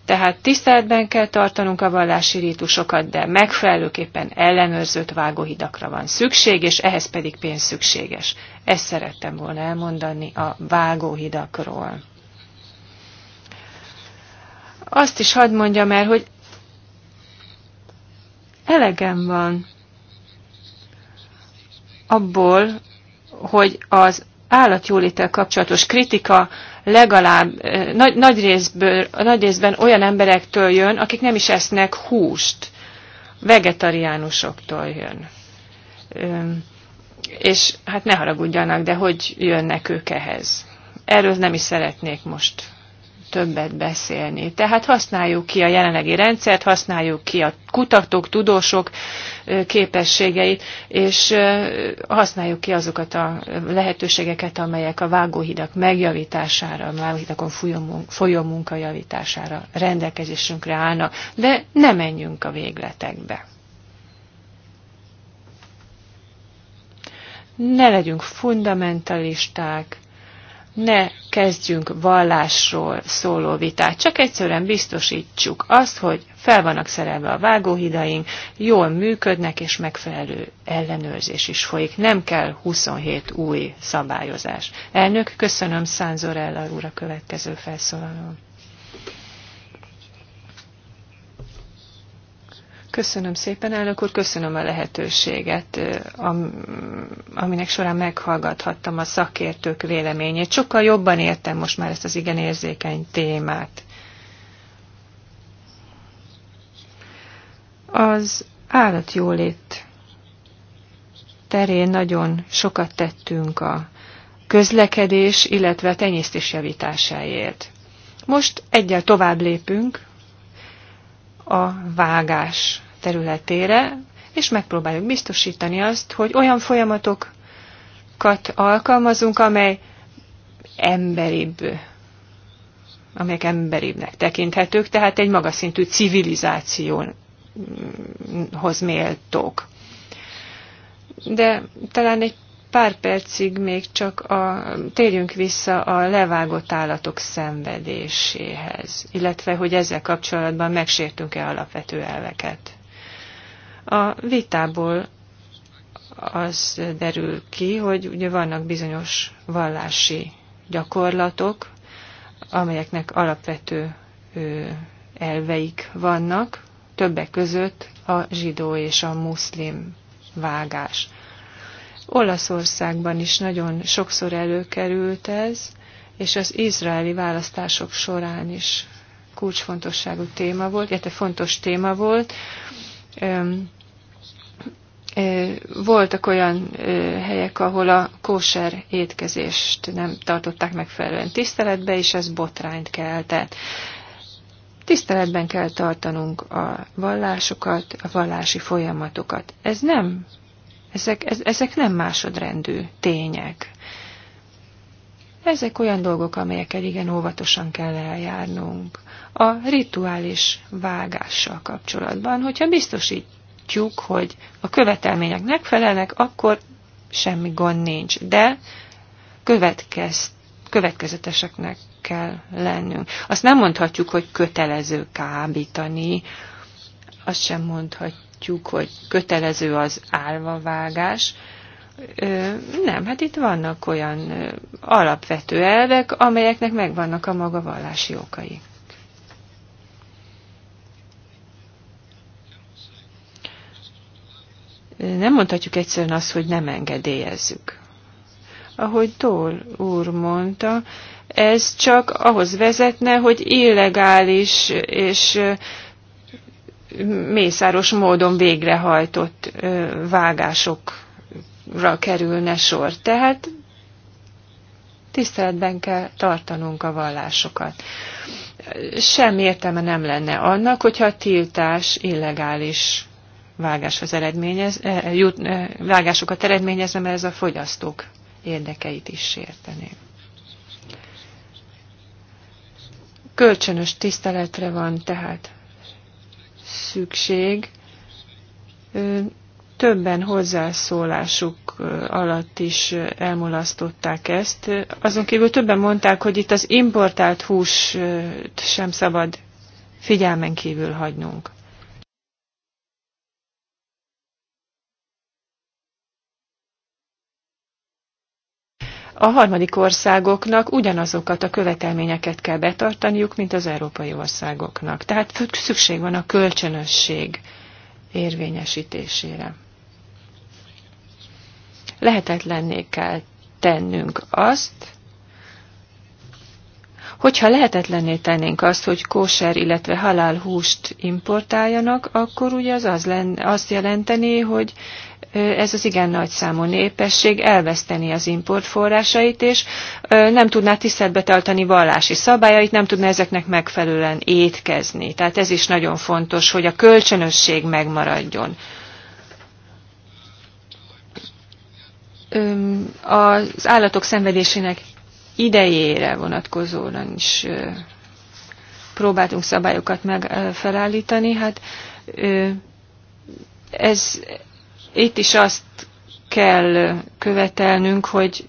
Tehát tiszteletben kell tartanunk a vallási rítusokat, de megfelelőképpen ellenőrzött vágóhidakra van szükség, és ehhez pedig pénz szükséges. Ezt szerettem volna elmondani a vágóhidakról. Azt is hadd mondja, mert hogy elegem van abból, hogy az állatjólétel kapcsolatos kritika legalább eh, nagy, nagy, részből, nagy részben olyan emberektől jön, akik nem is esznek húst, vegetariánusoktól jön. És hát ne haragudjanak, de hogy jönnek ők ehhez? Erről nem is szeretnék most többet beszélni. Tehát használjuk ki a jelenlegi rendszert, használjuk ki a kutatók, tudósok képességeit, és használjuk ki azokat a lehetőségeket, amelyek a vágóhidak megjavítására, a vágóhidakon folyó munka javítására rendelkezésünkre állnak, de ne menjünk a végletekbe. Ne legyünk fundamentalisták, ne kezdjünk vallásról szóló vitát, csak egyszerűen biztosítsuk azt, hogy fel vannak szerelve a vágóhidaink, jól működnek, és megfelelő ellenőrzés is folyik. Nem kell 27 új szabályozás. Elnök, köszönöm Szánzorella úr a következő felszólalón. Köszönöm szépen, elnök úr, köszönöm a lehetőséget, aminek során meghallgathattam a szakértők véleményét. Sokkal jobban értem most már ezt az igen érzékeny témát. Az állatjólét terén nagyon sokat tettünk a közlekedés, illetve a tenyésztés javításáért. Most egyel tovább lépünk, a vágás területére, és megpróbáljuk biztosítani azt, hogy olyan folyamatokat alkalmazunk, amely emberibb, amelyek emberibbnek tekinthetők, tehát egy magas szintű civilizációhoz méltók. De talán egy pár percig még csak a, térjünk vissza a levágott állatok szenvedéséhez, illetve hogy ezzel kapcsolatban megsértünk-e alapvető elveket. A vitából az derül ki, hogy ugye vannak bizonyos vallási gyakorlatok, amelyeknek alapvető elveik vannak, többek között a zsidó és a muszlim vágás. Olaszországban is nagyon sokszor előkerült ez, és az izraeli választások során is kulcsfontosságú téma volt, illetve fontos téma volt. Voltak olyan helyek, ahol a kóser étkezést nem tartották megfelelően tiszteletbe, és ez botrányt keltett. Tiszteletben kell tartanunk a vallásokat, a vallási folyamatokat. Ez nem ezek, ezek nem másodrendű tények. Ezek olyan dolgok, amelyekkel igen óvatosan kell eljárnunk. A rituális vágással kapcsolatban, hogyha biztosítjuk, hogy a követelmények megfelelnek, akkor semmi gond nincs, de következ, következeteseknek kell lennünk. Azt nem mondhatjuk, hogy kötelező kábítani, azt sem mondhatjuk, látjuk, hogy kötelező az álmavágás. Nem, hát itt vannak olyan alapvető elvek, amelyeknek megvannak a maga vallási okai. Nem mondhatjuk egyszerűen azt, hogy nem engedélyezzük. Ahogy Tól úr mondta, ez csak ahhoz vezetne, hogy illegális és mészáros módon végrehajtott vágásokra kerülne sor. Tehát tiszteletben kell tartanunk a vallásokat. Sem értelme nem lenne annak, hogyha a tiltás illegális vágáshoz eredményez, jut, vágásokat eredményezne, mert ez a fogyasztók érdekeit is sértené. Kölcsönös tiszteletre van tehát szükség. Többen hozzászólásuk alatt is elmulasztották ezt. Azon kívül többen mondták, hogy itt az importált húst sem szabad figyelmen kívül hagynunk. a harmadik országoknak ugyanazokat a követelményeket kell betartaniuk, mint az európai országoknak. Tehát szükség van a kölcsönösség érvényesítésére. Lehetetlenné kell tennünk azt, Hogyha lehetetlenné tennénk azt, hogy kóser, illetve halál húst importáljanak, akkor ugye az, az lenne, azt jelenteni, hogy ez az igen nagy számú népesség elveszteni az importforrásait, és nem tudná tiszteletbe tartani vallási szabályait, nem tudná ezeknek megfelelően étkezni. Tehát ez is nagyon fontos, hogy a kölcsönösség megmaradjon. Az állatok szenvedésének idejére vonatkozóan is próbáltunk szabályokat megfelállítani. Hát ez itt is azt kell követelnünk, hogy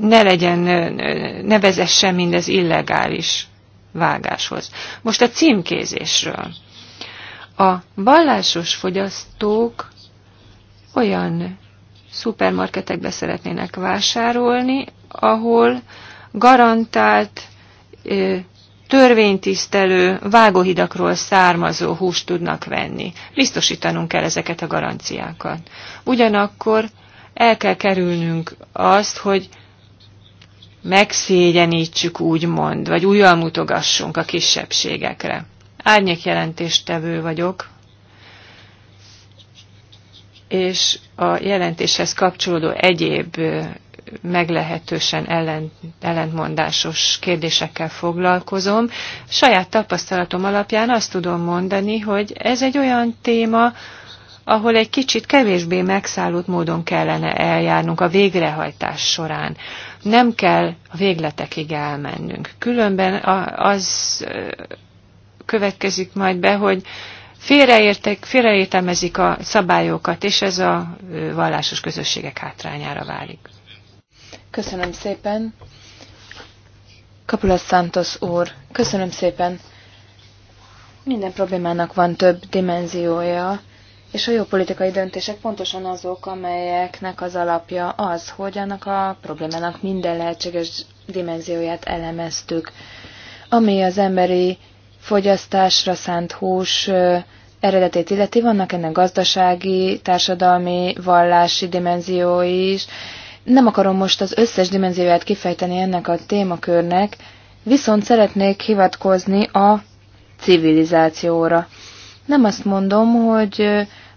ne legyen, ne vezessen mindez illegális vágáshoz. Most a címkézésről. A vallásos fogyasztók olyan szupermarketekbe szeretnének vásárolni, ahol garantált törvénytisztelő vágóhidakról származó húst tudnak venni. Biztosítanunk kell ezeket a garanciákat. Ugyanakkor el kell kerülnünk azt, hogy megszégyenítsük úgymond, vagy újjal mutogassunk a kisebbségekre. Árnyékjelentéstevő vagyok, és a jelentéshez kapcsolódó egyéb meglehetősen ellen, ellentmondásos kérdésekkel foglalkozom. Saját tapasztalatom alapján azt tudom mondani, hogy ez egy olyan téma, ahol egy kicsit kevésbé megszállott módon kellene eljárnunk a végrehajtás során. Nem kell a végletekig elmennünk. Különben az következik majd be, hogy félreértek, félreértelmezik a szabályokat, és ez a vallásos közösségek hátrányára válik. Köszönöm szépen. Kapula Santos úr, köszönöm szépen. Minden problémának van több dimenziója, és a jó politikai döntések pontosan azok, amelyeknek az alapja az, hogy annak a problémának minden lehetséges dimenzióját elemeztük, ami az emberi fogyasztásra szánt hús eredetét illeti, vannak ennek gazdasági, társadalmi, vallási dimenziói is, nem akarom most az összes dimenzióját kifejteni ennek a témakörnek, viszont szeretnék hivatkozni a civilizációra. Nem azt mondom, hogy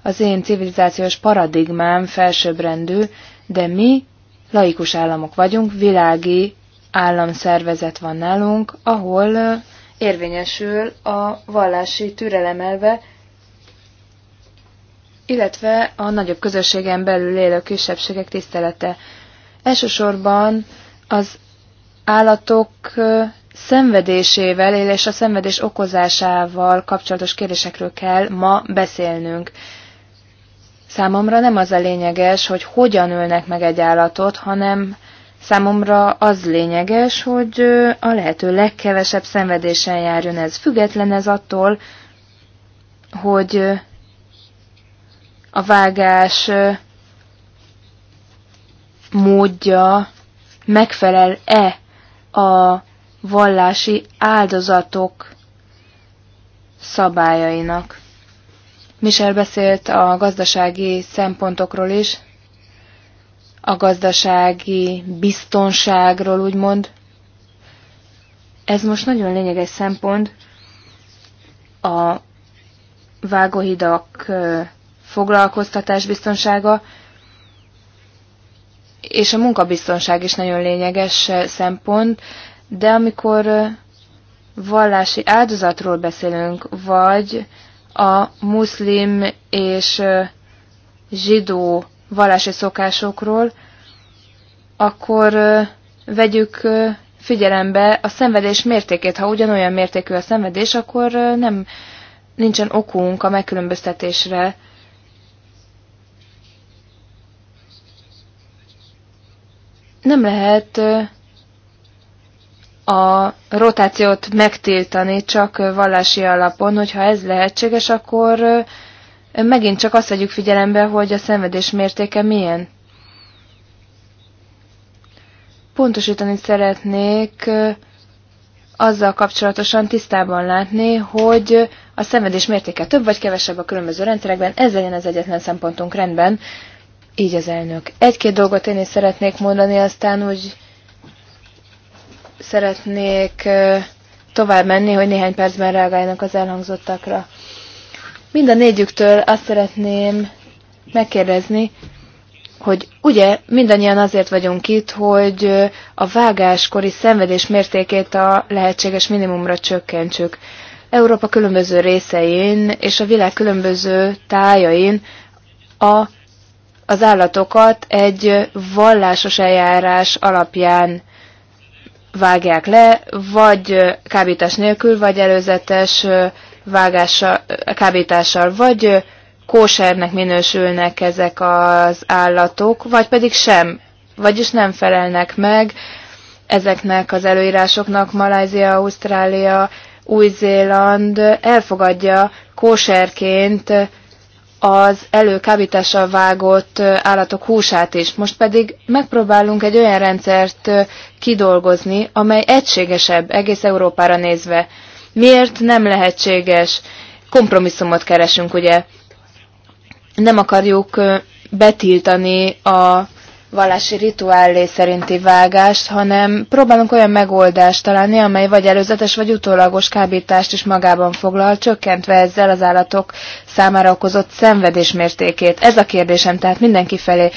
az én civilizációs paradigmám felsőbbrendű, de mi laikus államok vagyunk, világi államszervezet van nálunk, ahol érvényesül a vallási türelemelve, illetve a nagyobb közösségen belül élő kisebbségek tisztelete. Elsősorban az állatok szenvedésével és a szenvedés okozásával kapcsolatos kérdésekről kell ma beszélnünk. Számomra nem az a lényeges, hogy hogyan ölnek meg egy állatot, hanem számomra az lényeges, hogy a lehető legkevesebb szenvedésen járjon ez. Független ez attól, hogy a vágás módja megfelel-e a vallási áldozatok szabályainak. Michel beszélt a gazdasági szempontokról is, a gazdasági biztonságról úgymond. Ez most nagyon lényeges szempont a vágóhidak foglalkoztatás biztonsága, és a munkabiztonság is nagyon lényeges eh, szempont, de amikor eh, vallási áldozatról beszélünk, vagy a muszlim és eh, zsidó vallási szokásokról, akkor vegyük figyelembe a szenvedés mértékét. Ha ugyanolyan mértékű a szenvedés, akkor nem nincsen okunk a megkülönböztetésre nem lehet a rotációt megtiltani csak vallási alapon, hogyha ez lehetséges, akkor megint csak azt vegyük figyelembe, hogy a szenvedés mértéke milyen. Pontosítani szeretnék azzal kapcsolatosan tisztában látni, hogy a szenvedés mértéke több vagy kevesebb a különböző rendszerekben, ez legyen az egyetlen szempontunk rendben. Így az elnök. Egy-két dolgot én is szeretnék mondani, aztán úgy szeretnék tovább menni, hogy néhány percben reagáljanak az elhangzottakra. Mind a négyüktől azt szeretném megkérdezni, hogy ugye mindannyian azért vagyunk itt, hogy a vágáskori szenvedés mértékét a lehetséges minimumra csökkentsük. Európa különböző részein és a világ különböző tájain a az állatokat egy vallásos eljárás alapján vágják le, vagy kábítás nélkül, vagy előzetes vágással, kábítással, vagy kósernek minősülnek ezek az állatok, vagy pedig sem, vagyis nem felelnek meg ezeknek az előírásoknak Malázia, Ausztrália, Új-Zéland elfogadja kóserként az előkábítással vágott állatok húsát is. Most pedig megpróbálunk egy olyan rendszert kidolgozni, amely egységesebb egész Európára nézve. Miért nem lehetséges? Kompromisszumot keresünk, ugye? Nem akarjuk betiltani a vallási rituálé szerinti vágást, hanem próbálunk olyan megoldást találni, amely vagy előzetes, vagy utólagos kábítást is magában foglal, csökkentve ezzel az állatok számára okozott szenvedés mértékét. Ez a kérdésem tehát mindenki felé.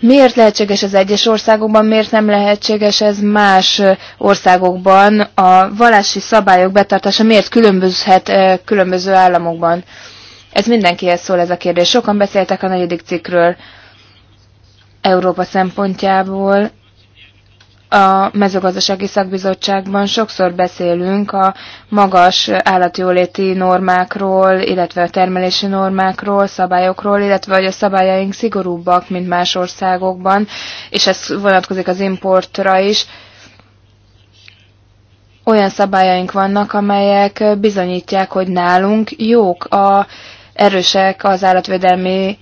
Miért lehetséges ez egyes országokban, miért nem lehetséges ez más országokban? A vallási szabályok betartása miért különbözhet különböző államokban? Ez mindenkihez szól ez a kérdés. Sokan beszéltek a negyedik cikkről. Európa szempontjából a mezőgazdasági szakbizottságban sokszor beszélünk a magas állatjóléti normákról, illetve a termelési normákról, szabályokról, illetve hogy a szabályaink szigorúbbak, mint más országokban, és ez vonatkozik az importra is. Olyan szabályaink vannak, amelyek bizonyítják, hogy nálunk jók a erősek az állatvédelmi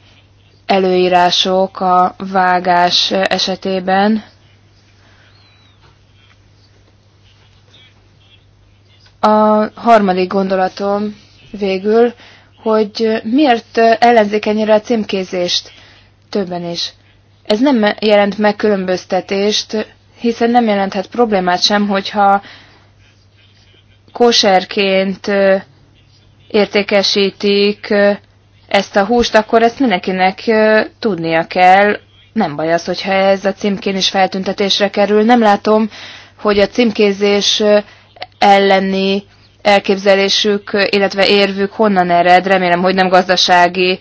előírások a vágás esetében. A harmadik gondolatom végül, hogy miért ellenzik ennyire a címkézést többen is. Ez nem jelent megkülönböztetést, hiszen nem jelenthet problémát sem, hogyha koserként értékesítik ezt a húst, akkor ezt mindenkinek tudnia kell. Nem baj az, hogyha ez a címkén is feltüntetésre kerül. Nem látom, hogy a címkézés elleni elképzelésük, illetve érvük honnan ered. Remélem, hogy nem gazdasági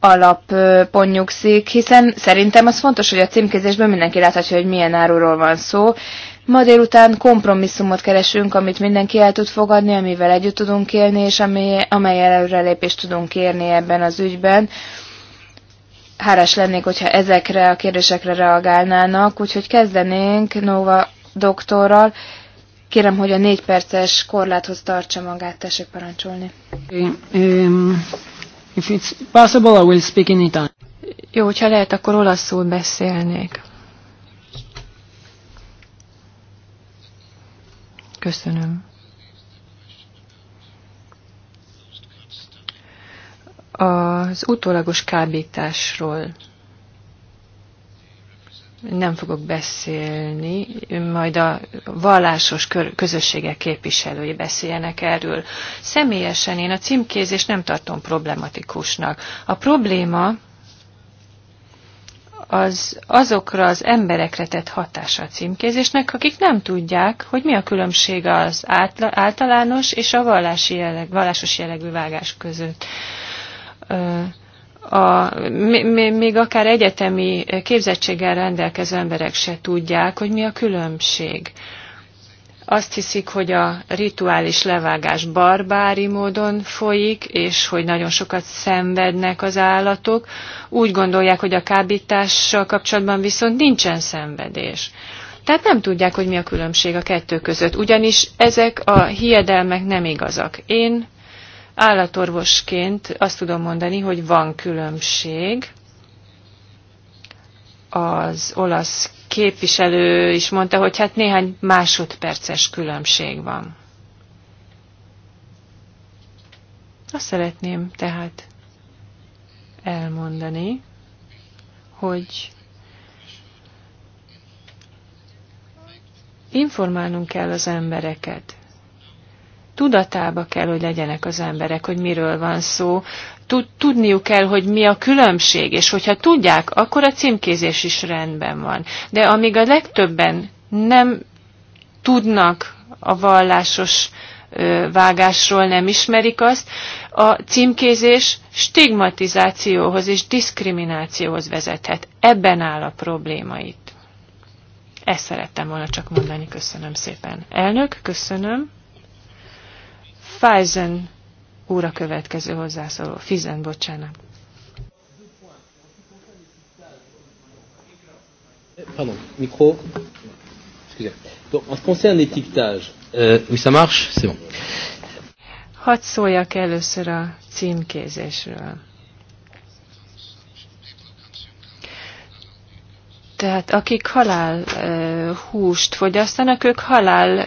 alapon nyugszik, hiszen szerintem az fontos, hogy a címkézésben mindenki láthatja, hogy milyen áruról van szó, Ma délután kompromisszumot keresünk, amit mindenki el tud fogadni, amivel együtt tudunk élni, és ami, amelyel előrelépést tudunk érni ebben az ügyben. Hárás lennék, hogyha ezekre a kérdésekre reagálnának, úgyhogy kezdenénk Nova doktorral. Kérem, hogy a négy perces korláthoz tartsa magát, tessék parancsolni. Um, um if it's possible, I will speak in Italian. Jó, hogyha lehet, akkor olaszul beszélnék. Köszönöm. Az utólagos kábításról nem fogok beszélni, majd a vallásos közösségek képviselői beszéljenek erről. Személyesen én a címkézést nem tartom problematikusnak. A probléma az azokra az emberekre tett hatása a címkézésnek, akik nem tudják, hogy mi a különbség az általános és a vallási jelleg, vallásos jellegű vágás között. A, még akár egyetemi képzettséggel rendelkező emberek se tudják, hogy mi a különbség azt hiszik, hogy a rituális levágás barbári módon folyik, és hogy nagyon sokat szenvednek az állatok. Úgy gondolják, hogy a kábítással kapcsolatban viszont nincsen szenvedés. Tehát nem tudják, hogy mi a különbség a kettő között, ugyanis ezek a hiedelmek nem igazak. Én állatorvosként azt tudom mondani, hogy van különbség az olasz képviselő is mondta, hogy hát néhány másodperces különbség van. Azt szeretném tehát elmondani, hogy informálnunk kell az embereket. Tudatába kell, hogy legyenek az emberek, hogy miről van szó tudniuk kell, hogy mi a különbség, és hogyha tudják, akkor a címkézés is rendben van. De amíg a legtöbben nem tudnak a vallásos vágásról nem ismerik azt, a címkézés stigmatizációhoz és diszkriminációhoz vezethet. Ebben áll a probléma itt. Ezt szerettem volna csak mondani. Köszönöm szépen. Elnök, köszönöm. Faizen úr a következő hozzászóló. Fizen, bocsánat. Pardon, micro. Excusez. Donc, en ce qui concerne l'étiquetage, euh, oui, ça marche, c'est bon. Hadd szóljak először a címkézésről. Tehát akik halál húst fogyasztanak, ők halál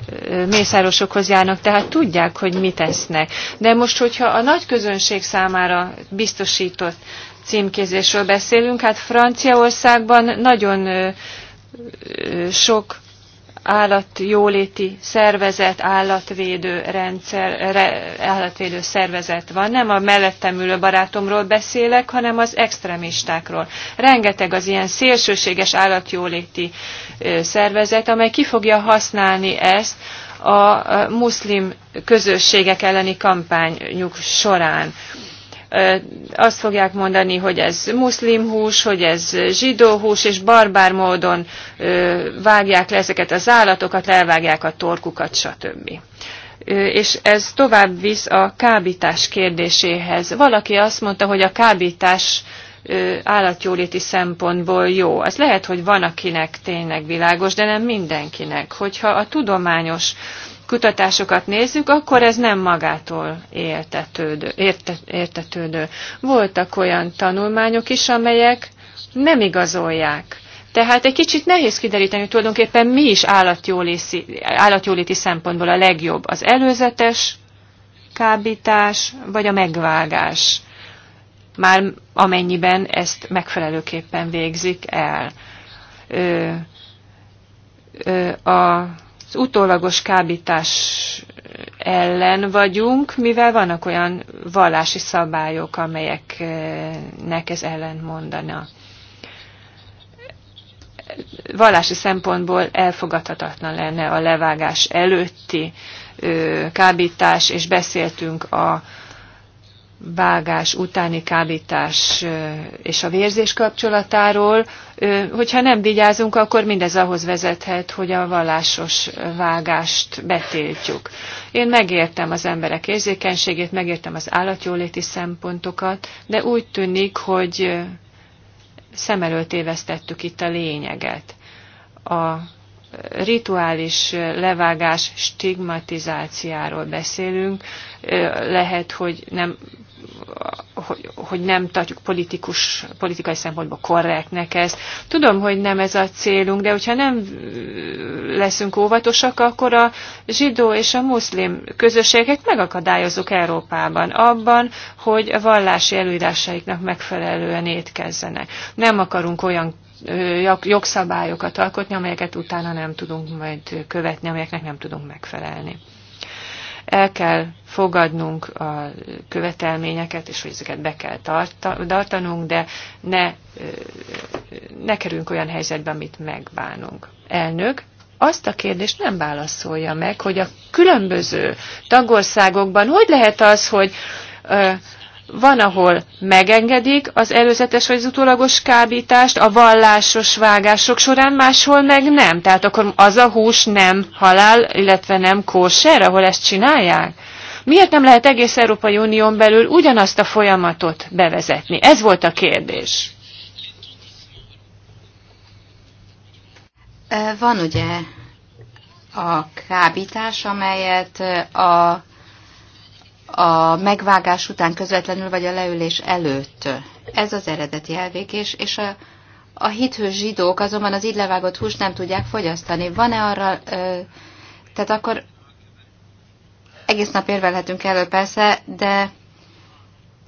mészárosokhoz járnak, tehát tudják, hogy mit esznek. De most, hogyha a nagy közönség számára biztosított címkézésről beszélünk, hát Franciaországban nagyon sok állatjóléti szervezet, állatvédő, rendszer, re, állatvédő szervezet van. Nem a mellettem ülő barátomról beszélek, hanem az extremistákról. Rengeteg az ilyen szélsőséges állatjóléti szervezet, amely ki fogja használni ezt a muszlim közösségek elleni kampányuk során azt fogják mondani, hogy ez muszlim hús, hogy ez zsidó hús, és barbár módon vágják le ezeket az állatokat, elvágják a torkukat, stb. És ez tovább visz a kábítás kérdéséhez. Valaki azt mondta, hogy a kábítás állatjóléti szempontból jó. Ez lehet, hogy van akinek tényleg világos, de nem mindenkinek. Hogyha a tudományos kutatásokat nézzük, akkor ez nem magától értetődő. Érte, értetődő. Voltak olyan tanulmányok is, amelyek nem igazolják. Tehát egy kicsit nehéz kideríteni, hogy tulajdonképpen mi is állatjóléti szempontból a legjobb. Az előzetes kábítás, vagy a megvágás, már amennyiben ezt megfelelőképpen végzik el. Ö, ö, a az utólagos kábítás ellen vagyunk, mivel vannak olyan vallási szabályok, amelyeknek ez ellen mondana. Vallási szempontból elfogadhatatlan lenne a levágás előtti kábítás, és beszéltünk a vágás utáni kábítás és a vérzés kapcsolatáról. Hogyha nem vigyázunk, akkor mindez ahhoz vezethet, hogy a vallásos vágást betiltjuk. Én megértem az emberek érzékenységét, megértem az állatjóléti szempontokat, de úgy tűnik, hogy szem előtt évesztettük itt a lényeget. A rituális levágás stigmatizáciáról beszélünk, lehet, hogy nem hogy, hogy nem tartjuk politikus, politikai szempontból korrektnek ezt. Tudom, hogy nem ez a célunk, de hogyha nem leszünk óvatosak, akkor a zsidó és a muszlim közösségek megakadályozunk Európában abban, hogy a vallási előírásaiknak megfelelően étkezzenek. Nem akarunk olyan jogszabályokat alkotni, amelyeket utána nem tudunk majd követni, amelyeknek nem tudunk megfelelni. El kell fogadnunk a követelményeket, és hogy ezeket be kell tartanunk, de ne, ne kerüljünk olyan helyzetbe, amit megbánunk. Elnök, azt a kérdést nem válaszolja meg, hogy a különböző tagországokban hogy lehet az, hogy van, ahol megengedik az előzetes vagy az utólagos kábítást a vallásos vágások során, máshol meg nem. Tehát akkor az a hús nem halál, illetve nem kóser, ahol ezt csinálják? Miért nem lehet egész Európai Unión belül ugyanazt a folyamatot bevezetni? Ez volt a kérdés. Van ugye a kábítás, amelyet a a megvágás után közvetlenül, vagy a leülés előtt. Ez az eredeti elvégés, és a, a hithős zsidók azonban az így levágott húst nem tudják fogyasztani. Van-e arra, ö, tehát akkor egész nap érvelhetünk elő persze, de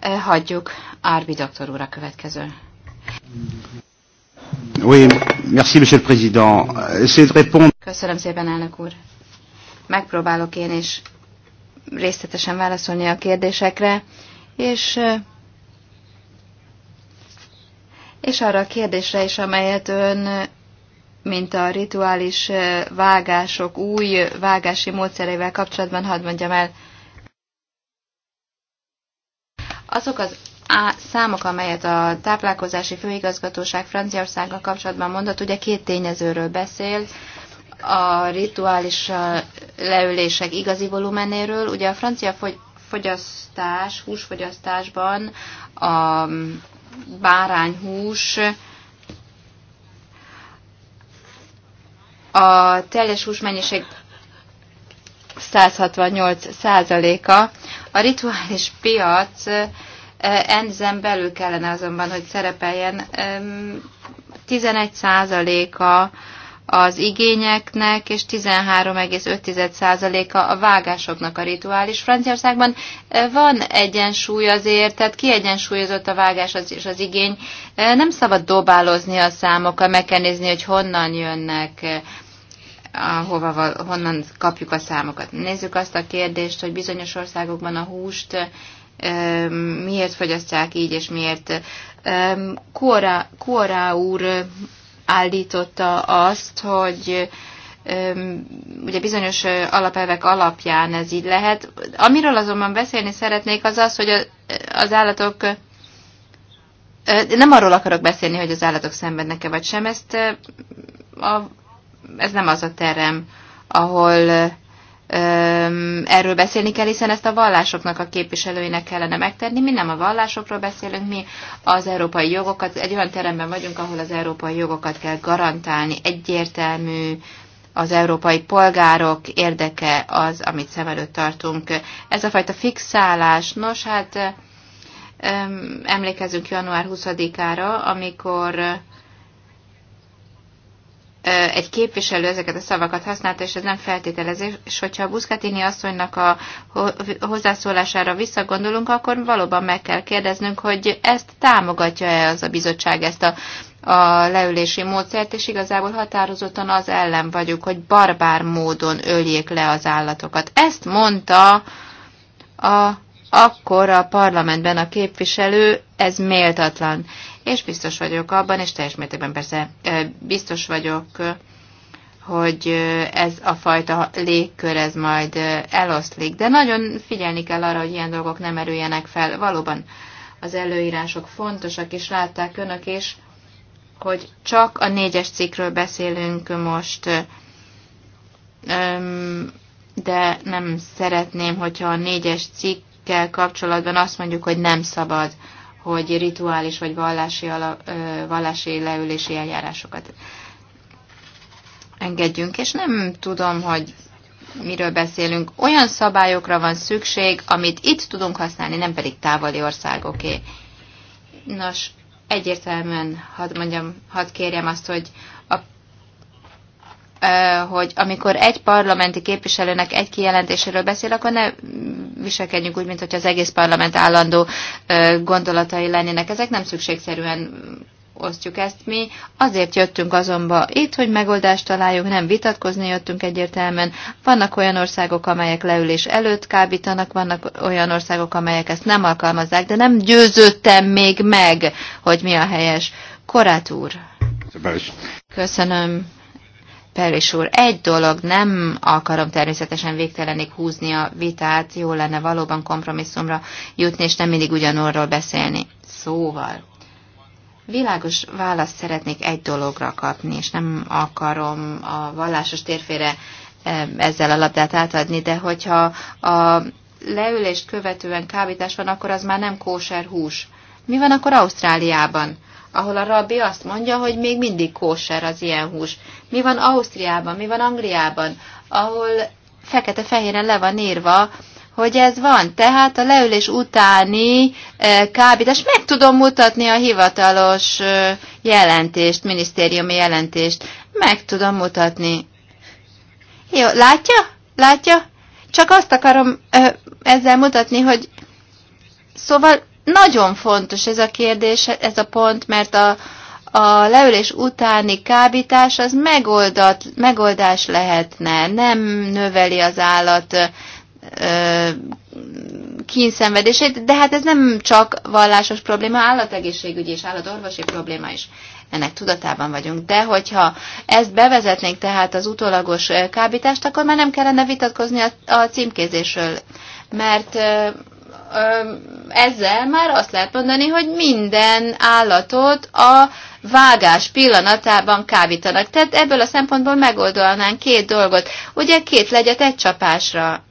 ö, hagyjuk Árbi doktor úr a következő. Oui, merci, monsieur le président. Répondre... Köszönöm szépen, elnök úr. Megpróbálok én is részletesen válaszolni a kérdésekre, és, és arra a kérdésre is, amelyet ön, mint a rituális vágások új vágási módszereivel kapcsolatban, hadd mondjam el, azok az a számok, amelyet a táplálkozási főigazgatóság Franciaországgal kapcsolatban mondott, ugye két tényezőről beszél, a rituális leülések igazi volumenéről. Ugye a francia fogyasztás, húsfogyasztásban a bárányhús a teljes húsmennyiség 168%-a. A rituális piac enzen belül kellene azonban, hogy szerepeljen 11%-a az igényeknek, és 13,5%-a a vágásoknak a rituális. Franciaországban van egyensúly azért, tehát kiegyensúlyozott a vágás az, és az igény. Nem szabad dobálozni a számokkal, meg kell nézni, hogy honnan jönnek, hova, honnan kapjuk a számokat. Nézzük azt a kérdést, hogy bizonyos országokban a húst miért fogyasztják így, és miért. Kóra, Kóra úr állította azt, hogy ugye bizonyos alapelvek alapján ez így lehet. Amiről azonban beszélni szeretnék, az az, hogy az állatok nem arról akarok beszélni, hogy az állatok szenvednek-e vagy sem, ezt a, ez nem az a terem, ahol erről beszélni kell, hiszen ezt a vallásoknak a képviselőinek kellene megtenni. Mi nem a vallásokról beszélünk, mi az európai jogokat, egy olyan teremben vagyunk, ahol az európai jogokat kell garantálni. Egyértelmű az európai polgárok érdeke az, amit szem előtt tartunk. Ez a fajta fixálás, nos hát emlékezünk január 20-ára, amikor egy képviselő ezeket a szavakat használta, és ez nem feltételezés, és hogyha a Buszkatini asszonynak a hozzászólására visszagondolunk, akkor valóban meg kell kérdeznünk, hogy ezt támogatja-e az a bizottság ezt a a leülési módszert, és igazából határozottan az ellen vagyunk, hogy barbár módon öljék le az állatokat. Ezt mondta a, akkor a parlamentben a képviselő, ez méltatlan és biztos vagyok abban, és teljes mértékben persze biztos vagyok, hogy ez a fajta légkör, ez majd eloszlik. De nagyon figyelni kell arra, hogy ilyen dolgok nem erüljenek fel. Valóban az előírások fontosak, és látták önök is, hogy csak a négyes cikkről beszélünk most, de nem szeretném, hogyha a négyes cikkkel kapcsolatban azt mondjuk, hogy nem szabad hogy rituális vagy vallási, ala, vallási leülési eljárásokat engedjünk, és nem tudom, hogy miről beszélünk. Olyan szabályokra van szükség, amit itt tudunk használni, nem pedig távoli országoké. Nos, egyértelműen hadd mondjam, hadd kérjem azt, hogy hogy amikor egy parlamenti képviselőnek egy kijelentéséről beszél, akkor ne viselkedjünk úgy, mint hogy az egész parlament állandó gondolatai lennének. Ezek nem szükségszerűen osztjuk ezt mi. Azért jöttünk azonban itt, hogy megoldást találjunk, nem vitatkozni jöttünk egyértelműen. Vannak olyan országok, amelyek leülés előtt kábítanak, vannak olyan országok, amelyek ezt nem alkalmazzák, de nem győződtem még meg, hogy mi a helyes. Korát úr! Köszönöm. Peris úr, egy dolog, nem akarom természetesen végtelenig húzni a vitát, jó lenne valóban kompromisszumra jutni, és nem mindig ugyanorról beszélni. Szóval, világos választ szeretnék egy dologra kapni, és nem akarom a vallásos térfére eh, ezzel a labdát átadni, de hogyha a leülést követően kábítás van, akkor az már nem kóser hús. Mi van akkor Ausztráliában? ahol a rabbi azt mondja, hogy még mindig kóser az ilyen hús. Mi van Ausztriában, mi van Angliában, ahol fekete-fehéren le van írva, hogy ez van. Tehát a leülés utáni e, kábítás, meg tudom mutatni a hivatalos e, jelentést, minisztériumi jelentést. Meg tudom mutatni. Jó, látja? Látja? Csak azt akarom ö, e, ezzel mutatni, hogy szóval nagyon fontos ez a kérdés, ez a pont, mert a, a leülés utáni kábítás az megoldat, megoldás lehetne, nem növeli az állat kínszenvedését, de hát ez nem csak vallásos probléma, állategészségügyi és állatorvosi probléma is. Ennek tudatában vagyunk. De hogyha ezt bevezetnénk tehát az utolagos kábítást, akkor már nem kellene vitatkozni a, a címkézésről, mert ezzel már azt lehet mondani, hogy minden állatot a vágás pillanatában kávítanak. Tehát ebből a szempontból megoldolnánk két dolgot. Ugye két legyet egy csapásra.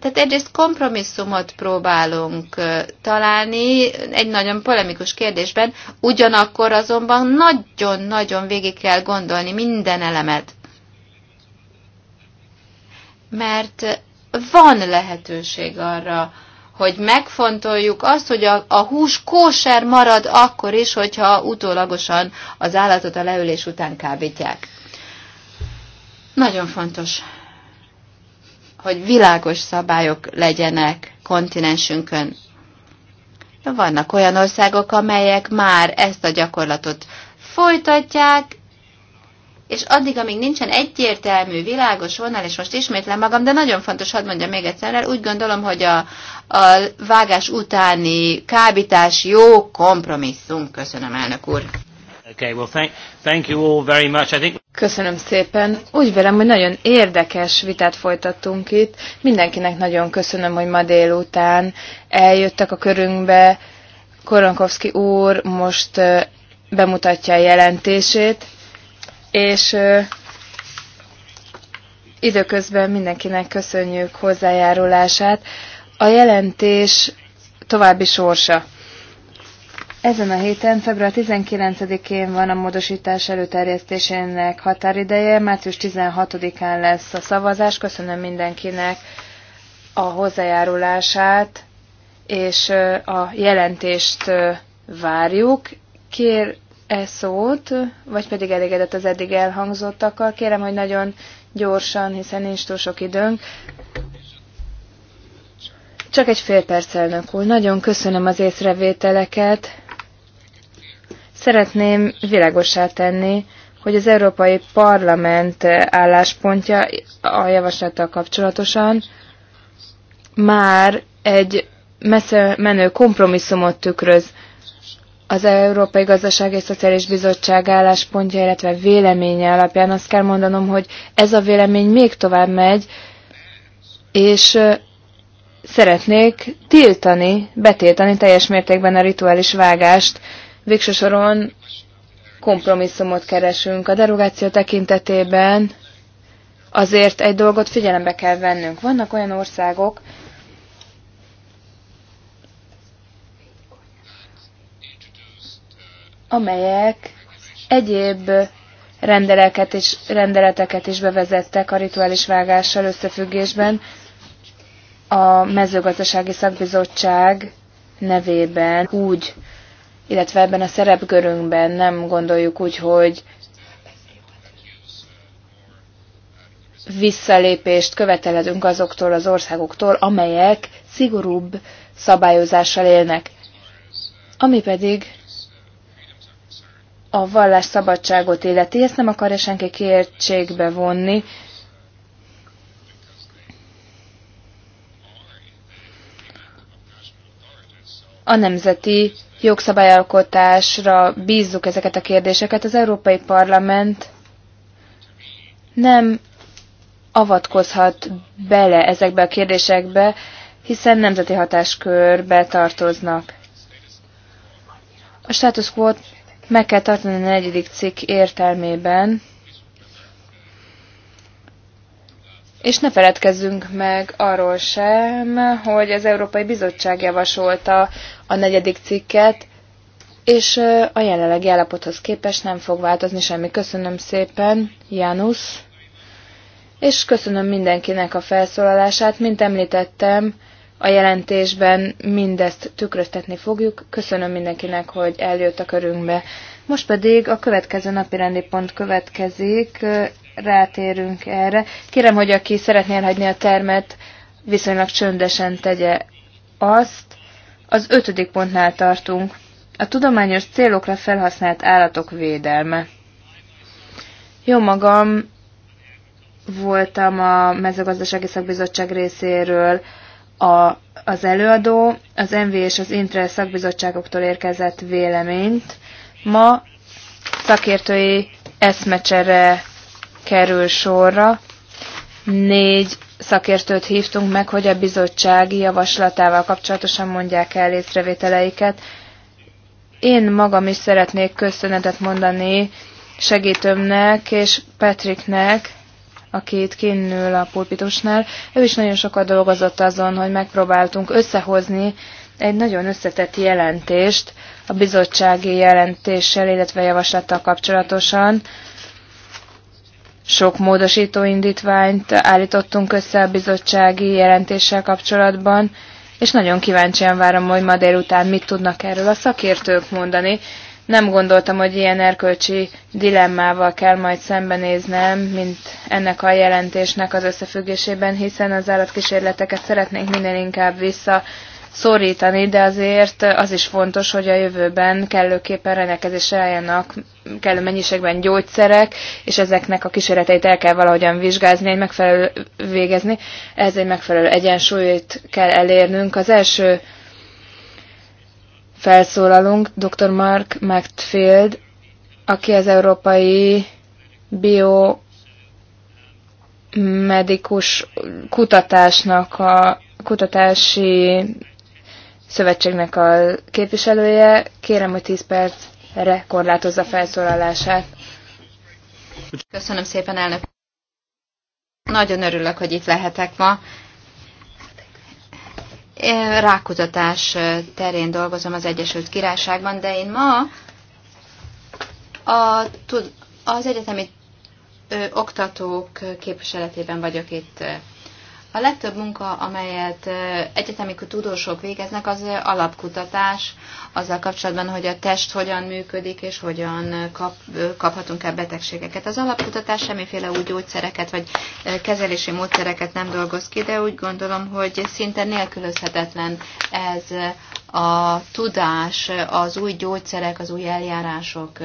Tehát egyrészt kompromisszumot próbálunk találni egy nagyon polemikus kérdésben, ugyanakkor azonban nagyon-nagyon végig kell gondolni minden elemet. Mert van lehetőség arra, hogy megfontoljuk azt, hogy a, a hús kóser marad akkor is, hogyha utólagosan az állatot a leülés után kábítják. Nagyon fontos, hogy világos szabályok legyenek kontinensünkön. Vannak olyan országok, amelyek már ezt a gyakorlatot folytatják, és addig, amíg nincsen egyértelmű, világos vonal, és most ismétlem magam, de nagyon fontos, hadd mondjam még egyszer úgy gondolom, hogy a, a vágás utáni kábítás jó kompromisszum. Köszönöm, elnök úr. Okay, well, thank, thank you all very much. I think... Köszönöm szépen. Úgy vélem, hogy nagyon érdekes vitát folytattunk itt. Mindenkinek nagyon köszönöm, hogy ma délután eljöttek a körünkbe. Koronkovszki úr most bemutatja a jelentését és időközben mindenkinek köszönjük hozzájárulását. A jelentés további sorsa. Ezen a héten, február 19-én van a módosítás előterjesztésének határideje, március 16-án lesz a szavazás. Köszönöm mindenkinek a hozzájárulását, és a jelentést várjuk. Kér, e szót, vagy pedig elégedett az eddig elhangzottakkal. Kérem, hogy nagyon gyorsan, hiszen nincs túl sok időnk. Csak egy fél perc, elnök úr. Nagyon köszönöm az észrevételeket. Szeretném világosá tenni, hogy az Európai Parlament álláspontja a javaslattal kapcsolatosan már egy messze menő kompromisszumot tükröz az Európai Gazdasági és Szociális Bizottság álláspontja, illetve véleménye alapján azt kell mondanom, hogy ez a vélemény még tovább megy, és szeretnék tiltani, betiltani teljes mértékben a rituális vágást. Végső soron kompromisszumot keresünk. A derogáció tekintetében azért egy dolgot figyelembe kell vennünk. Vannak olyan országok, amelyek egyéb rendeleket és, rendeleteket is bevezettek a rituális vágással összefüggésben a mezőgazdasági szakbizottság nevében úgy, illetve ebben a szerepkörünkben nem gondoljuk úgy, hogy visszalépést követelhetünk azoktól az országoktól, amelyek szigorúbb szabályozással élnek. Ami pedig a vallás szabadságot életi, Ezt nem akarja senki kértségbe vonni. A nemzeti jogszabályalkotásra bízzuk ezeket a kérdéseket. Az Európai Parlament nem avatkozhat bele ezekbe a kérdésekbe, hiszen nemzeti hatáskörbe tartoznak. A status quo meg kell tartani a negyedik cikk értelmében, és ne feledkezzünk meg arról sem, hogy az Európai Bizottság javasolta a negyedik cikket, és a jelenlegi állapothoz képest nem fog változni semmi. Köszönöm szépen, Janusz. és köszönöm mindenkinek a felszólalását. Mint említettem, a jelentésben mindezt tükröztetni fogjuk. Köszönöm mindenkinek, hogy eljött a körünkbe. Most pedig a következő napi rendi pont következik, rátérünk erre. Kérem, hogy aki szeretné elhagyni a termet, viszonylag csöndesen tegye azt. Az ötödik pontnál tartunk. A tudományos célokra felhasznált állatok védelme. Jó magam, voltam a mezőgazdasági szakbizottság részéről a, az előadó az MV és az Intre szakbizottságoktól érkezett véleményt. Ma szakértői eszmecsere kerül sorra. Négy szakértőt hívtunk meg, hogy a bizottsági javaslatával kapcsolatosan mondják el észrevételeiket. Én magam is szeretnék köszönetet mondani segítőmnek és Patricknek, akit kinnül a pulpitusnál. Ő is nagyon sokat dolgozott azon, hogy megpróbáltunk összehozni egy nagyon összetett jelentést a bizottsági jelentéssel, illetve javaslattal kapcsolatosan. Sok módosító indítványt állítottunk össze a bizottsági jelentéssel kapcsolatban, és nagyon kíváncsian várom, hogy ma délután mit tudnak erről a szakértők mondani, nem gondoltam, hogy ilyen erkölcsi dilemmával kell majd szembenéznem, mint ennek a jelentésnek az összefüggésében, hiszen az állatkísérleteket szeretnénk minél inkább vissza szorítani, de azért az is fontos, hogy a jövőben kellőképpen rendelkezésre álljanak kellő mennyiségben gyógyszerek, és ezeknek a kísérleteit el kell valahogyan vizsgázni, egy megfelelő végezni. Ez egy megfelelő egyensúlyt kell elérnünk. Az első felszólalunk, dr. Mark McTfield, aki az Európai Bio medikus kutatásnak a kutatási szövetségnek a képviselője. Kérem, hogy 10 percre korlátozza felszólalását. Köszönöm szépen, elnök. Nagyon örülök, hogy itt lehetek ma, rákutatás terén dolgozom az Egyesült Királyságban, de én ma a, az egyetemi oktatók képviseletében vagyok itt a legtöbb munka, amelyet egyetemi tudósok végeznek, az alapkutatás azzal kapcsolatban, hogy a test hogyan működik, és hogyan kap, kaphatunk el betegségeket. Az alapkutatás semmiféle új gyógyszereket vagy kezelési módszereket nem dolgoz ki, de úgy gondolom, hogy szinte nélkülözhetetlen ez a tudás, az új gyógyszerek, az új eljárások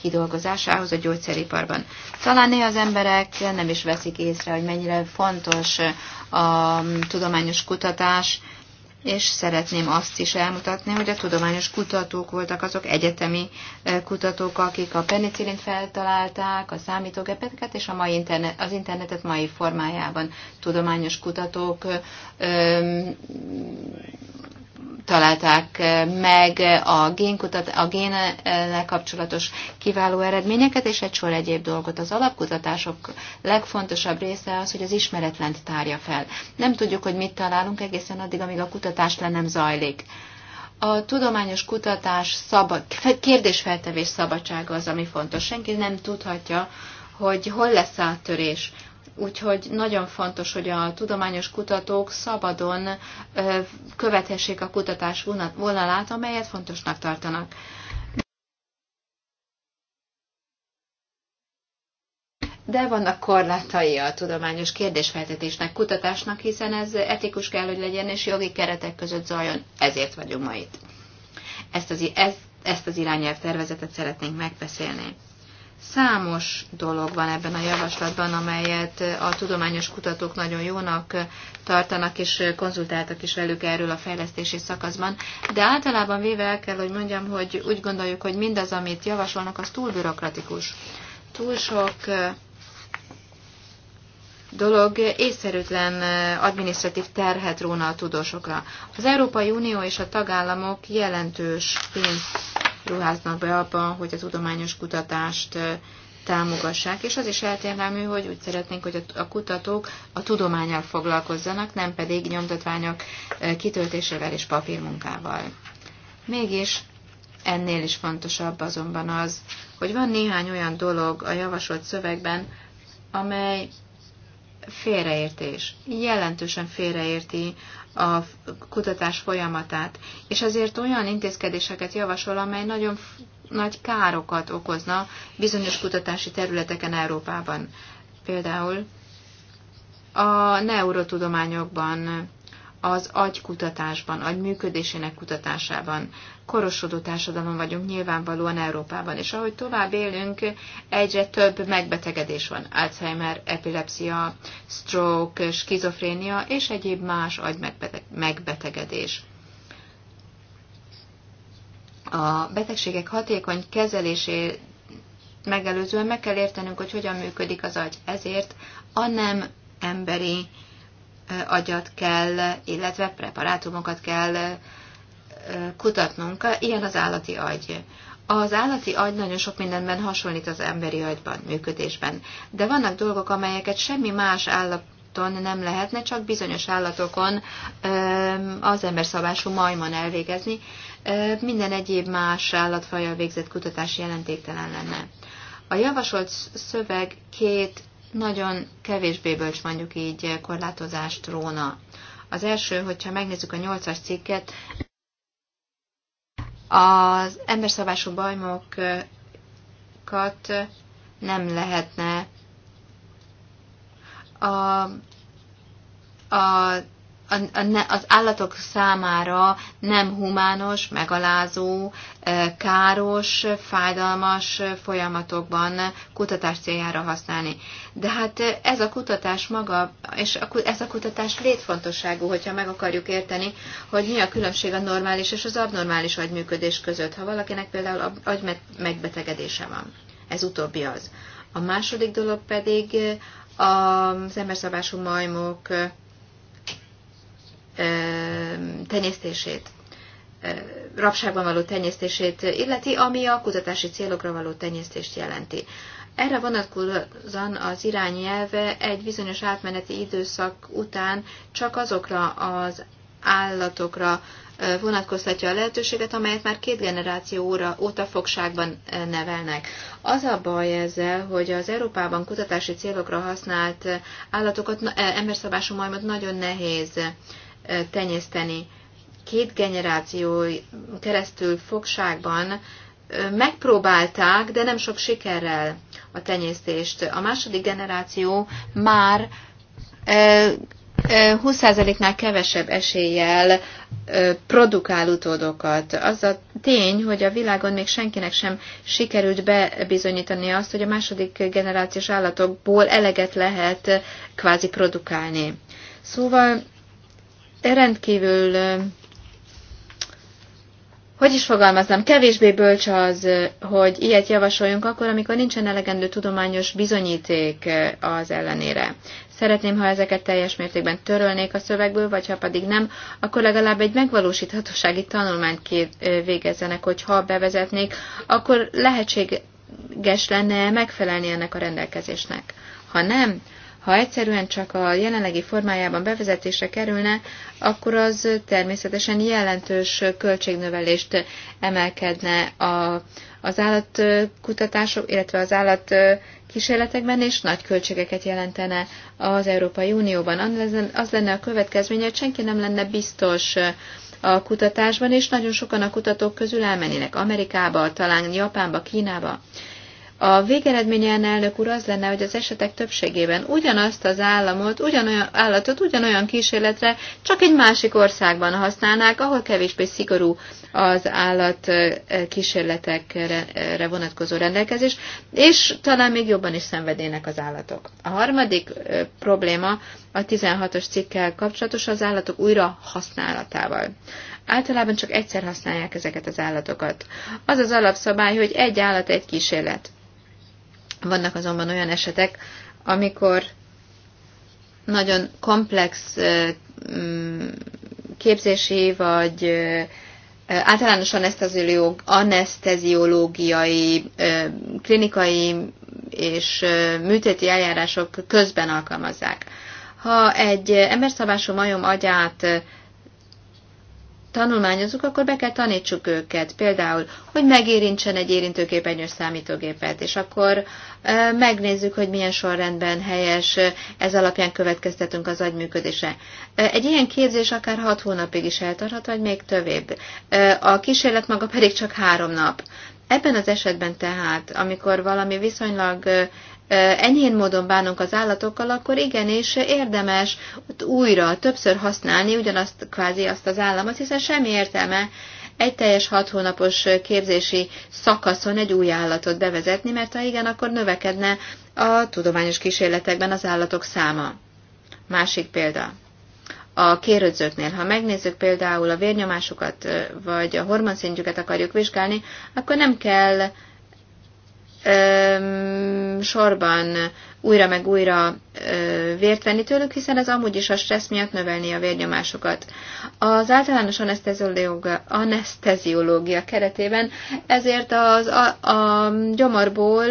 kidolgozásához a gyógyszeriparban. Talán néha az emberek nem is veszik észre, hogy mennyire fontos a tudományos kutatás, és szeretném azt is elmutatni, hogy a tudományos kutatók voltak azok egyetemi e, kutatók, akik a penicillint feltalálták, a számítógépeket, és a mai internet, az internetet mai formájában tudományos kutatók öm, e, találták eh, meg a, génkutat, a génnel kapcsolatos kiváló eredményeket, és egy sor egyéb dolgot. Az alapkutatások legfontosabb része az, hogy az ismeretlent tárja fel. Nem tudjuk, hogy mit találunk egészen addig, amíg a kutatás le nem zajlik. A tudományos kutatás szaba, kérdésfeltevés szabadsága az, ami fontos. Senki nem tudhatja, hogy hol lesz áttörés, Úgyhogy nagyon fontos, hogy a tudományos kutatók szabadon követhessék a kutatás vonalát, amelyet fontosnak tartanak. De vannak korlátai a tudományos kérdésfeltetésnek, kutatásnak, hiszen ez etikus kell, hogy legyen, és jogi keretek között zajon. Ezért vagyunk ma itt. Ezt az, ezt, ezt az irányelv tervezetet szeretnénk megbeszélni. Számos dolog van ebben a javaslatban, amelyet a tudományos kutatók nagyon jónak tartanak, és konzultáltak is velük erről a fejlesztési szakaszban. De általában véve el kell, hogy mondjam, hogy úgy gondoljuk, hogy mindaz, amit javasolnak, az túl bürokratikus. Túl sok dolog észszerűtlen adminisztratív terhet róna a tudósokra. Az Európai Unió és a tagállamok jelentős pénzt ruháznak be abban, hogy a tudományos kutatást támogassák, és az is eltérnemű, hogy úgy szeretnénk, hogy a kutatók a tudományal foglalkozzanak, nem pedig nyomtatványok kitöltésével és papírmunkával. Mégis ennél is fontosabb azonban az, hogy van néhány olyan dolog a javasolt szövegben, amely félreértés, jelentősen félreérti a kutatás folyamatát, és ezért olyan intézkedéseket javasol, amely nagyon nagy károkat okozna bizonyos kutatási területeken Európában. Például a neurotudományokban, az agykutatásban, agy működésének kutatásában, korosodó társadalom vagyunk nyilvánvalóan Európában, és ahogy tovább élünk, egyre több megbetegedés van. Alzheimer, epilepsia, stroke, skizofrénia és egyéb más agymegbetegedés. A betegségek hatékony kezelését megelőzően meg kell értenünk, hogy hogyan működik az agy. Ezért a nem emberi agyat kell, illetve preparátumokat kell kutatnunk, ilyen az állati agy. Az állati agy nagyon sok mindenben hasonlít az emberi agyban, működésben, de vannak dolgok, amelyeket semmi más állaton nem lehetne, csak bizonyos állatokon az emberszabású majmon elvégezni, minden egyéb más állatfajjal végzett kutatás jelentéktelen lenne. A javasolt szöveg két nagyon kevésbé bölcs mondjuk így korlátozást róna. Az első, hogyha megnézzük a nyolcas cikket, az emberszabású bajmokat nem lehetne a, a az állatok számára nem humános, megalázó, káros, fájdalmas folyamatokban kutatás céljára használni. De hát ez a kutatás maga, és ez a kutatás létfontosságú, hogyha meg akarjuk érteni, hogy mi a különbség a normális és az abnormális agyműködés között, ha valakinek például agymegbetegedése van. Ez utóbbi az. A második dolog pedig az emberszabású majmok tenyésztését, rabságban való tenyésztését illeti, ami a kutatási célokra való tenyésztést jelenti. Erre vonatkozóan az irányelve egy bizonyos átmeneti időszak után csak azokra az állatokra vonatkoztatja a lehetőséget, amelyet már két generáció óra, óta fogságban nevelnek. Az a baj ezzel, hogy az Európában kutatási célokra használt állatokat, emberszabású majmot nagyon nehéz tenyészteni. Két generáció keresztül fogságban megpróbálták, de nem sok sikerrel a tenyésztést. A második generáció már 20%-nál kevesebb eséllyel produkál utódokat. Az a tény, hogy a világon még senkinek sem sikerült bebizonyítani azt, hogy a második generációs állatokból eleget lehet kvázi produkálni. Szóval rendkívül, hogy is fogalmaznám, kevésbé bölcs az, hogy ilyet javasoljunk akkor, amikor nincsen elegendő tudományos bizonyíték az ellenére. Szeretném, ha ezeket teljes mértékben törölnék a szövegből, vagy ha pedig nem, akkor legalább egy megvalósíthatósági tanulmányt végezzenek, hogy ha bevezetnék, akkor lehetséges lenne megfelelni ennek a rendelkezésnek. Ha nem, ha egyszerűen csak a jelenlegi formájában bevezetésre kerülne, akkor az természetesen jelentős költségnövelést emelkedne a, az állatkutatások, illetve az állat kísérletekben, és nagy költségeket jelentene az Európai Unióban. Az lenne a következménye, hogy senki nem lenne biztos a kutatásban, és nagyon sokan a kutatók közül elmennének Amerikába, talán Japánba, Kínába. A végeredményen elnök úr az lenne, hogy az esetek többségében ugyanazt az államot, ugyanolyan, állatot ugyanolyan kísérletre csak egy másik országban használnák, ahol kevésbé szigorú az állat kísérletekre vonatkozó rendelkezés, és talán még jobban is szenvedének az állatok. A harmadik probléma a 16-os cikkel kapcsolatos az állatok újra használatával. Általában csak egyszer használják ezeket az állatokat. Az az alapszabály, hogy egy állat egy kísérlet. Vannak azonban olyan esetek, amikor nagyon komplex mm, képzési vagy általános anesteziológiai, klinikai és műtéti eljárások közben alkalmazzák. Ha egy emberszabású majom agyát tanulmányozunk, akkor be kell tanítsuk őket, például, hogy megérintsen egy érintőképernyős számítógépet, és akkor megnézzük, hogy milyen sorrendben helyes, ez alapján következtetünk az agyműködése. Egy ilyen képzés akár hat hónapig is eltarhat, vagy még tövébb. A kísérlet maga pedig csak három nap. Ebben az esetben tehát, amikor valami viszonylag enyhén módon bánunk az állatokkal, akkor igenis érdemes újra, többször használni ugyanazt kvázi azt az államot, hiszen semmi értelme egy teljes hat hónapos képzési szakaszon egy új állatot bevezetni, mert ha igen, akkor növekedne a tudományos kísérletekben az állatok száma. Másik példa. A kérődzőknél, ha megnézzük például a vérnyomásukat, vagy a hormonszintjüket akarjuk vizsgálni, akkor nem kell sorban újra meg újra vért venni tőlük, hiszen ez amúgy is a stressz miatt növelni a vérnyomásokat. Az általános anesteziológia, anesteziológia keretében ezért az, a, a gyomorból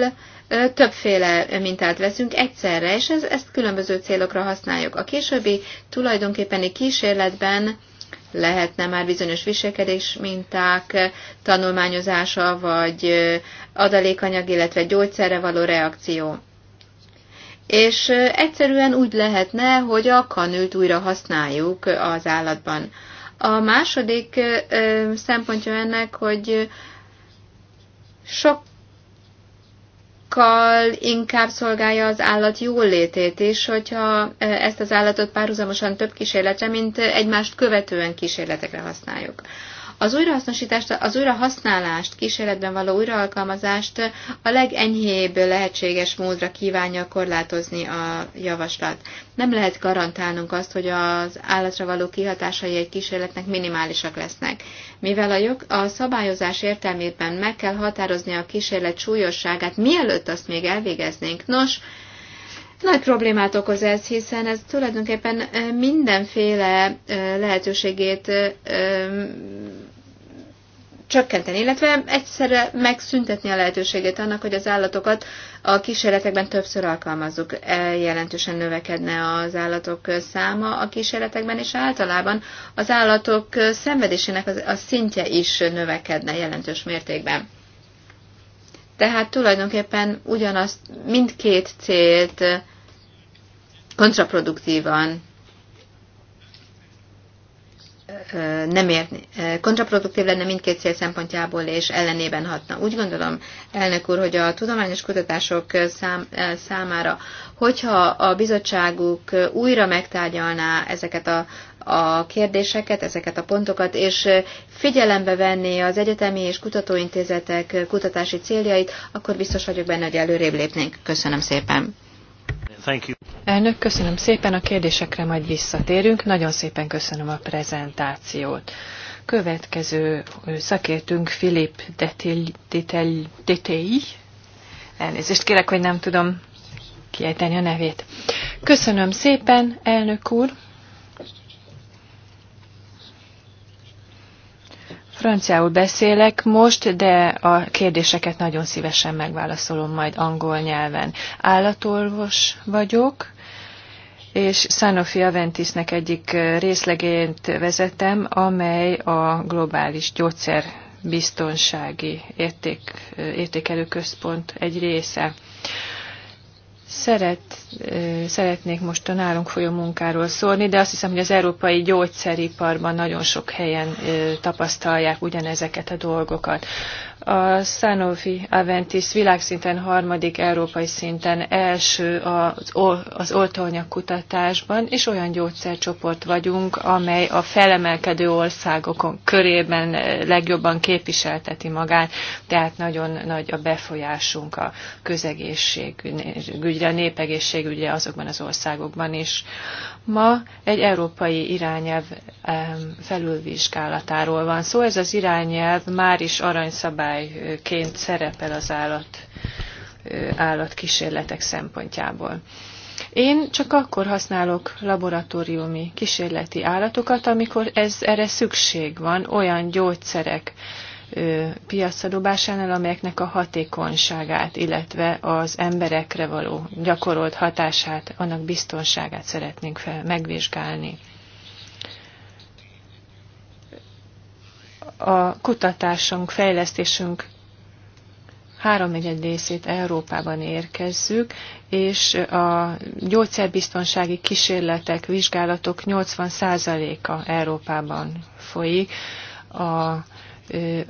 többféle mintát veszünk egyszerre, és ez, ezt különböző célokra használjuk. A későbbi tulajdonképpeni kísérletben lehetne már bizonyos viselkedés minták tanulmányozása, vagy adalékanyag, illetve gyógyszerre való reakció. És egyszerűen úgy lehetne, hogy a kanült újra használjuk az állatban. A második szempontja ennek, hogy sok sokkal inkább szolgálja az állat jólétét is, hogyha e, ezt az állatot párhuzamosan több kísérletre, mint egymást követően kísérletekre használjuk. Az újrahasznosítást, az újrahasználást, kísérletben való újraalkalmazást a legenyhébb lehetséges módra kívánja korlátozni a javaslat. Nem lehet garantálnunk azt, hogy az állatra való kihatásai egy kísérletnek minimálisak lesznek. Mivel a, jog, a szabályozás értelmében meg kell határozni a kísérlet súlyosságát, mielőtt azt még elvégeznénk, nos, nagy problémát okoz ez, hiszen ez tulajdonképpen mindenféle lehetőségét csökkenteni, illetve egyszerre megszüntetni a lehetőséget annak, hogy az állatokat a kísérletekben többször alkalmazzuk. E, jelentősen növekedne az állatok száma a kísérletekben, és általában az állatok szenvedésének a szintje is növekedne jelentős mértékben. Tehát tulajdonképpen ugyanazt mindkét célt kontraproduktívan nem érni, kontraproduktív lenne mindkét cél szempontjából, és ellenében hatna. Úgy gondolom, elnök úr, hogy a tudományos kutatások szám, számára, hogyha a bizottságuk újra megtárgyalná ezeket a, a kérdéseket, ezeket a pontokat, és figyelembe venné az egyetemi és kutatóintézetek kutatási céljait, akkor biztos vagyok benne, hogy előrébb lépnénk. Köszönöm szépen. Thank Elnök, köszönöm szépen, a kérdésekre majd visszatérünk. Nagyon szépen köszönöm a prezentációt. Következő szakértünk Filip Detei. Elnézést kérek, hogy nem tudom kiejteni a nevét. Köszönöm szépen, elnök úr. Franciául beszélek most, de a kérdéseket nagyon szívesen megválaszolom majd angol nyelven. Állatorvos vagyok, és Sanofi Aventisnek egyik részlegét vezetem, amely a globális gyógyszerbiztonsági biztonsági érték, értékelőközpont egy része. Szeret, szeretnék most a nálunk folyó munkáról szólni, de azt hiszem, hogy az európai gyógyszeriparban nagyon sok helyen tapasztalják ugyanezeket a dolgokat. A Sanofi Aventis világszinten harmadik, európai szinten első az, az oltóanyag kutatásban, és olyan gyógyszercsoport vagyunk, amely a felemelkedő országokon körében eh, legjobban képviselteti magát, tehát nagyon nagy a befolyásunk a közegészségügyre, a népegészségügyre azokban az országokban is. Ma egy európai irányelv felülvizsgálatáról van szó, ez az irányelv már is aranyszabály akadályként szerepel az állat, állatkísérletek szempontjából. Én csak akkor használok laboratóriumi kísérleti állatokat, amikor ez erre szükség van olyan gyógyszerek piacadobásánál, amelyeknek a hatékonyságát, illetve az emberekre való gyakorolt hatását, annak biztonságát szeretnénk fel, megvizsgálni. a kutatásunk, fejlesztésünk háromnegyed részét Európában érkezzük, és a gyógyszerbiztonsági kísérletek, vizsgálatok 80%-a Európában folyik. A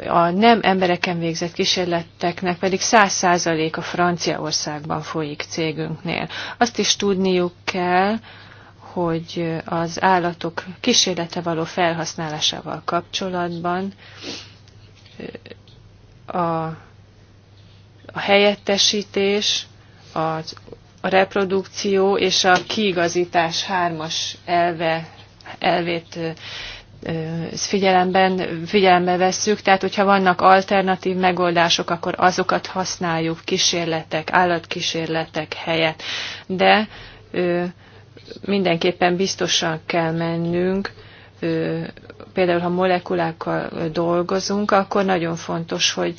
a nem embereken végzett kísérleteknek pedig 100% a Franciaországban folyik cégünknél. Azt is tudniuk kell, hogy az állatok kísérlete való felhasználásával kapcsolatban a, a helyettesítés, a, a reprodukció és a kiigazítás hármas elve, elvét figyelemben, figyelembe vesszük, tehát hogyha vannak alternatív megoldások, akkor azokat használjuk kísérletek, állatkísérletek helyett. De mindenképpen biztosan kell mennünk, például ha molekulákkal dolgozunk, akkor nagyon fontos, hogy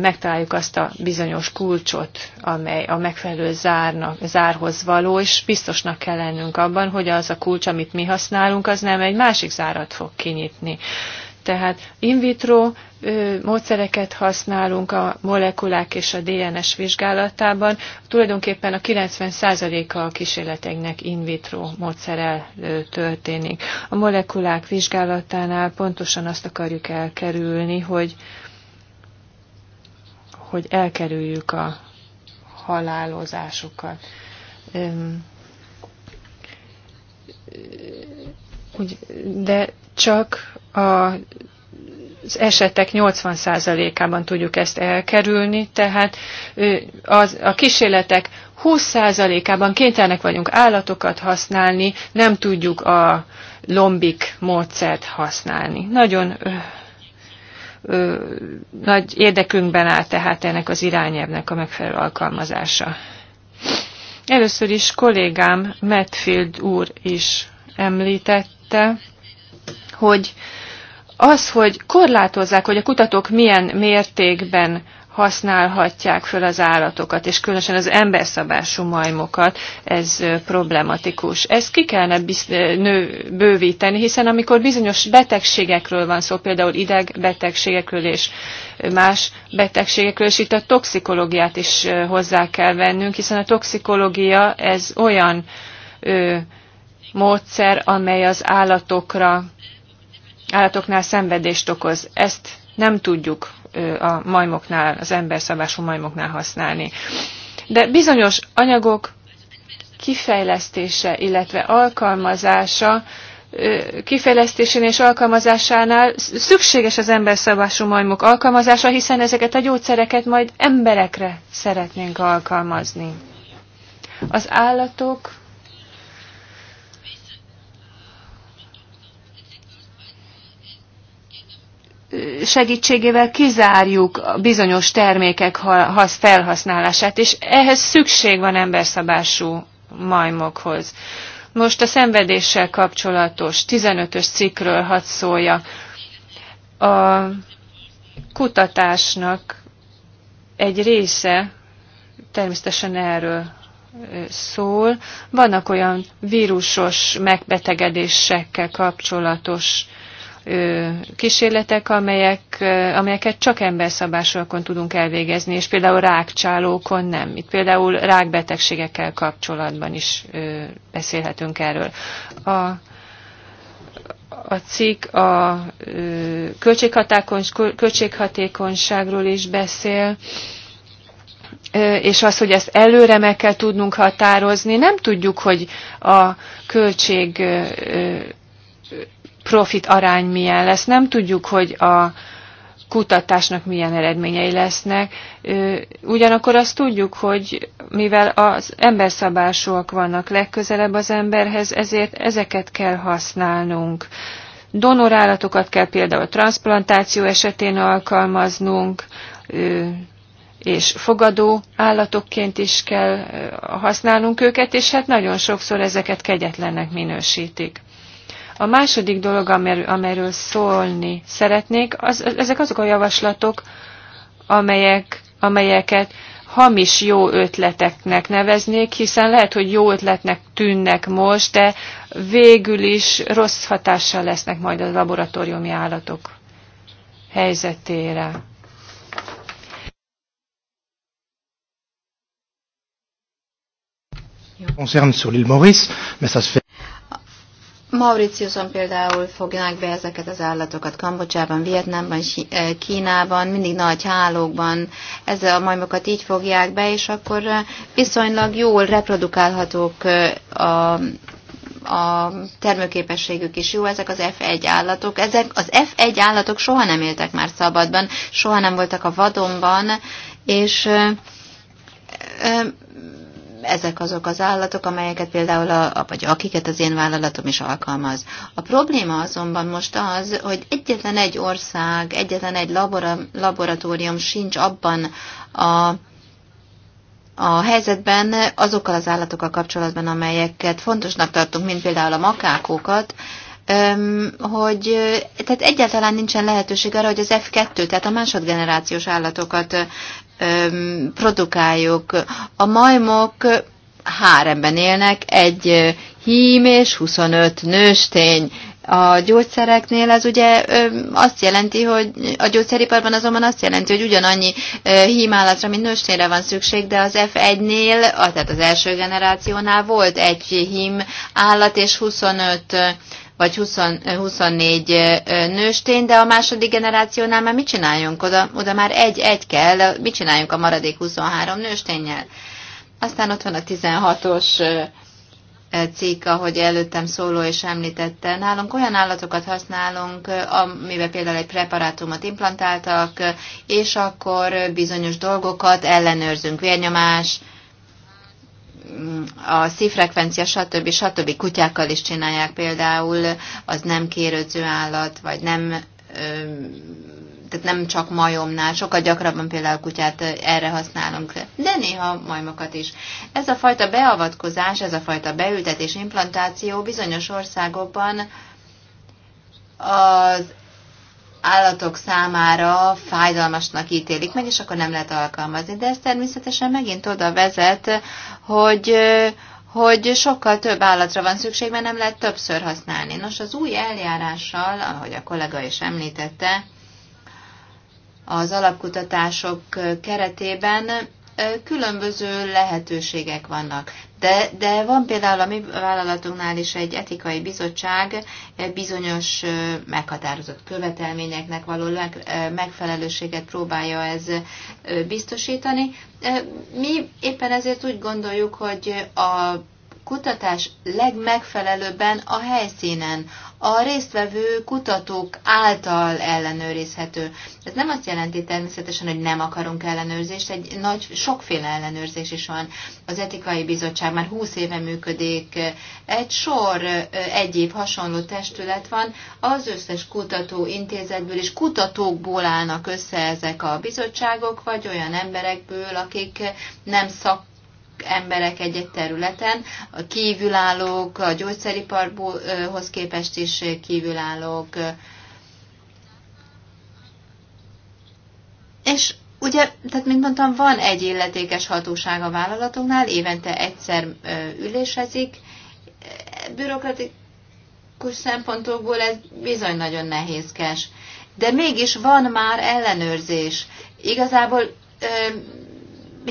megtaláljuk azt a bizonyos kulcsot, amely a megfelelő zárnak, zárhoz való, és biztosnak kell lennünk abban, hogy az a kulcs, amit mi használunk, az nem egy másik zárat fog kinyitni tehát in vitro módszereket használunk a molekulák és a DNS vizsgálatában. Tulajdonképpen a 90%-a a kísérleteknek in vitro módszerrel történik. A molekulák vizsgálatánál pontosan azt akarjuk elkerülni, hogy, hogy elkerüljük a halálozásokat de csak a az esetek 80%-ában tudjuk ezt elkerülni, tehát az, a kísérletek 20%-ában kénytelenek vagyunk állatokat használni, nem tudjuk a lombik módszert használni. Nagyon ö, ö, nagy érdekünkben áll tehát ennek az irányelvnek a megfelelő alkalmazása. Először is kollégám Metfield úr is említett, említette, hogy az, hogy korlátozzák, hogy a kutatók milyen mértékben használhatják föl az állatokat, és különösen az emberszabású majmokat, ez problematikus. Ezt ki kellene nő, bővíteni, hiszen amikor bizonyos betegségekről van szó, például idegbetegségekről és más betegségekről, és itt a toxikológiát is hozzá kell vennünk, hiszen a toxikológia ez olyan ö, módszer, amely az állatokra, állatoknál szenvedést okoz. Ezt nem tudjuk a majmoknál, az emberszabású majmoknál használni. De bizonyos anyagok kifejlesztése, illetve alkalmazása, kifejlesztésén és alkalmazásánál szükséges az emberszabású majmok alkalmazása, hiszen ezeket a gyógyszereket majd emberekre szeretnénk alkalmazni. Az állatok segítségével kizárjuk a bizonyos termékek felhasználását, és ehhez szükség van emberszabású majmokhoz. Most a szenvedéssel kapcsolatos 15-ös cikkről hadd szólja. A kutatásnak egy része természetesen erről szól. Vannak olyan vírusos megbetegedésekkel kapcsolatos kísérletek, amelyek, amelyeket csak emberszabásokon tudunk elvégezni, és például rákcsálókon nem. Itt például rákbetegségekkel kapcsolatban is beszélhetünk erről. A, a cikk a költséghatékonyságról is beszél, és az, hogy ezt előre meg kell tudnunk határozni. Nem tudjuk, hogy a költség profit arány milyen lesz. Nem tudjuk, hogy a kutatásnak milyen eredményei lesznek. Ugyanakkor azt tudjuk, hogy mivel az emberszabásúak vannak legközelebb az emberhez, ezért ezeket kell használnunk. Donorállatokat kell például a transplantáció esetén alkalmaznunk, és fogadó állatokként is kell használnunk őket, és hát nagyon sokszor ezeket kegyetlennek minősítik. A második dolog, amer, amerről szólni szeretnék, az, ezek azok a javaslatok, amelyek, amelyeket hamis jó ötleteknek neveznék, hiszen lehet, hogy jó ötletnek tűnnek most, de végül is rossz hatással lesznek majd a laboratóriumi állatok helyzetére. concerne sur l'île Maurice, mais ça se fait Mauritiuson például fognak be ezeket az állatokat, Kambocsában, Vietnámban, eh, Kínában, mindig nagy hálókban, ezzel a majmokat így fogják be, és akkor eh, viszonylag jól reprodukálhatók eh, a, a termőképességük is jó, ezek az F1 állatok. Ezek az F1 állatok soha nem éltek már szabadban, soha nem voltak a vadonban, és ezek azok az állatok, amelyeket például, a, vagy akiket az én vállalatom is alkalmaz. A probléma azonban most az, hogy egyetlen egy ország, egyetlen egy labora, laboratórium sincs abban a, a helyzetben azokkal az állatokkal kapcsolatban, amelyeket fontosnak tartunk, mint például a makákókat, hogy tehát egyáltalán nincsen lehetőség arra, hogy az F2, tehát a másodgenerációs állatokat produkáljuk. A majmok háremben élnek, egy hím és 25 nőstény. A gyógyszereknél ez ugye azt jelenti, hogy a gyógyszeriparban azonban azt jelenti, hogy ugyanannyi hímállatra, mint nőstényre van szükség, de az F1-nél, tehát az első generációnál volt egy hím állat és 25 vagy 20, 24 nőstény, de a második generációnál már mit csináljunk? Oda, oda már egy-egy kell, mit csináljunk a maradék 23 nősténnyel? Aztán ott van a 16-os eh, eh, cikk, ahogy előttem szóló és említette. Nálunk olyan állatokat használunk, eh, amiben például egy preparátumot implantáltak, és akkor bizonyos dolgokat ellenőrzünk, vérnyomás, a szívfrekvencia, stb. stb. kutyákkal is csinálják például, az nem kérődző állat, vagy nem tehát nem csak majomnál, sokkal gyakrabban például kutyát erre használunk, de néha majmokat is. Ez a fajta beavatkozás, ez a fajta beültetés, implantáció bizonyos országokban az állatok számára fájdalmasnak ítélik meg, és akkor nem lehet alkalmazni. De ez természetesen megint oda vezet, hogy hogy sokkal több állatra van szükség, mert nem lehet többször használni. Nos, az új eljárással, ahogy a kollega is említette, az alapkutatások keretében különböző lehetőségek vannak. De, de van például a mi vállalatunknál is egy etikai bizottság e, bizonyos e, meghatározott követelményeknek való e, megfelelőséget próbálja ez biztosítani. Mi éppen ezért úgy gondoljuk, hogy a kutatás legmegfelelőbben a helyszínen, a résztvevő kutatók által ellenőrizhető. Ez nem azt jelenti természetesen, hogy nem akarunk ellenőrzést, egy nagy, sokféle ellenőrzés is van. Az etikai bizottság már 20 éve működik, egy sor egyéb hasonló testület van, az összes kutató intézetből és kutatókból állnak össze ezek a bizottságok, vagy olyan emberekből, akik nem szak emberek egy-egy területen, a kívülállók, a gyógyszeriparhoz képest is kívülállók. És ugye, tehát mint mondtam, van egy illetékes hatóság a vállalatoknál, évente egyszer ülésezik, bürokratikus szempontokból ez bizony nagyon nehézkes. De mégis van már ellenőrzés. Igazából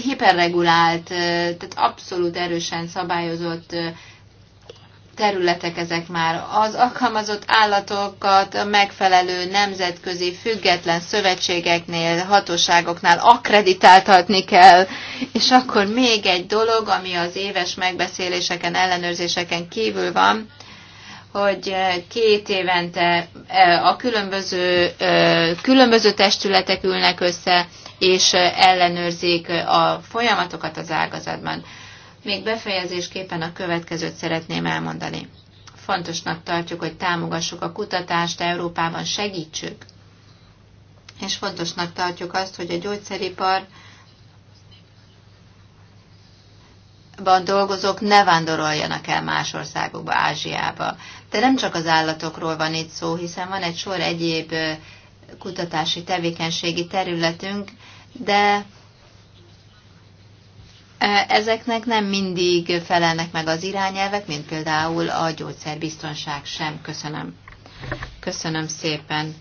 hiperregulált, tehát abszolút erősen szabályozott területek ezek már. Az alkalmazott állatokat a megfelelő nemzetközi független szövetségeknél, hatóságoknál akkreditáltatni kell. És akkor még egy dolog, ami az éves megbeszéléseken, ellenőrzéseken kívül van, hogy két évente a különböző, különböző testületek ülnek össze, és ellenőrzik a folyamatokat az ágazatban. Még befejezésképpen a következőt szeretném elmondani. Fontosnak tartjuk, hogy támogassuk a kutatást, Európában segítsük. És fontosnak tartjuk azt, hogy a gyógyszeripar ban dolgozók ne vándoroljanak el más országokba, Ázsiába. De nem csak az állatokról van itt szó, hiszen van egy sor egyéb kutatási tevékenységi területünk, de e, ezeknek nem mindig felelnek meg az irányelvek, mint például a gyógyszerbiztonság sem. Köszönöm. Köszönöm szépen.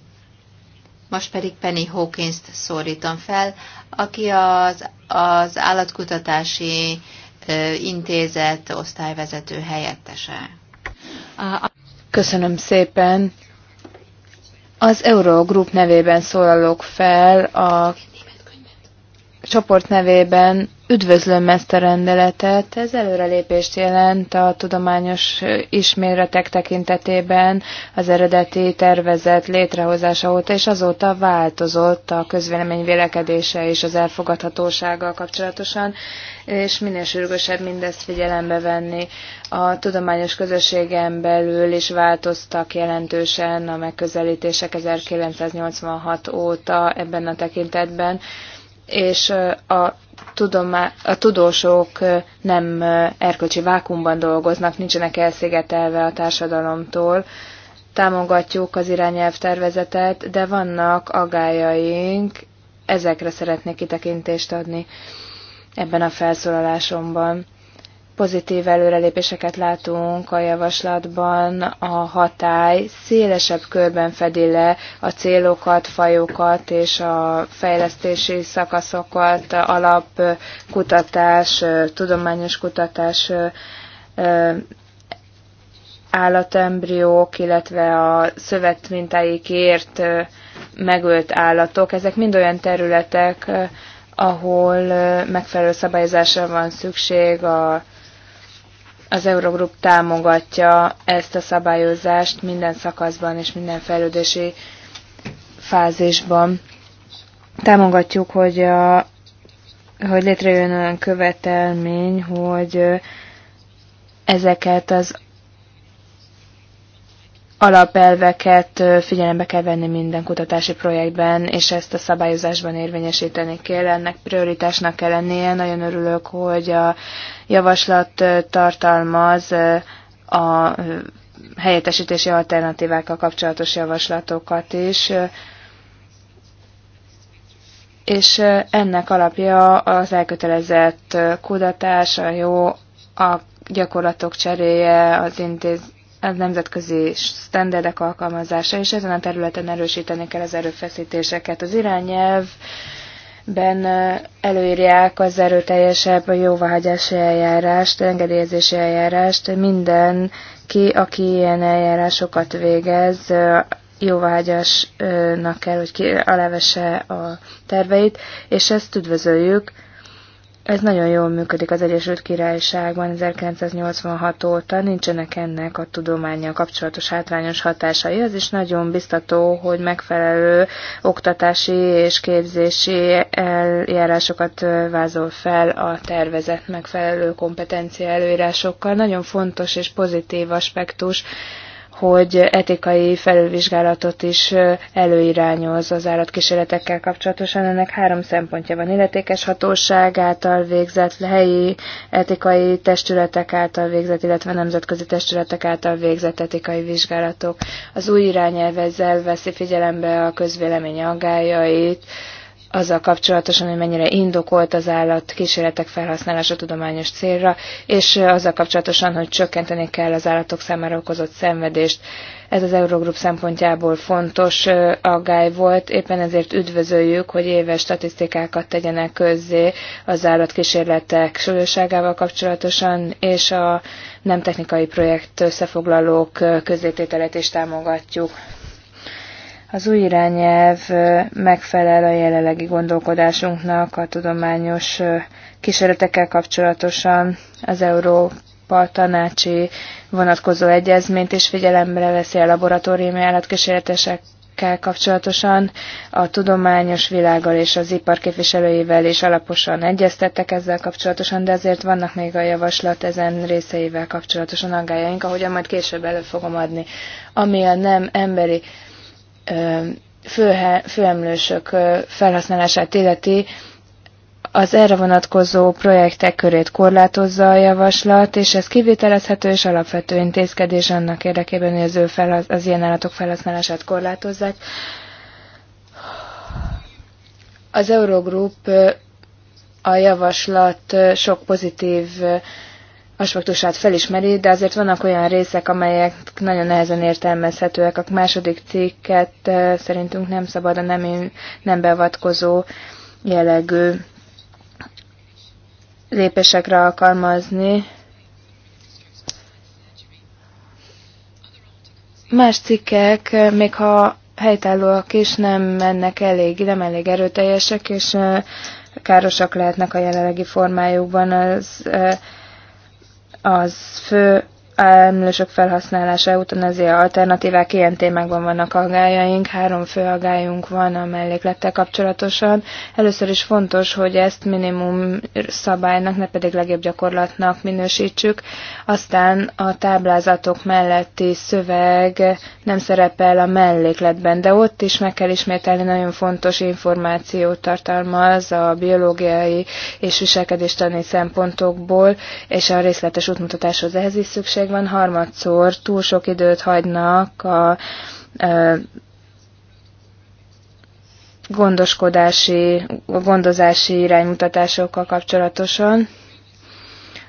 Most pedig Penny hawkins szólítom fel, aki az, az állatkutatási e, intézet osztályvezető helyettese. Köszönöm szépen. Az Eurogroup nevében szólalok fel, a csoport nevében Üdvözlöm ezt a rendeletet. Ez előrelépést jelent a tudományos ismérletek tekintetében az eredeti tervezet létrehozása óta, és azóta változott a közvélemény vélekedése és az elfogadhatósággal kapcsolatosan, és minél sürgősebb mindezt figyelembe venni. A tudományos közösségen belül is változtak jelentősen a megközelítések 1986 óta ebben a tekintetben, és a tudomá- a tudósok nem erkölcsi vákumban dolgoznak, nincsenek elszigetelve a társadalomtól. Támogatjuk az irányelvtervezetet, de vannak agályaink, ezekre szeretnék kitekintést adni ebben a felszólalásomban. Pozitív előrelépéseket látunk a javaslatban, a hatály szélesebb körben fedi le a célokat, fajokat és a fejlesztési szakaszokat, alapkutatás, tudományos kutatás, állatembriók, illetve a szövetmintáikért megölt állatok. Ezek mind olyan területek, ahol megfelelő szabályozásra van szükség a az Eurogroup támogatja ezt a szabályozást minden szakaszban és minden fejlődési fázisban. Támogatjuk, hogy, a, hogy létrejön olyan követelmény, hogy ezeket az alapelveket figyelembe kell venni minden kutatási projektben, és ezt a szabályozásban érvényesíteni kell. Ennek prioritásnak kell lennie. Nagyon örülök, hogy a javaslat tartalmaz a helyettesítési alternatívákkal kapcsolatos javaslatokat is, és ennek alapja az elkötelezett kutatás, a jó a gyakorlatok cseréje, az intéz, a nemzetközi standardek alkalmazása, és ezen a területen erősíteni kell az erőfeszítéseket. Az irányelv ben előírják az erőteljesebb jóváhagyási eljárást, engedélyezési eljárást. Minden ki, aki ilyen eljárásokat végez, jóváhagyásnak kell, hogy ki alávesse a terveit, és ezt üdvözöljük. Ez nagyon jól működik az Egyesült Királyságban 1986 óta, nincsenek ennek a tudományjal kapcsolatos hátrányos hatásai. Az is nagyon biztató, hogy megfelelő oktatási és képzési eljárásokat vázol fel a tervezet megfelelő kompetencia előírásokkal. Nagyon fontos és pozitív aspektus hogy etikai felülvizsgálatot is előirányoz az állatkísérletekkel kapcsolatosan. Ennek három szempontja van. Illetékes hatóság által végzett, helyi etikai testületek által végzett, illetve nemzetközi testületek által végzett etikai vizsgálatok. Az új irányelv ezzel veszi figyelembe a közvélemény aggájait, azzal kapcsolatosan, hogy mennyire indokolt az állat kísérletek felhasználása tudományos célra, és azzal kapcsolatosan, hogy csökkenteni kell az állatok számára okozott szenvedést. Ez az Eurogroup szempontjából fontos aggály volt, éppen ezért üdvözöljük, hogy éves statisztikákat tegyenek közzé az állatkísérletek súlyosságával kapcsolatosan, és a nem technikai projekt összefoglalók közzétételet is támogatjuk. Az új irányelv megfelel a jelenlegi gondolkodásunknak a tudományos kísérletekkel kapcsolatosan az Európa tanácsi vonatkozó egyezményt is figyelembe veszi a laboratóriumi állatkísérletesek kapcsolatosan a tudományos világgal és az ipar képviselőivel is alaposan egyeztettek ezzel kapcsolatosan, de azért vannak még a javaslat ezen részeivel kapcsolatosan aggájaink, ahogyan majd később elő fogom adni. Ami a nem emberi főemlősök felhasználását illeti, az erre vonatkozó projektek körét korlátozza a javaslat, és ez kivitelezhető és alapvető intézkedés annak érdekében, hogy az, ő felhasz, az ilyen állatok felhasználását korlátozzák. Az Eurogroup a javaslat sok pozitív aspektusát felismeri, de azért vannak olyan részek, amelyek nagyon nehezen értelmezhetőek. A második cikket eh, szerintünk nem szabad a nem, nem bevatkozó jellegű lépésekre alkalmazni. Más cikkek, eh, még ha helytállóak is, nem mennek elég, nem elég erőteljesek, és eh, károsak lehetnek a jelenlegi formájukban. Az az fő emlősök felhasználása után ezért alternatívák ilyen témákban vannak aggájaink. Három fő aggájunk van a melléklettel kapcsolatosan. Először is fontos, hogy ezt minimum szabálynak, ne pedig legjobb gyakorlatnak minősítsük. Aztán a táblázatok melletti szöveg nem szerepel a mellékletben, de ott is meg kell ismételni, nagyon fontos információt tartalmaz a biológiai és viselkedéstani szempontokból, és a részletes útmutatáshoz ehhez is szükség van. Harmadszor túl sok időt hagynak a, a gondoskodási, gondozási iránymutatásokkal kapcsolatosan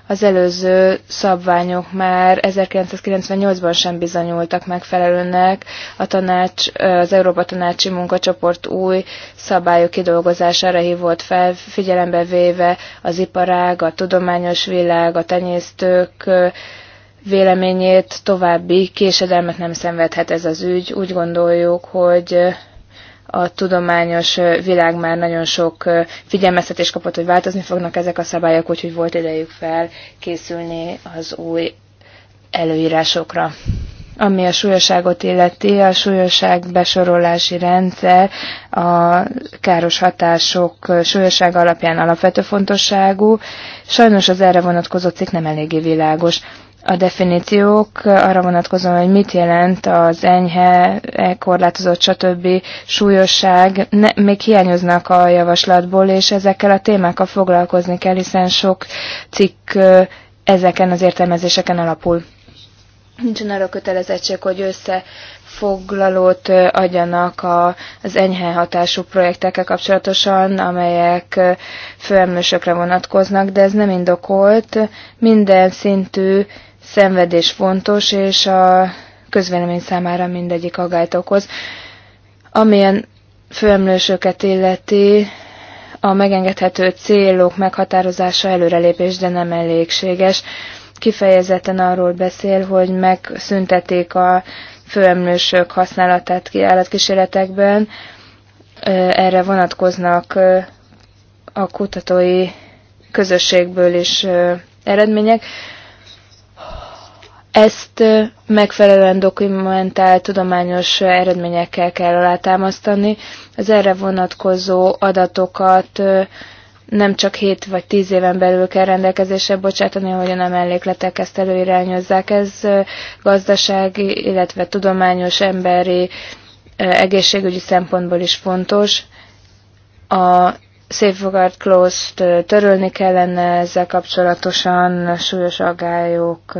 az előző szabványok már 1998-ban sem bizonyultak megfelelőnek. A tanács, az Európa Tanácsi Munkacsoport új szabályok kidolgozására hívott fel, figyelembe véve az iparág, a tudományos világ, a tenyésztők véleményét, további késedelmet nem szenvedhet ez az ügy. Úgy gondoljuk, hogy a tudományos világ már nagyon sok figyelmeztetést kapott, hogy változni fognak ezek a szabályok, úgyhogy volt idejük felkészülni az új előírásokra. Ami a súlyoságot illeti, a súlyoság besorolási rendszer a káros hatások súlyoság alapján alapvető fontosságú. Sajnos az erre vonatkozó cikk nem eléggé világos a definíciók arra vonatkozóan, hogy mit jelent az enyhe, korlátozott, stb. súlyosság, ne, még hiányoznak a javaslatból, és ezekkel a témákkal foglalkozni kell, hiszen sok cikk ezeken az értelmezéseken alapul. Nincsen arra kötelezettség, hogy összefoglalót adjanak az enyhe hatású projektekkel kapcsolatosan, amelyek főemlősökre vonatkoznak, de ez nem indokolt. Minden szintű szenvedés fontos, és a közvélemény számára mindegyik agályt okoz. Amilyen főemlősöket illeti, a megengedhető célok meghatározása előrelépés, de nem elégséges. Kifejezetten arról beszél, hogy megszüntetik a főemlősök használatát állatkísérletekben. Erre vonatkoznak a kutatói közösségből is eredmények. Ezt megfelelően dokumentált tudományos eredményekkel kell alátámasztani. Az erre vonatkozó adatokat nem csak 7 vagy 10 éven belül kell rendelkezésre bocsátani, hogy a nem mellékletek ezt előirányozzák. Ez gazdasági, illetve tudományos, emberi, egészségügyi szempontból is fontos. A Safeguard Close-t törölni kellene ezzel kapcsolatosan súlyos aggályok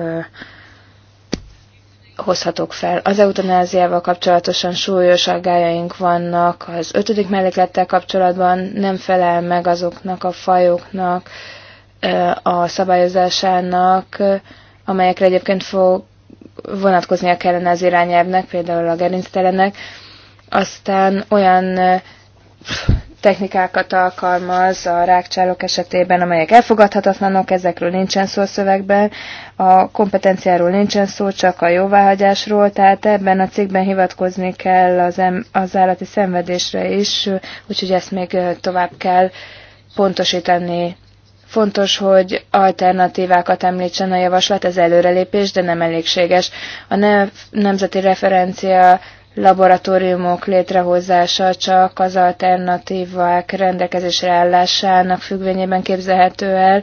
hozhatok fel. Az eutanáziával kapcsolatosan súlyos aggájaink vannak, az ötödik melléklettel kapcsolatban nem felel meg azoknak a fajoknak a szabályozásának, amelyekre egyébként fog vonatkoznia kellene az irányelvnek, például a gerinctelenek. Aztán olyan technikákat alkalmaz a rákcsálók esetében, amelyek elfogadhatatlanok, ezekről nincsen szó a szövegben, a kompetenciáról nincsen szó, csak a jóváhagyásról, tehát ebben a cikkben hivatkozni kell az, em- az állati szenvedésre is, úgyhogy ezt még tovább kell pontosítani. Fontos, hogy alternatívákat említsen a javaslat, ez előrelépés, de nem elégséges. A ne- nemzeti referencia laboratóriumok létrehozása csak az alternatívák rendelkezésre állásának függvényében képzelhető el.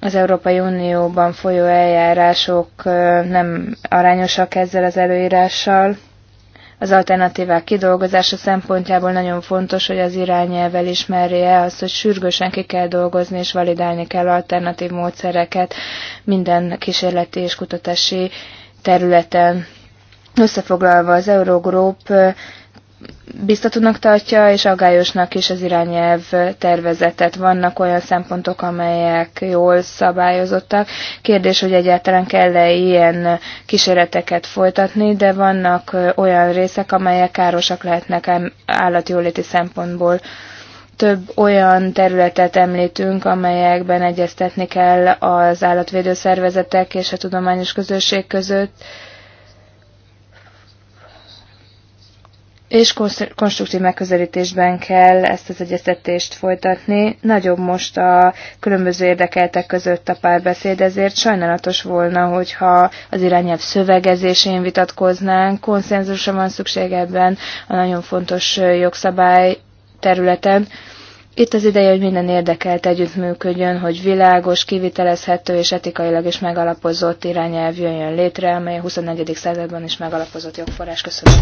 Az Európai Unióban folyó eljárások nem arányosak ezzel az előírással. Az alternatívák kidolgozása szempontjából nagyon fontos, hogy az irányelv ismerje azt, hogy sürgősen ki kell dolgozni és validálni kell alternatív módszereket minden kísérleti és kutatási területen Összefoglalva az Eurogroup biztatónak tartja, és agályosnak is az irányelv tervezetet. Vannak olyan szempontok, amelyek jól szabályozottak. Kérdés, hogy egyáltalán kell-e ilyen kísérleteket folytatni, de vannak olyan részek, amelyek károsak lehetnek állatjóléti szempontból. Több olyan területet említünk, amelyekben egyeztetni kell az állatvédőszervezetek és a tudományos közösség között, és konstruktív megközelítésben kell ezt az egyeztetést folytatni. Nagyobb most a különböző érdekeltek között a párbeszéd, ezért sajnálatos volna, hogyha az irányelv szövegezésén vitatkoznánk. Konszenzusra van szükség ebben a nagyon fontos jogszabály területen. Itt az ideje, hogy minden érdekelt együttműködjön, hogy világos, kivitelezhető és etikailag is megalapozott irányelv jöjjön létre, amely a 21. században is megalapozott jogforrás. Köszönöm.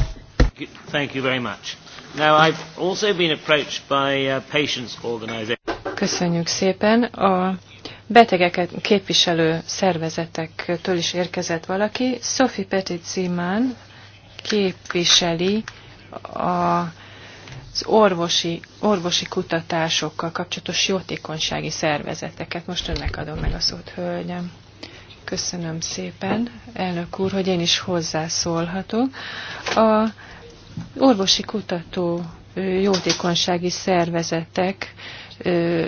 Thank you very much. Now I've also been approached by uh, patients organization. Köszönjük szépen. A betegeket képviselő szervezetektől is érkezett valaki. Sophie Petit képviseli a az orvosi, orvosi kutatásokkal kapcsolatos jótékonysági szervezeteket. Most önnek adom meg a szót, hölgyem. Köszönöm szépen, elnök úr, hogy én is hozzászólhatok. A orvosi kutató jótékonysági szervezetek,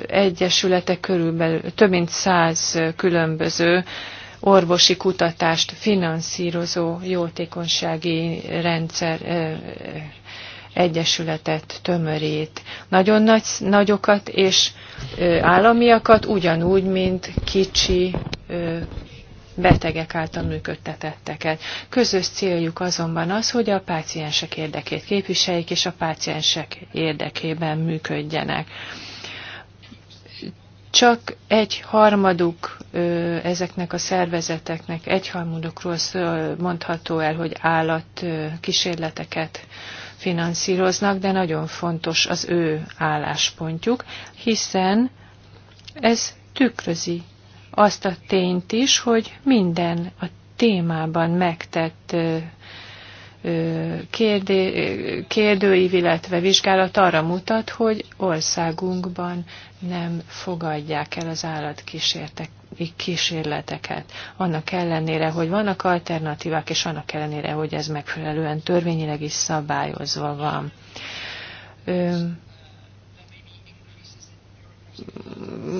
egyesületek körülbelül több mint száz különböző orvosi kutatást finanszírozó jótékonysági rendszer egyesületet tömörít. Nagyon nagy, nagyokat és államiakat, ugyanúgy, mint kicsi betegek által működtetetteket. Közös céljuk azonban az, hogy a páciensek érdekét képviseljék, és a páciensek érdekében működjenek csak egy harmaduk ezeknek a szervezeteknek, egy harmadukról mondható el, hogy állat kísérleteket finanszíroznak, de nagyon fontos az ő álláspontjuk, hiszen ez tükrözi azt a tényt is, hogy minden a témában megtett kérdé, kérdőív, illetve vizsgálat arra mutat, hogy országunkban nem fogadják el az állatkísértek kísérleteket. Annak ellenére, hogy vannak alternatívák, és annak ellenére, hogy ez megfelelően törvényileg is szabályozva van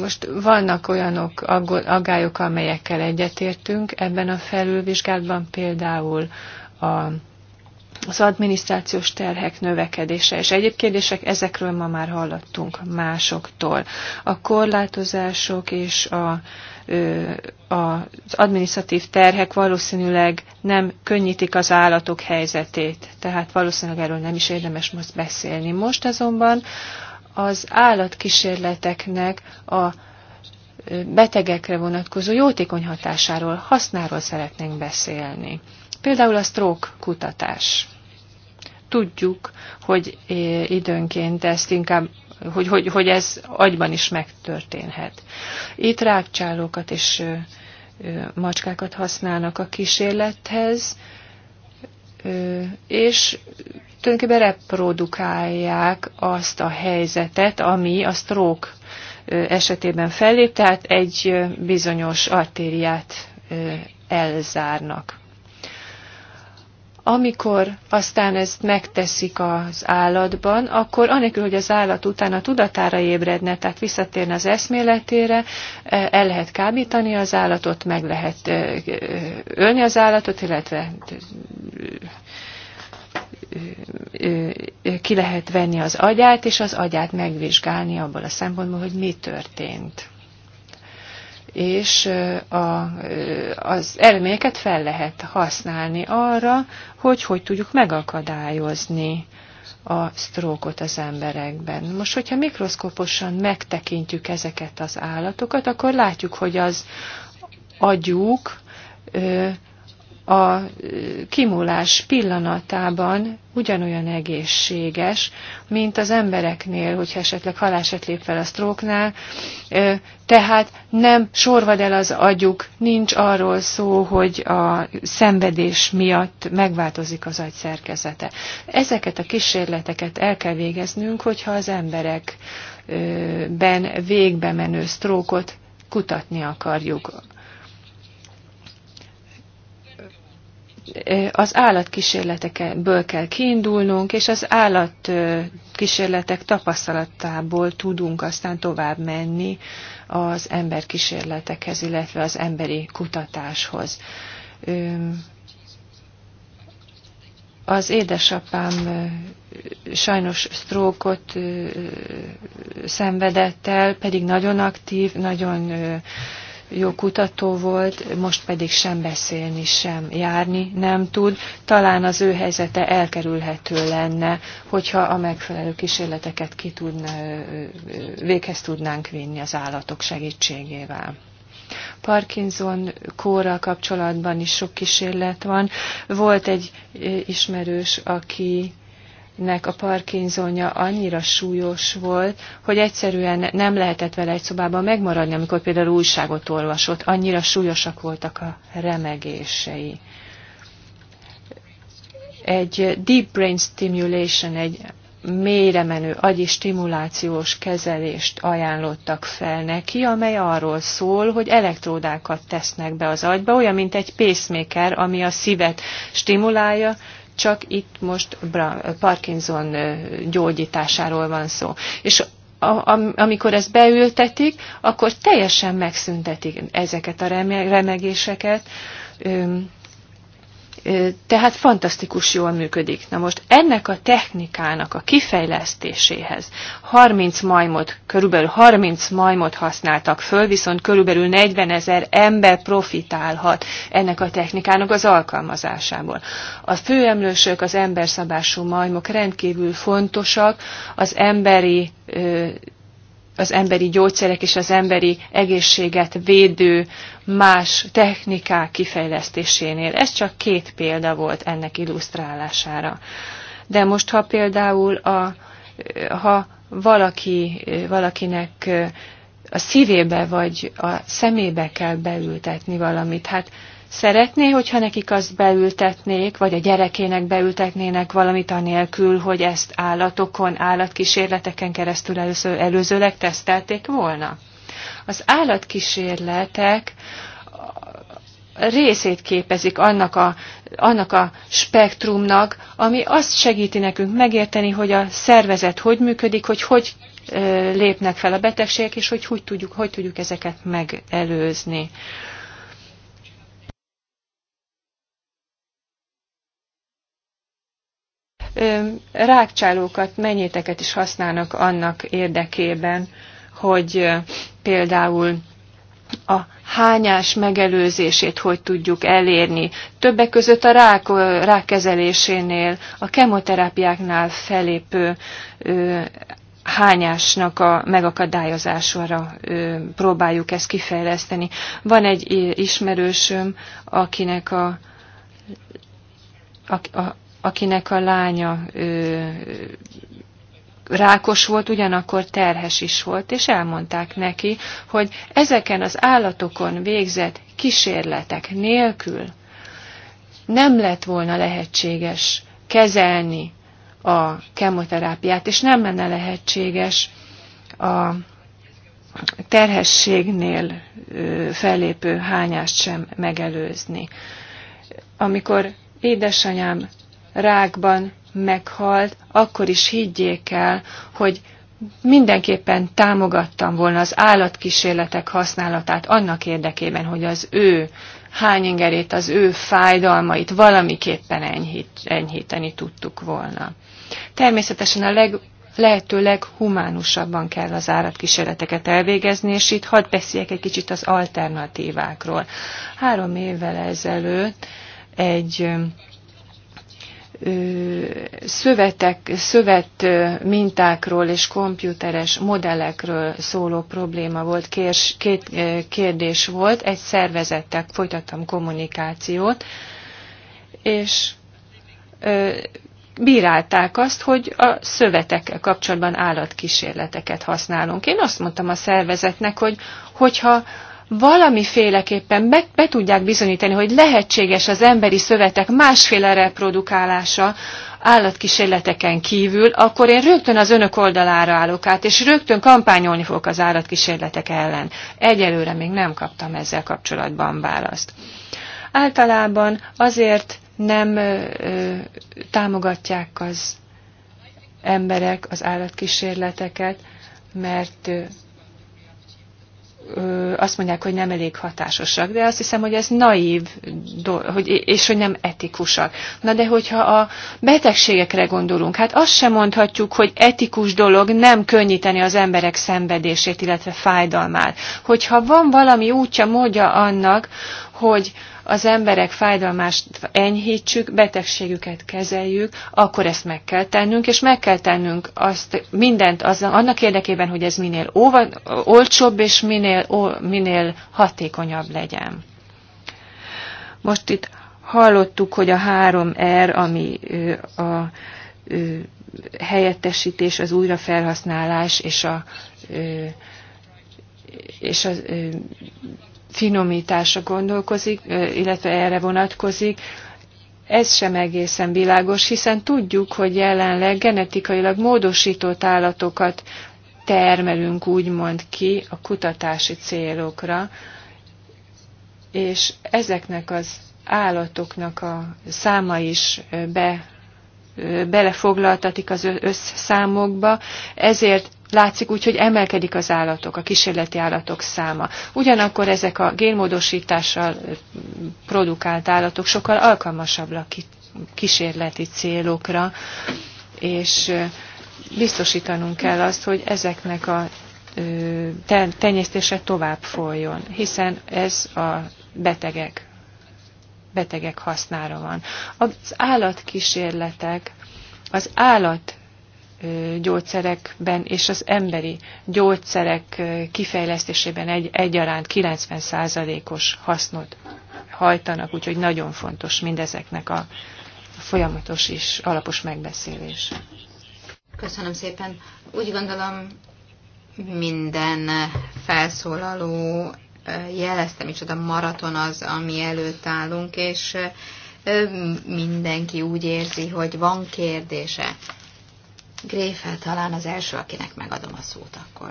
most vannak olyanok aggályok, amelyekkel egyetértünk ebben a felülvizsgálatban, például a, az adminisztrációs terhek növekedése, és egyéb kérdések, ezekről ma már hallottunk másoktól. A korlátozások és a, az adminisztratív terhek valószínűleg nem könnyítik az állatok helyzetét, tehát valószínűleg erről nem is érdemes most beszélni. Most azonban az állatkísérleteknek a betegekre vonatkozó jótékony hatásáról, hasznáról szeretnénk beszélni. Például a stroke kutatás. Tudjuk, hogy időnként ezt inkább hogy, hogy, hogy ez agyban is megtörténhet. Itt rákcsálókat és macskákat használnak a kísérlethez, és tulajdonképpen reprodukálják azt a helyzetet, ami a stroke esetében fellép, tehát egy bizonyos artériát elzárnak. Amikor aztán ezt megteszik az állatban, akkor anélkül, hogy az állat utána tudatára ébredne, tehát visszatérne az eszméletére, el lehet kábítani az állatot, meg lehet ölni az állatot, illetve ki lehet venni az agyát, és az agyát megvizsgálni abból a szempontból, hogy mi történt. És a, az elméket fel lehet használni arra, hogy hogy tudjuk megakadályozni a sztrókot az emberekben. Most, hogyha mikroszkoposan megtekintjük ezeket az állatokat, akkor látjuk, hogy az agyuk a kimulás pillanatában ugyanolyan egészséges, mint az embereknél, hogyha esetleg haláset lép fel a sztróknál, tehát nem sorvad el az agyuk, nincs arról szó, hogy a szenvedés miatt megváltozik az agy szerkezete. Ezeket a kísérleteket el kell végeznünk, hogyha az emberekben végbe menő sztrókot kutatni akarjuk az állatkísérletekből kell kiindulnunk, és az állatkísérletek tapasztalatából tudunk aztán tovább menni az emberkísérletekhez, illetve az emberi kutatáshoz. Az édesapám sajnos sztrókot szenvedett el, pedig nagyon aktív, nagyon jó kutató volt, most pedig sem beszélni, sem járni nem tud. Talán az ő helyzete elkerülhető lenne, hogyha a megfelelő kísérleteket ki tudna, véghez tudnánk vinni az állatok segítségével. Parkinson kóra kapcsolatban is sok kísérlet van. Volt egy ismerős, aki nek a Parkinsonja annyira súlyos volt, hogy egyszerűen nem lehetett vele egy szobában megmaradni, amikor például újságot olvasott. Annyira súlyosak voltak a remegései. Egy deep brain stimulation, egy mélyre menő agyi stimulációs kezelést ajánlottak fel neki, amely arról szól, hogy elektródákat tesznek be az agyba, olyan, mint egy pacemaker, ami a szívet stimulálja, csak itt most Parkinson gyógyításáról van szó. És amikor ezt beültetik, akkor teljesen megszüntetik ezeket a remegéseket, tehát fantasztikus jól működik. Na most ennek a technikának a kifejlesztéséhez 30 majmot, körülbelül 30 majmot használtak föl, viszont körülbelül 40 ezer ember profitálhat ennek a technikának az alkalmazásából. A főemlősök, az emberszabású majmok rendkívül fontosak az emberi az emberi gyógyszerek és az emberi egészséget védő más technikák kifejlesztésénél. Ez csak két példa volt ennek illusztrálására. De most, ha például a, ha valaki, valakinek a szívébe vagy a szemébe kell beültetni valamit, hát szeretné, hogyha nekik azt beültetnék, vagy a gyerekének beültetnének valamit anélkül, hogy ezt állatokon, állatkísérleteken keresztül előző előzőleg tesztelték volna. Az állatkísérletek részét képezik annak a, annak a spektrumnak, ami azt segíti nekünk megérteni, hogy a szervezet hogy működik, hogy hogy lépnek fel a betegségek, és hogy hogy tudjuk, hogy tudjuk ezeket megelőzni. rákcsálókat, mennyéteket is használnak annak érdekében, hogy például a hányás megelőzését hogy tudjuk elérni. Többek között a rák, rák kezelésénél, a kemoterápiáknál felépő hányásnak a megakadályozására ö, próbáljuk ezt kifejleszteni. Van egy ismerősöm, akinek a, a, a akinek a lánya ö, rákos volt, ugyanakkor terhes is volt, és elmondták neki, hogy ezeken az állatokon végzett kísérletek nélkül nem lett volna lehetséges kezelni a kemoterápiát, és nem lenne lehetséges a terhességnél fellépő hányást sem megelőzni. Amikor édesanyám rákban meghalt, akkor is higgyék el, hogy mindenképpen támogattam volna az állatkísérletek használatát annak érdekében, hogy az ő hányingerét, az ő fájdalmait valamiképpen enyhít, enyhíteni tudtuk volna. Természetesen a leg, lehető leghumánusabban kell az állatkísérleteket elvégezni, és itt hadd beszéljek egy kicsit az alternatívákról. Három évvel ezelőtt egy szövetek, szövet mintákról és komputeres modellekről szóló probléma volt, kérs, két kérdés volt, egy szervezettel folytattam kommunikációt, és bírálták azt, hogy a szövetekkel kapcsolatban állatkísérleteket használunk. Én azt mondtam a szervezetnek, hogy hogyha valamiféleképpen be, be tudják bizonyítani, hogy lehetséges az emberi szövetek másféle reprodukálása állatkísérleteken kívül, akkor én rögtön az önök oldalára állok át, és rögtön kampányolni fogok az állatkísérletek ellen. Egyelőre még nem kaptam ezzel kapcsolatban választ. Általában azért nem ö, ö, támogatják az emberek az állatkísérleteket, mert azt mondják, hogy nem elég hatásosak, de azt hiszem, hogy ez naív, hogy, és hogy nem etikusak. Na de hogyha a betegségekre gondolunk, hát azt sem mondhatjuk, hogy etikus dolog nem könnyíteni az emberek szenvedését, illetve fájdalmát. Hogyha van valami útja, módja annak, hogy az emberek fájdalmást enyhítsük, betegségüket kezeljük, akkor ezt meg kell tennünk, és meg kell tennünk azt mindent az, annak érdekében, hogy ez minél óva, olcsóbb és minél, ó, minél hatékonyabb legyen. Most itt hallottuk, hogy a 3R, ami a, a helyettesítés, az újrafelhasználás és a és a finomításra gondolkozik, illetve erre vonatkozik, ez sem egészen világos, hiszen tudjuk, hogy jelenleg genetikailag módosított állatokat termelünk úgymond ki a kutatási célokra, és ezeknek az állatoknak a száma is be belefoglaltatik az összszámokba, ezért látszik úgy, hogy emelkedik az állatok, a kísérleti állatok száma. Ugyanakkor ezek a génmódosítással produkált állatok sokkal alkalmasabbak kísérleti célokra, és biztosítanunk kell azt, hogy ezeknek a tenyésztése tovább folyjon, hiszen ez a betegek, betegek hasznára van. Az állatkísérletek, az állat gyógyszerekben és az emberi gyógyszerek kifejlesztésében egy, egyaránt 90%-os hasznot hajtanak, úgyhogy nagyon fontos mindezeknek a folyamatos és alapos megbeszélés. Köszönöm szépen. Úgy gondolom, minden felszólaló jelezte, micsoda maraton az, ami előtt állunk, és mindenki úgy érzi, hogy van kérdése Gréfe talán az első, akinek megadom a szót akkor.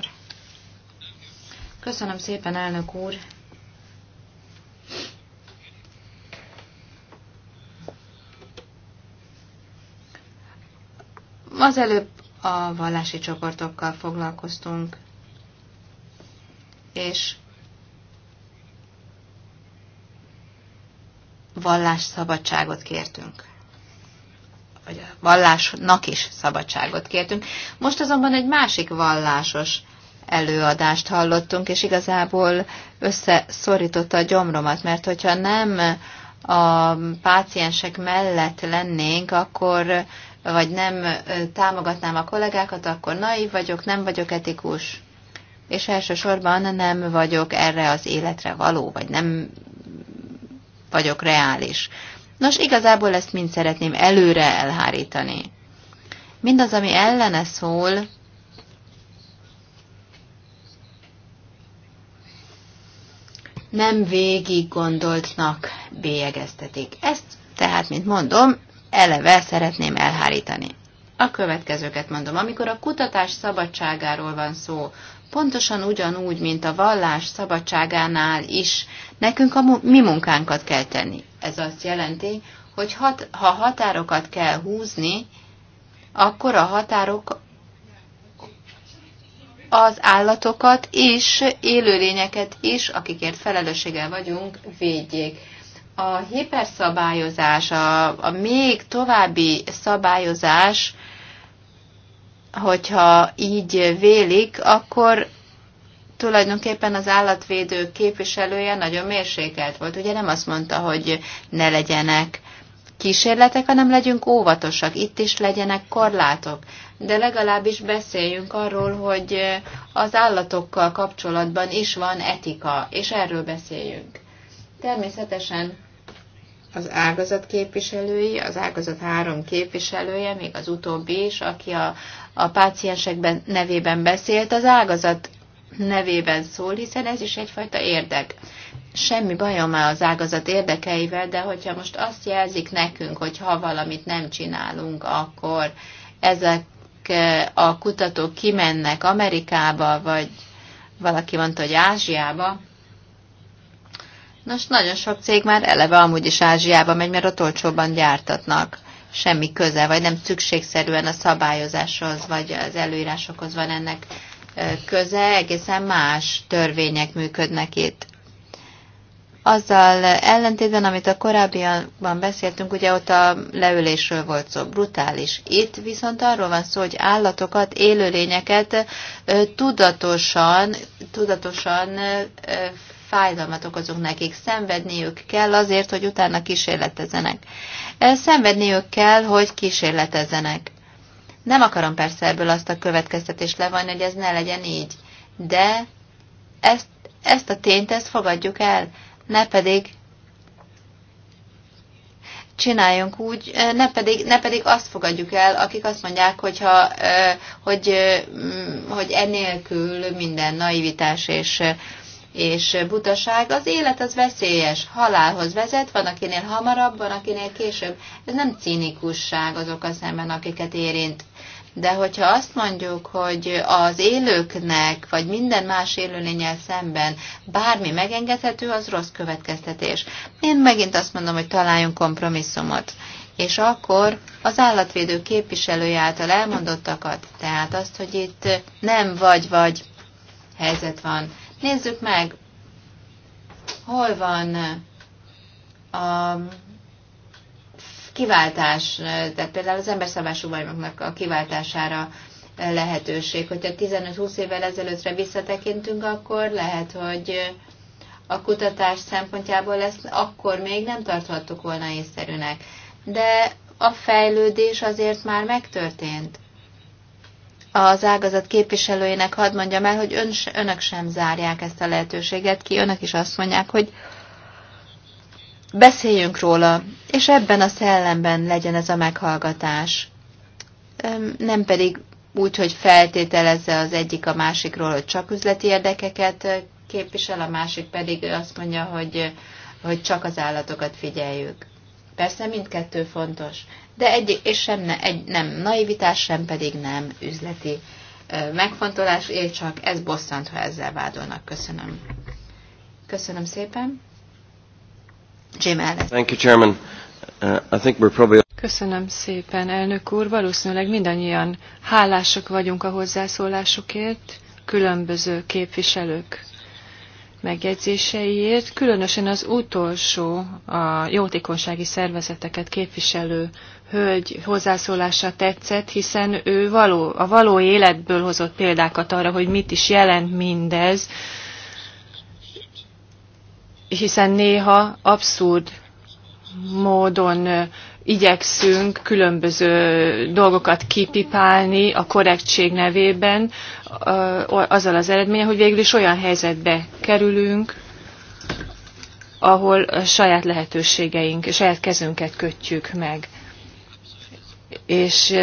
Köszönöm szépen, elnök úr! Az előbb a vallási csoportokkal foglalkoztunk, és vallásszabadságot kértünk vagy a vallásnak is szabadságot kértünk. Most azonban egy másik vallásos előadást hallottunk, és igazából összeszorította a gyomromat, mert hogyha nem a páciensek mellett lennénk, akkor vagy nem támogatnám a kollégákat, akkor naiv vagyok, nem vagyok etikus, és elsősorban nem vagyok erre az életre való, vagy nem vagyok reális. Nos, igazából ezt mind szeretném előre elhárítani. Mindaz, ami ellene szól, nem végig gondoltnak bélyegeztetik. Ezt tehát, mint mondom, eleve szeretném elhárítani. A következőket mondom. Amikor a kutatás szabadságáról van szó, pontosan ugyanúgy, mint a vallás szabadságánál is, nekünk a mi munkánkat kell tenni. Ez azt jelenti, hogy hat, ha határokat kell húzni, akkor a határok az állatokat és élőlényeket is, akikért felelősséggel vagyunk, védjék. A hiperszabályozás, a, a még további szabályozás, hogyha így vélik, akkor tulajdonképpen az állatvédő képviselője nagyon mérsékelt volt. Ugye nem azt mondta, hogy ne legyenek kísérletek, hanem legyünk óvatosak, itt is legyenek korlátok. De legalábbis beszéljünk arról, hogy az állatokkal kapcsolatban is van etika, és erről beszéljünk. Természetesen az ágazat képviselői, az ágazat három képviselője, még az utóbbi is, aki a, a páciensekben nevében beszélt, az ágazat nevében szól, hiszen ez is egyfajta érdek. Semmi bajom már az ágazat érdekeivel, de hogyha most azt jelzik nekünk, hogy ha valamit nem csinálunk, akkor ezek eh, a kutatók kimennek Amerikába, vagy valaki mondta, hogy Ázsiába. Nos, nagyon sok cég már eleve amúgy is Ázsiába megy, mert ott olcsóban gyártatnak semmi köze, vagy nem szükségszerűen a szabályozáshoz, vagy az előírásokhoz van ennek köze, egészen más törvények működnek itt. Azzal ellentétben, amit a korábbiakban beszéltünk, ugye ott a leülésről volt szó, brutális. Itt viszont arról van szó, hogy állatokat, élőlényeket tudatosan, tudatosan fájdalmat okozunk nekik, szenvedniük kell azért, hogy utána kísérletezenek. Szenvedniük kell, hogy kísérletezenek. Nem akarom persze ebből azt a következtetést levonni, hogy ez ne legyen így, de ezt, ezt a tényt, ezt fogadjuk el, ne pedig csináljunk úgy, ne pedig, ne pedig azt fogadjuk el, akik azt mondják, hogyha, hogy, hogy enélkül minden naivitás és és butaság. Az élet az veszélyes, halálhoz vezet, van akinél hamarabb, van akinél később. Ez nem azok a szemben, akiket érint. De hogyha azt mondjuk, hogy az élőknek, vagy minden más élőlényel szemben bármi megengedhető, az rossz következtetés. Én megint azt mondom, hogy találjunk kompromisszumot. És akkor az állatvédő képviselője által elmondottakat, tehát azt, hogy itt nem vagy-vagy helyzet van, Nézzük meg, hol van a kiváltás, tehát például az emberszabású bajnoknak a kiváltására lehetőség. Hogyha 15-20 évvel ezelőttre visszatekintünk, akkor lehet, hogy a kutatás szempontjából ezt akkor még nem tarthattuk volna észszerűnek. De a fejlődés azért már megtörtént az ágazat képviselőjének hadd mondjam el, hogy ön, önök sem zárják ezt a lehetőséget ki, önök is azt mondják, hogy beszéljünk róla, és ebben a szellemben legyen ez a meghallgatás. Nem pedig úgy, hogy feltételezze az egyik a másikról, hogy csak üzleti érdekeket képvisel, a másik pedig azt mondja, hogy, hogy csak az állatokat figyeljük. Persze mindkettő fontos, de egy, és sem ne, egy, nem naivitás, sem pedig nem üzleti megfontolás, én csak ez bosszant, ha ezzel vádolnak. Köszönöm. Köszönöm szépen. Jim Ellis. Thank you, Chairman. Uh, I think we're probably... Köszönöm szépen, elnök úr. Valószínűleg mindannyian hálásak vagyunk a hozzászólásokért, különböző képviselők megjegyzéseiért, különösen az utolsó a jótékonysági szervezeteket képviselő hölgy hozzászólása tetszett, hiszen ő való, a való életből hozott példákat arra, hogy mit is jelent mindez, hiszen néha abszurd módon igyekszünk különböző dolgokat kipipálni a korrektség nevében, azzal az eredménye, hogy végül is olyan helyzetbe kerülünk, ahol a saját lehetőségeink, a saját kezünket kötjük meg és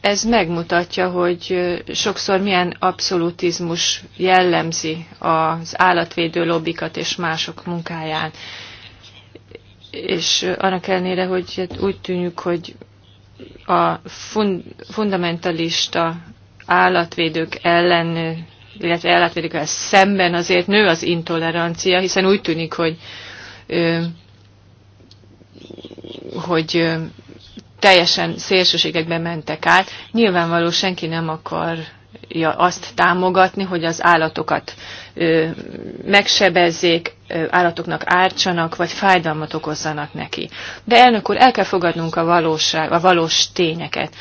ez megmutatja, hogy sokszor milyen abszolutizmus jellemzi az állatvédő lobbikat és mások munkáján. És annak ellenére, hogy hát úgy tűnik, hogy a fund fundamentalista állatvédők ellen, illetve állatvédőkkel szemben azért nő az intolerancia, hiszen úgy tűnik, hogy hogy teljesen szélsőségekbe mentek át. Nyilvánvaló senki nem akarja azt támogatni, hogy az állatokat ö, megsebezzék, ö, állatoknak ártsanak, vagy fájdalmat okozzanak neki. De elnök úr, el kell fogadnunk a, valóság, a valós tényeket.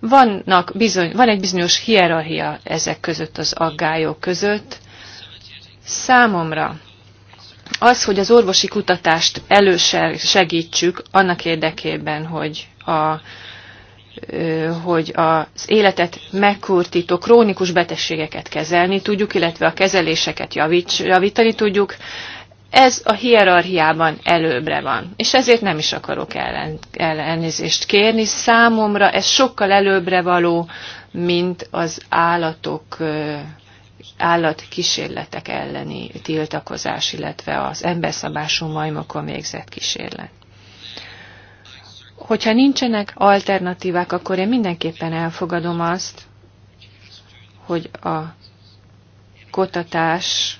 Vannak bizony, van egy bizonyos hierarchia ezek között az aggályok között. Számomra az, hogy az orvosi kutatást elősegítsük annak érdekében, hogy a, hogy az életet megkurtító krónikus betegségeket kezelni tudjuk, illetve a kezeléseket javíts, javítani tudjuk, ez a hierarchiában előbbre van. És ezért nem is akarok ellen, ellenézést kérni. Számomra ez sokkal előbbre való, mint az állatok állatkísérletek elleni tiltakozás, illetve az emberszabású majmokon végzett kísérlet. Hogyha nincsenek alternatívák, akkor én mindenképpen elfogadom azt, hogy a kotatás,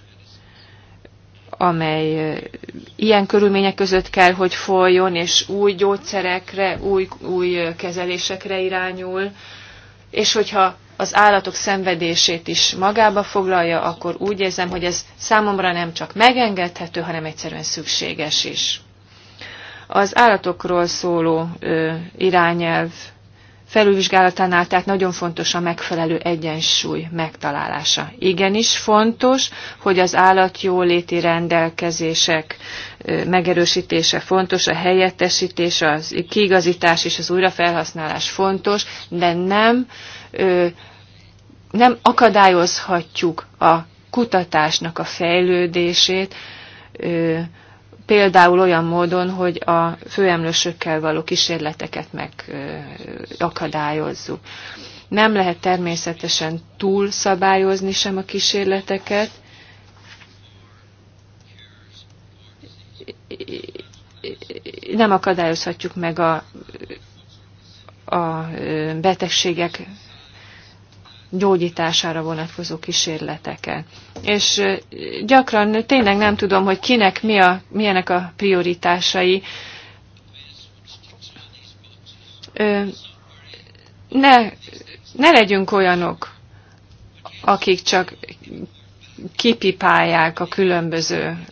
amely ilyen körülmények között kell, hogy folyjon, és új gyógyszerekre, új, új kezelésekre irányul, és hogyha az állatok szenvedését is magába foglalja, akkor úgy érzem, hogy ez számomra nem csak megengedhető, hanem egyszerűen szükséges is. Az állatokról szóló ö, irányelv felülvizsgálatánál, tehát nagyon fontos a megfelelő egyensúly megtalálása. Igenis fontos, hogy az állatjóléti rendelkezések megerősítése fontos, a helyettesítés, a kiigazítás és az újrafelhasználás fontos, de nem nem akadályozhatjuk a kutatásnak a fejlődését, például olyan módon, hogy a főemlősökkel való kísérleteket megakadályozzuk. Nem lehet természetesen túl szabályozni sem a kísérleteket, nem akadályozhatjuk meg a, a betegségek gyógyítására vonatkozó kísérleteken. És gyakran tényleg nem tudom, hogy kinek mi a, milyenek a prioritásai. Ne, ne legyünk olyanok, akik csak kipipálják a különböző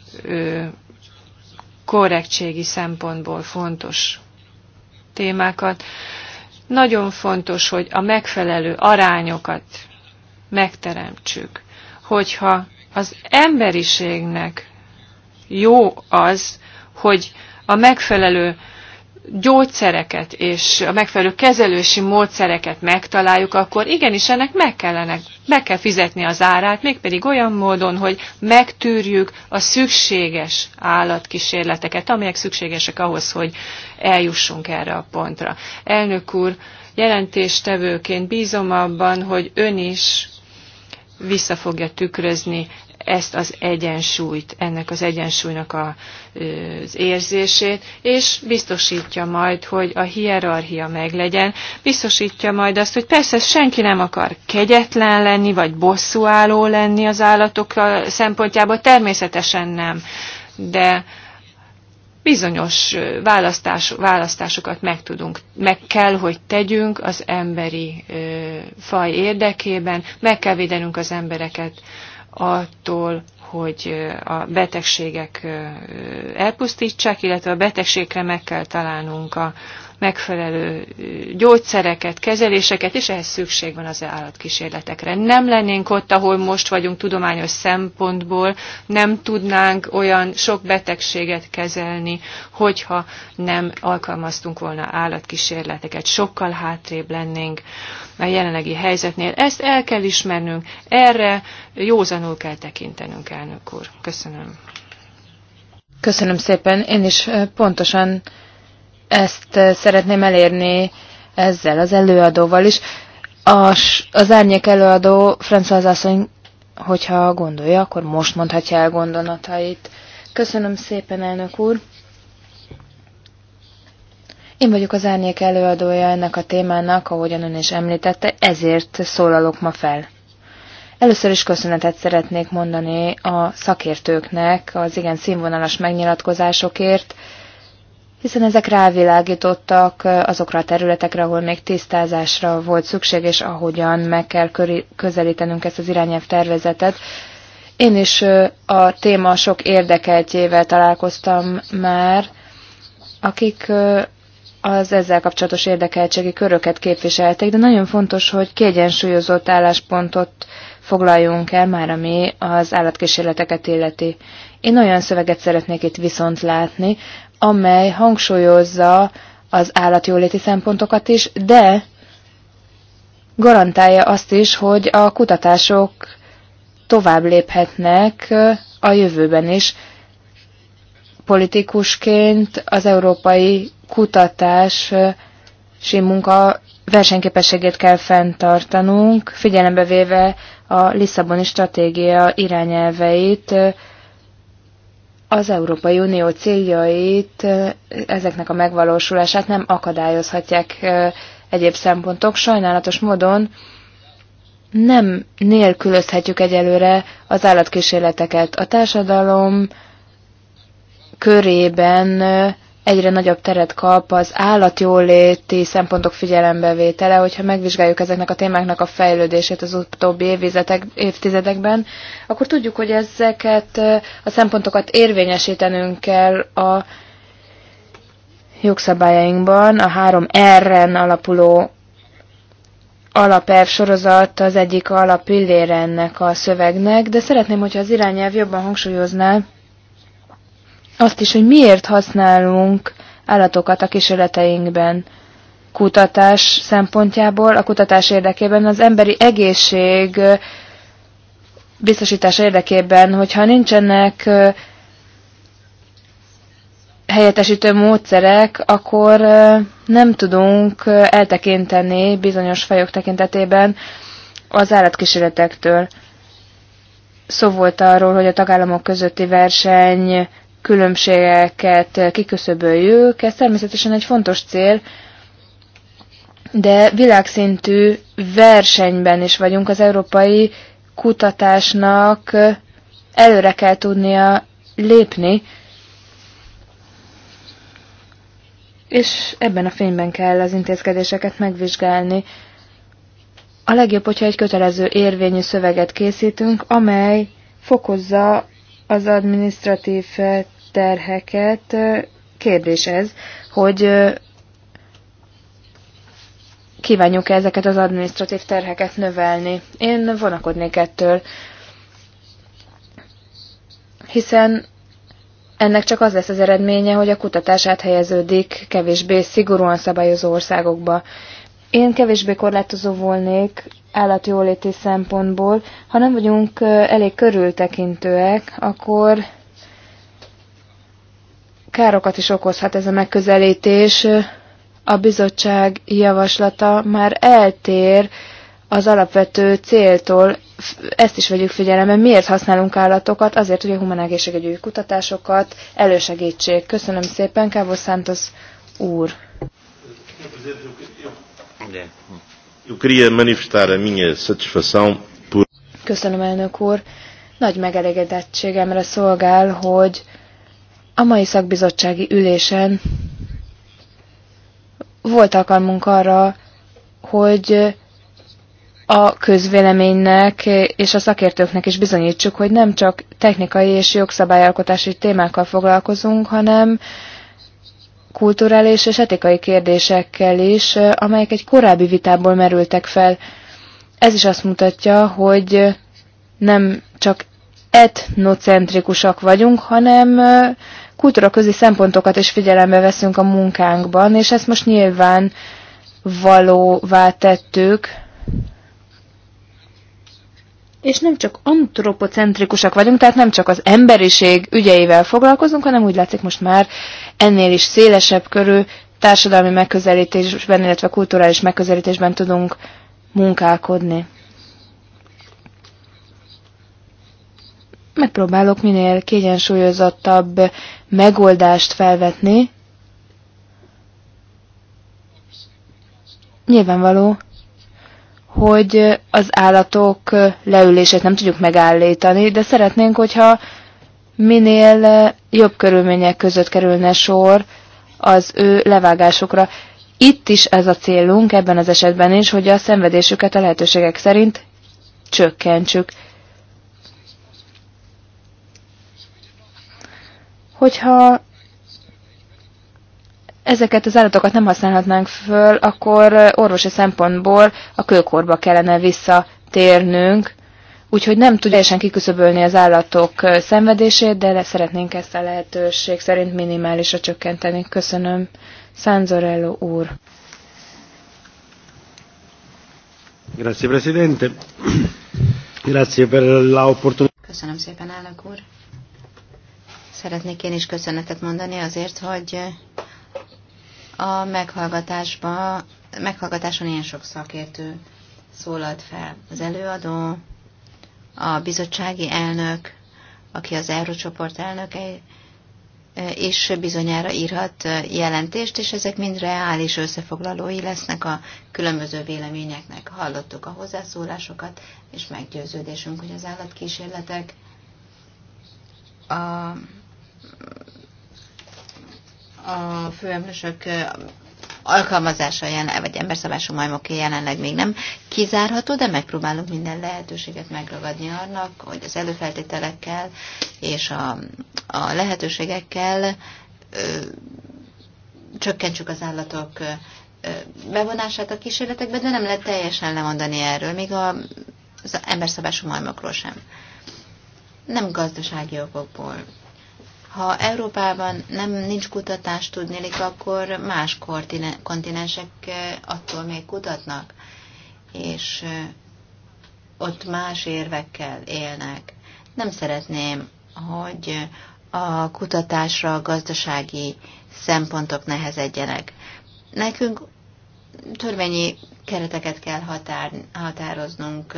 korrektségi szempontból fontos témákat. Nagyon fontos, hogy a megfelelő arányokat megteremtsük, hogyha az emberiségnek jó az, hogy a megfelelő gyógyszereket és a megfelelő kezelési módszereket megtaláljuk, akkor igenis ennek meg, kellene, meg kell fizetni az árát, mégpedig olyan módon, hogy megtűrjük a szükséges állatkísérleteket, amelyek szükségesek ahhoz, hogy eljussunk erre a pontra. Elnök úr, jelentéstevőként bízom abban, hogy ön is vissza fogja tükrözni ezt az egyensúlyt, ennek az egyensúlynak a, az érzését, és biztosítja majd, hogy a hierarchia meglegyen, biztosítja majd azt, hogy persze senki nem akar kegyetlen lenni, vagy bosszúálló lenni az állatok szempontjából, természetesen nem, de bizonyos választás, választásokat meg, tudunk, meg kell, hogy tegyünk az emberi ö, faj érdekében, meg kell védenünk az embereket attól, hogy a betegségek elpusztítsák, illetve a betegségre meg kell találnunk a megfelelő gyógyszereket, kezeléseket, és ehhez szükség van az állatkísérletekre. Nem lennénk ott, ahol most vagyunk tudományos szempontból, nem tudnánk olyan sok betegséget kezelni, hogyha nem alkalmaztunk volna állatkísérleteket. Sokkal hátrébb lennénk a jelenlegi helyzetnél. Ezt el kell ismernünk, erre józanul kell tekintenünk, elnök úr. Köszönöm. Köszönöm szépen. Én is pontosan ezt eh, szeretném elérni ezzel az előadóval is. A, az árnyék előadó Franz asszony, hogyha gondolja, akkor most mondhatja el gondolatait. Köszönöm szépen, elnök úr! Én vagyok az árnyék előadója ennek a témának, ahogyan ön is említette, ezért szólalok ma fel. Először is köszönetet szeretnék mondani a szakértőknek az igen színvonalas megnyilatkozásokért, hiszen ezek rávilágítottak azokra a területekre, ahol még tisztázásra volt szükség, és ahogyan meg kell közelítenünk ezt az irányelv tervezetet. Én is a téma sok érdekeltjével találkoztam már, akik az ezzel kapcsolatos érdekeltségi köröket képviselték, de nagyon fontos, hogy kiegyensúlyozott álláspontot foglaljunk el már, ami az állatkísérleteket illeti. Én olyan szöveget szeretnék itt viszont látni, amely hangsúlyozza az állatjóléti szempontokat is, de garantálja azt is, hogy a kutatások tovább léphetnek a jövőben is. Politikusként az európai kutatási munka versenyképességét kell fenntartanunk, figyelembe véve a Lisszaboni stratégia irányelveit, az Európai Unió céljait, ezeknek a megvalósulását nem akadályozhatják egyéb szempontok. Sajnálatos módon nem nélkülözhetjük egyelőre az állatkísérleteket. A társadalom körében egyre nagyobb teret kap az állatjóléti szempontok figyelembevétele, hogyha megvizsgáljuk ezeknek a témáknak a fejlődését az utóbbi évtizedekben, akkor tudjuk, hogy ezeket a szempontokat érvényesítenünk kell a jogszabályainkban, a három R-en alapuló alapelv sorozat az egyik alapillére ennek a szövegnek, de szeretném, hogyha az irányelv jobban hangsúlyozná azt is, hogy miért használunk állatokat a kísérleteinkben. Kutatás szempontjából, a kutatás érdekében, az emberi egészség biztosítása érdekében, hogyha nincsenek helyettesítő módszerek, akkor nem tudunk eltekinteni bizonyos fajok tekintetében az állatkísérletektől. Szó volt arról, hogy a tagállamok közötti verseny különbségeket kiköszöböljük Ez természetesen egy fontos cél, de világszintű versenyben is vagyunk. Az európai kutatásnak előre kell tudnia lépni, és ebben a fényben kell az intézkedéseket megvizsgálni. A legjobb, hogyha egy kötelező érvényű szöveget készítünk, amely fokozza az administratív terheket. Kérdés ez, hogy kívánjuk -e ezeket az administratív terheket növelni. Én vonakodnék ettől, hiszen ennek csak az lesz az eredménye, hogy a kutatás áthelyeződik kevésbé szigorúan szabályozó országokba. Én kevésbé korlátozó volnék állatjóléti szempontból. Ha nem vagyunk elég körültekintőek, akkor károkat is okozhat ez a megközelítés. A bizottság javaslata már eltér az alapvető céltól, ezt is vegyük figyelembe, miért használunk állatokat, azért, hogy a humán egészségügyi kutatásokat elősegítsék. Köszönöm szépen, Kávó Szántos úr. Köszönöm, elnök úr. Nagy megelégedettségemre szolgál, hogy a mai szakbizottsági ülésen volt alkalmunk arra, hogy a közvéleménynek és a szakértőknek is bizonyítsuk, hogy nem csak technikai és jogszabályalkotási témákkal foglalkozunk, hanem kulturális és etikai kérdésekkel is, amelyek egy korábbi vitából merültek fel. Ez is azt mutatja, hogy nem csak etnocentrikusak vagyunk, hanem kultúraközi szempontokat is figyelembe veszünk a munkánkban, és ezt most nyilván valóvá tettük. És nem csak antropocentrikusak vagyunk, tehát nem csak az emberiség ügyeivel foglalkozunk, hanem úgy látszik most már ennél is szélesebb körű társadalmi megközelítésben, illetve kulturális megközelítésben tudunk munkálkodni. megpróbálok minél kiegyensúlyozottabb megoldást felvetni. Nyilvánvaló, hogy az állatok leülését nem tudjuk megállítani, de szeretnénk, hogyha minél jobb körülmények között kerülne sor az ő levágásukra. Itt is ez a célunk, ebben az esetben is, hogy a szenvedésüket a lehetőségek szerint csökkentsük. Hogyha ezeket az állatokat nem használhatnánk föl, akkor orvosi szempontból a kőkorba kellene visszatérnünk, úgyhogy nem tudja teljesen kiküszöbölni az állatok szenvedését, de le szeretnénk ezt a lehetőség szerint minimálisra csökkenteni. Köszönöm, Sanzorello úr. Grazie Presidente, grazie per l'opportunità. Köszönöm szépen, elnök úr. Szeretnék én is köszönetet mondani azért, hogy a meghallgatásba, meghallgatáson ilyen sok szakértő szólalt fel. Az előadó, a bizottsági elnök, aki az Eurócsoport elnöke, és bizonyára írhat jelentést, és ezek mind reális összefoglalói lesznek a különböző véleményeknek. Hallottuk a hozzászólásokat, és meggyőződésünk, hogy az állatkísérletek a a főemlősök eh, alkalmazása jelen, vagy emberszabású majmoké jelenleg még nem kizárható, de megpróbálunk minden lehetőséget megragadni annak, hogy az előfeltételekkel és a, a lehetőségekkel ö, csökkentsük az állatok ö, bevonását a kísérletekbe, de nem lehet teljesen lemondani erről, még a, az emberszabású majmokról sem. Nem gazdasági okokból, ha Európában nem nincs kutatás tudnélik, akkor más kontinensek eh, attól még kutatnak, és eh, ott más érvekkel élnek. Nem szeretném, hogy a kutatásra a gazdasági szempontok nehezedjenek. Nekünk törvényi kereteket kell határ, határoznunk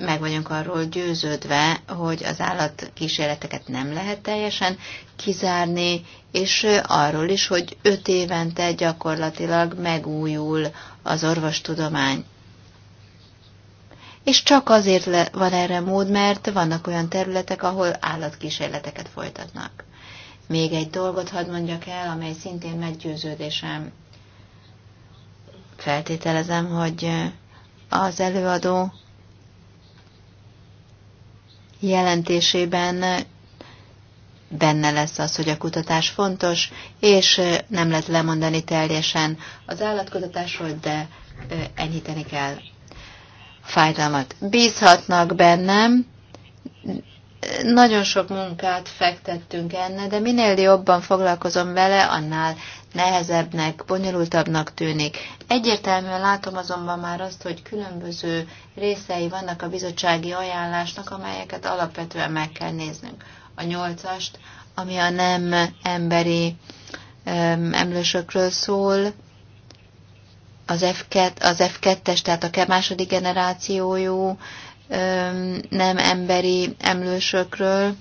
meg vagyunk arról győződve, hogy az állatkísérleteket nem lehet teljesen kizárni, és arról is, hogy öt évente gyakorlatilag megújul az orvostudomány. És csak azért van erre mód, mert vannak olyan területek, ahol állatkísérleteket folytatnak. Még egy dolgot hadd mondjak el, amely szintén meggyőződésem. Feltételezem, hogy az előadó jelentésében benne lesz az, hogy a kutatás fontos, és nem lehet lemondani teljesen az állatkutatásról, de enyhíteni kell a fájdalmat. Bízhatnak bennem, nagyon sok munkát fektettünk enne, de minél jobban foglalkozom vele, annál nehezebbnek, bonyolultabbnak tűnik. Egyértelműen látom azonban már azt, hogy különböző részei vannak a bizottsági ajánlásnak, amelyeket alapvetően meg kell néznünk. A nyolcast, ami a nem emberi um, emlősökről szól, az, F2, az F2-es, tehát a második generációjú um, nem emberi emlősökről,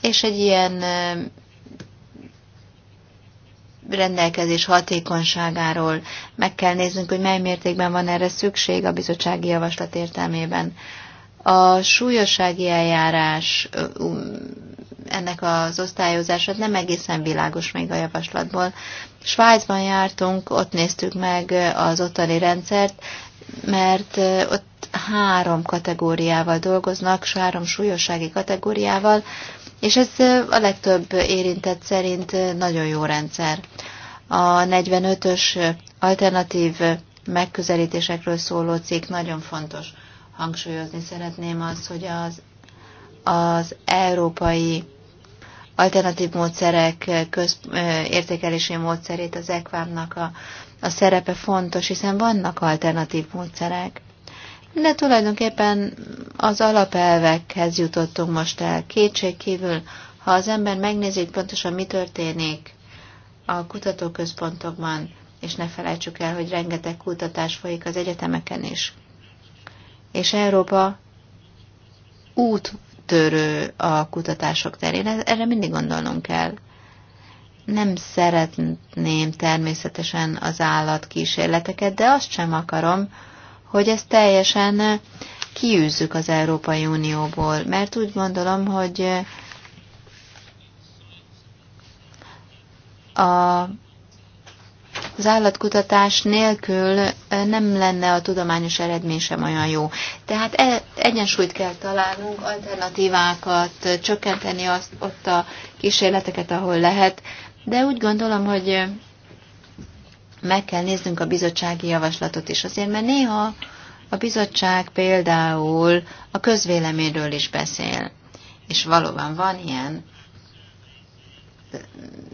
és egy ilyen um, rendelkezés hatékonyságáról. Meg kell néznünk, hogy mely mértékben van erre szükség a bizottsági javaslat értelmében. A súlyossági eljárás um, ennek az osztályozását nem egészen világos még a javaslatból. Svájcban jártunk, ott néztük meg az ottani rendszert, mert ott három kategóriával dolgoznak, három súlyossági kategóriával, és ez a legtöbb érintett szerint nagyon jó rendszer. A 45-ös alternatív megközelítésekről szóló cikk nagyon fontos. Hangsúlyozni szeretném az, hogy az, az európai alternatív módszerek köz, értékelési módszerét az ekvámnak a, a szerepe fontos, hiszen vannak alternatív módszerek de tulajdonképpen az alapelvekhez jutottunk most el. Kétségkívül, ha az ember megnézi, hogy pontosan mi történik a kutatóközpontokban, és ne felejtsük el, hogy rengeteg kutatás folyik az egyetemeken is. És Európa úttörő a kutatások terén, erre mindig gondolnunk kell. Nem szeretném természetesen az állatkísérleteket, de azt sem akarom, hogy ezt teljesen kiűzzük az Európai Unióból, mert úgy gondolom, hogy a, az állatkutatás nélkül nem lenne a tudományos eredmény sem olyan jó. Tehát e, egyensúlyt kell találnunk, alternatívákat, csökkenteni azt, ott a kísérleteket, ahol lehet, de úgy gondolom, hogy meg kell néznünk a bizottsági javaslatot is azért, mert néha a bizottság például a közvéleményről is beszél. És valóban van ilyen,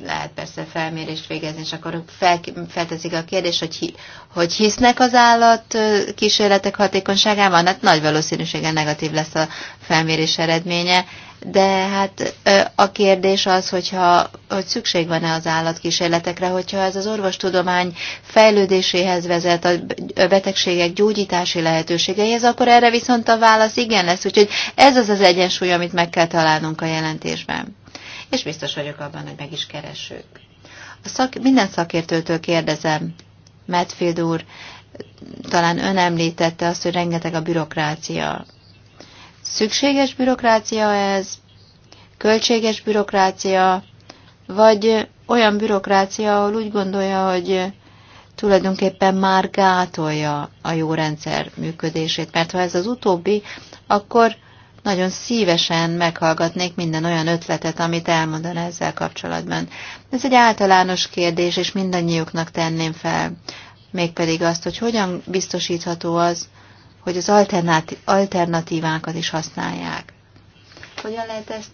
lehet persze felmérést végezni, és akkor fel, felteszik a kérdés, hogy, hi, hogy hisznek az állat kísérletek hatékonyságában, hát nagy valószínűséggel negatív lesz a felmérés eredménye, de hát a kérdés az, hogyha, hogy szükség van-e az állatkísérletekre, hogyha ez az orvostudomány fejlődéséhez vezet, a betegségek gyógyítási lehetőségeihez, akkor erre viszont a válasz igen lesz. Úgyhogy ez az az egyensúly, amit meg kell találnunk a jelentésben. És biztos vagyok abban, hogy meg is keresünk. A szak, minden szakértőtől kérdezem, Medfield úr, talán ön említette azt, hogy rengeteg a bürokrácia Szükséges bürokrácia ez, költséges bürokrácia, vagy olyan bürokrácia, ahol úgy gondolja, hogy tulajdonképpen már gátolja a jó rendszer működését. Mert ha ez az utóbbi, akkor nagyon szívesen meghallgatnék minden olyan ötletet, amit elmondana ezzel kapcsolatban. Ez egy általános kérdés, és mindannyiuknak tenném fel. Mégpedig azt, hogy hogyan biztosítható az, hogy az alternatívákat is használják. Hogyan lehet ezt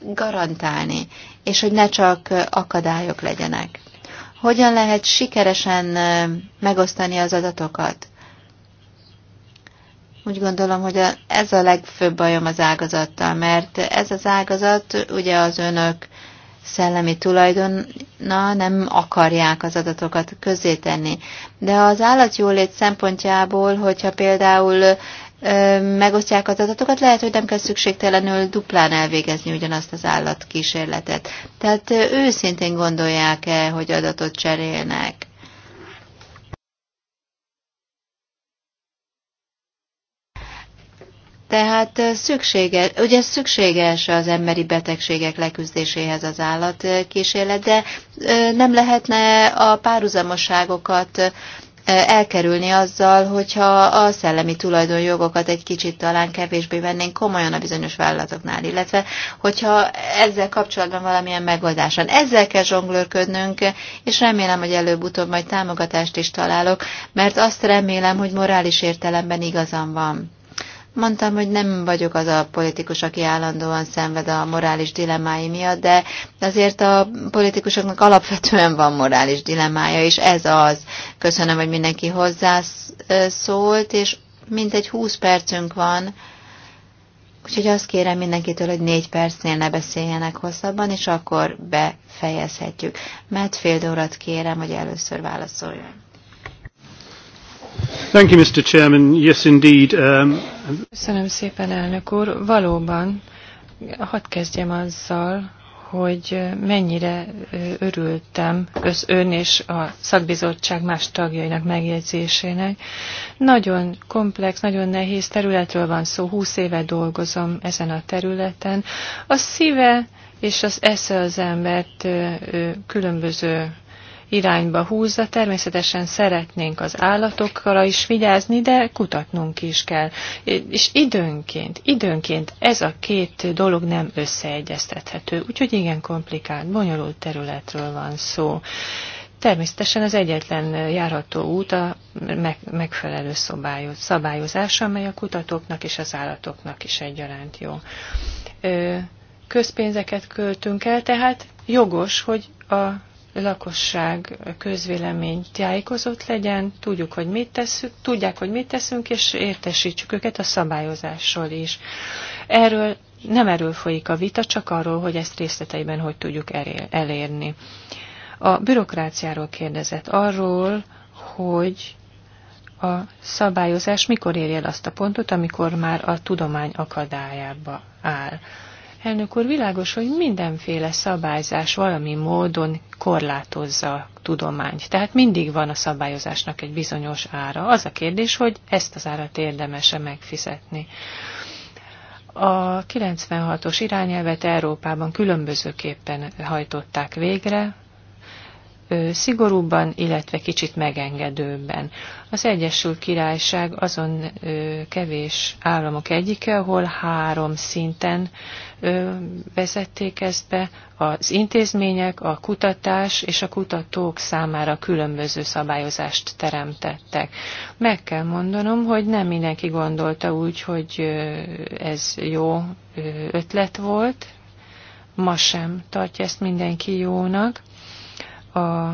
garantálni, és hogy ne csak akadályok legyenek? Hogyan lehet sikeresen megosztani az adatokat? Úgy gondolom, hogy ez a legfőbb bajom az ágazattal, mert ez az ágazat ugye az önök szellemi tulajdonna nem akarják az adatokat közzétenni. De az állatjólét szempontjából, hogyha például megosztják az adatokat, lehet, hogy nem kell szükségtelenül duplán elvégezni ugyanazt az állatkísérletet. Tehát őszintén gondolják-e, hogy adatot cserélnek? Tehát szükséges, ugye szükséges az emberi betegségek leküzdéséhez az állatkísérlet, de nem lehetne a párhuzamosságokat elkerülni azzal, hogyha a szellemi tulajdonjogokat egy kicsit talán kevésbé vennénk komolyan a bizonyos vállalatoknál, illetve hogyha ezzel kapcsolatban valamilyen megoldáson. Ezzel kell zsonglőrködnünk, és remélem, hogy előbb-utóbb majd támogatást is találok, mert azt remélem, hogy morális értelemben igazam van. Mondtam, hogy nem vagyok az a politikus, aki állandóan szenved a morális dilemmái miatt, de azért a politikusoknak alapvetően van morális dilemmája, és ez az. Köszönöm, hogy mindenki hozzászólt, és mintegy 20 percünk van, úgyhogy azt kérem mindenkitől, hogy négy percnél ne beszéljenek hosszabban, és akkor befejezhetjük. Mert fél órát kérem, hogy először válaszoljon. Thank you, Mr. Chairman. Yes, indeed. Um... Köszönöm szépen, elnök úr. Valóban, hadd kezdjem azzal, hogy mennyire örültem az ön és a szakbizottság más tagjainak megjegyzésének. Nagyon komplex, nagyon nehéz területről van szó, Húsz éve dolgozom ezen a területen. A szíve és az esze az embert különböző irányba húzza. Természetesen szeretnénk az állatokra is vigyázni, de kutatnunk is kell. És időnként, időnként ez a két dolog nem összeegyeztethető, úgyhogy igen komplikált, bonyolult területről van szó. Természetesen az egyetlen járható út a megfelelő szabályozás, amely a kutatóknak és az állatoknak is egyaránt jó. Közpénzeket költünk el, tehát jogos, hogy a lakosság, közvélemény tájékozott legyen, tudjuk, hogy mit teszünk, tudják, hogy mit teszünk, és értesítsük őket a szabályozásról is. Erről nem erről folyik a vita, csak arról, hogy ezt részleteiben hogy tudjuk elérni. A bürokráciáról kérdezett arról, hogy a szabályozás mikor érje el azt a pontot, amikor már a tudomány akadályába áll. Elnök úr, világos, hogy mindenféle szabályzás valami módon korlátozza a tudományt. Tehát mindig van a szabályozásnak egy bizonyos ára. Az a kérdés, hogy ezt az árat érdemese megfizetni. A 96-os irányelvet Európában különbözőképpen hajtották végre, szigorúbban, illetve kicsit megengedőbben. Az Egyesült Királyság azon kevés államok egyike, ahol három szinten vezették ezt be, az intézmények, a kutatás és a kutatók számára különböző szabályozást teremtettek. Meg kell mondanom, hogy nem mindenki gondolta úgy, hogy ez jó ötlet volt, ma sem tartja ezt mindenki jónak, a,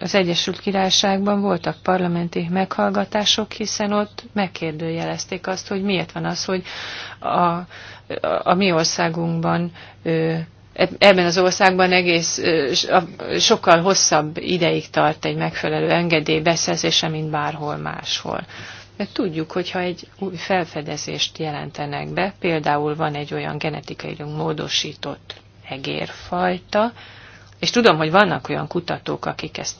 az Egyesült Királyságban voltak parlamenti meghallgatások, hiszen ott megkérdőjelezték azt, hogy miért van az, hogy a, a, a mi országunkban ebben az országban egész sokkal hosszabb ideig tart egy megfelelő engedély beszerzése, mint bárhol máshol. Mert tudjuk, hogyha egy új felfedezést jelentenek be, például van egy olyan genetikailag módosított egérfajta, és tudom, hogy vannak olyan kutatók, akik ezt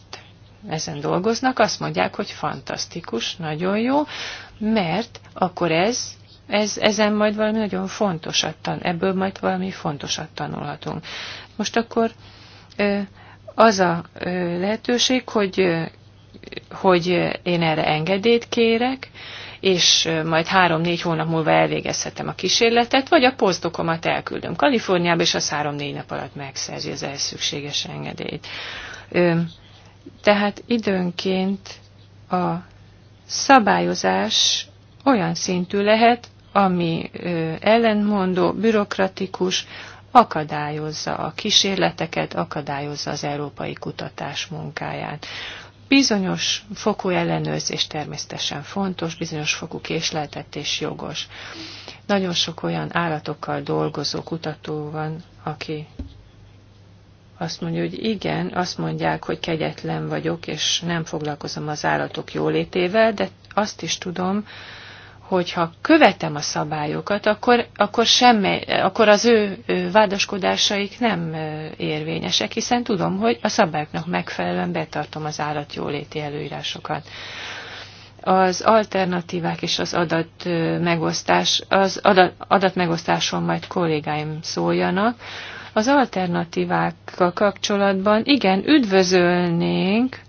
ezen dolgoznak, azt mondják, hogy fantasztikus, nagyon jó, mert akkor ez, ez ezen majd valami nagyon fontosat tan, ebből majd valami fontosat tanulhatunk. Most akkor az a lehetőség, hogy, hogy én erre engedélyt kérek, és majd három-négy hónap múlva elvégezhetem a kísérletet, vagy a posztokomat elküldöm Kaliforniába, és az három-négy nap alatt megszerzi az szükséges engedélyt. Tehát időnként a szabályozás olyan szintű lehet, ami ellentmondó, bürokratikus, akadályozza a kísérleteket, akadályozza az európai kutatás munkáját. Bizonyos fokú ellenőrzés természetesen fontos, bizonyos fokú késleltetés jogos. Nagyon sok olyan állatokkal dolgozó kutató van, aki azt mondja, hogy igen, azt mondják, hogy kegyetlen vagyok, és nem foglalkozom az állatok jólétével, de azt is tudom, hogyha követem a szabályokat, akkor, akkor, semmi, akkor az ő vádaskodásaik nem érvényesek, hiszen tudom, hogy a szabályoknak megfelelően betartom az állatjóléti előírásokat. Az alternatívák és az adat megosztás, az adat, adatmegosztáson majd kollégáim szóljanak. Az alternatívákkal kapcsolatban igen, üdvözölnénk,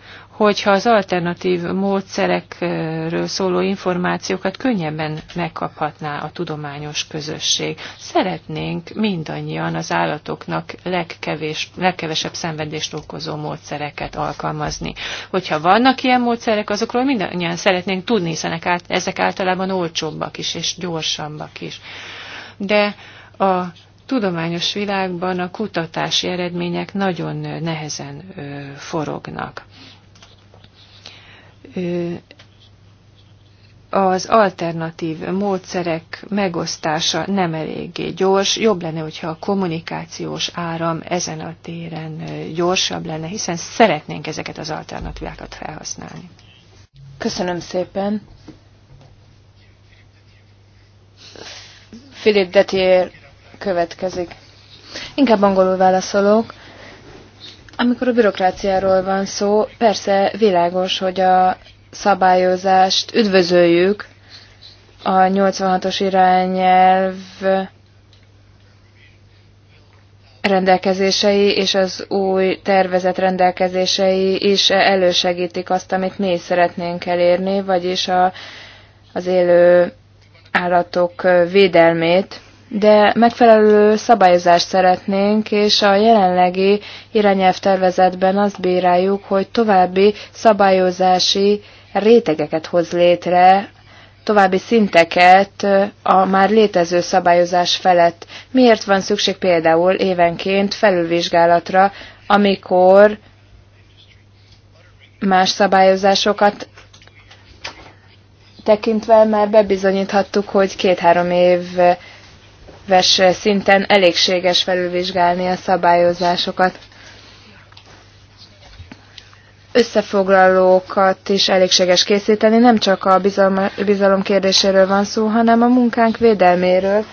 hogyha az alternatív módszerekről szóló információkat könnyebben megkaphatná a tudományos közösség. Szeretnénk mindannyian az állatoknak legkevés, legkevesebb szenvedést okozó módszereket alkalmazni. Hogyha vannak ilyen módszerek, azokról mindannyian szeretnénk tudni, hiszen ezek általában olcsóbbak is, és gyorsabbak is. De a tudományos világban a kutatási eredmények nagyon nehezen forognak az alternatív módszerek megosztása nem eléggé gyors. Jobb lenne, hogyha a kommunikációs áram ezen a téren gyorsabb lenne, hiszen szeretnénk ezeket az alternatívákat felhasználni. Köszönöm szépen. Philip Detier következik. Inkább angolul válaszolok. Amikor a bürokráciáról van szó, persze világos, hogy a szabályozást üdvözöljük, a 86-os irányelv rendelkezései és az új tervezet rendelkezései is elősegítik azt, amit mi is szeretnénk elérni, vagyis a, az élő állatok védelmét de megfelelő szabályozást szeretnénk, és a jelenlegi irányelvtervezetben azt bíráljuk, hogy további szabályozási rétegeket hoz létre, további szinteket a már létező szabályozás felett. Miért van szükség például évenként felülvizsgálatra, amikor más szabályozásokat tekintve már bebizonyíthattuk, hogy két-három év éves szinten elégséges felülvizsgálni a szabályozásokat. Összefoglalókat is elégséges készíteni, nem csak a bizalom kérdéséről van szó, hanem a munkánk védelméről.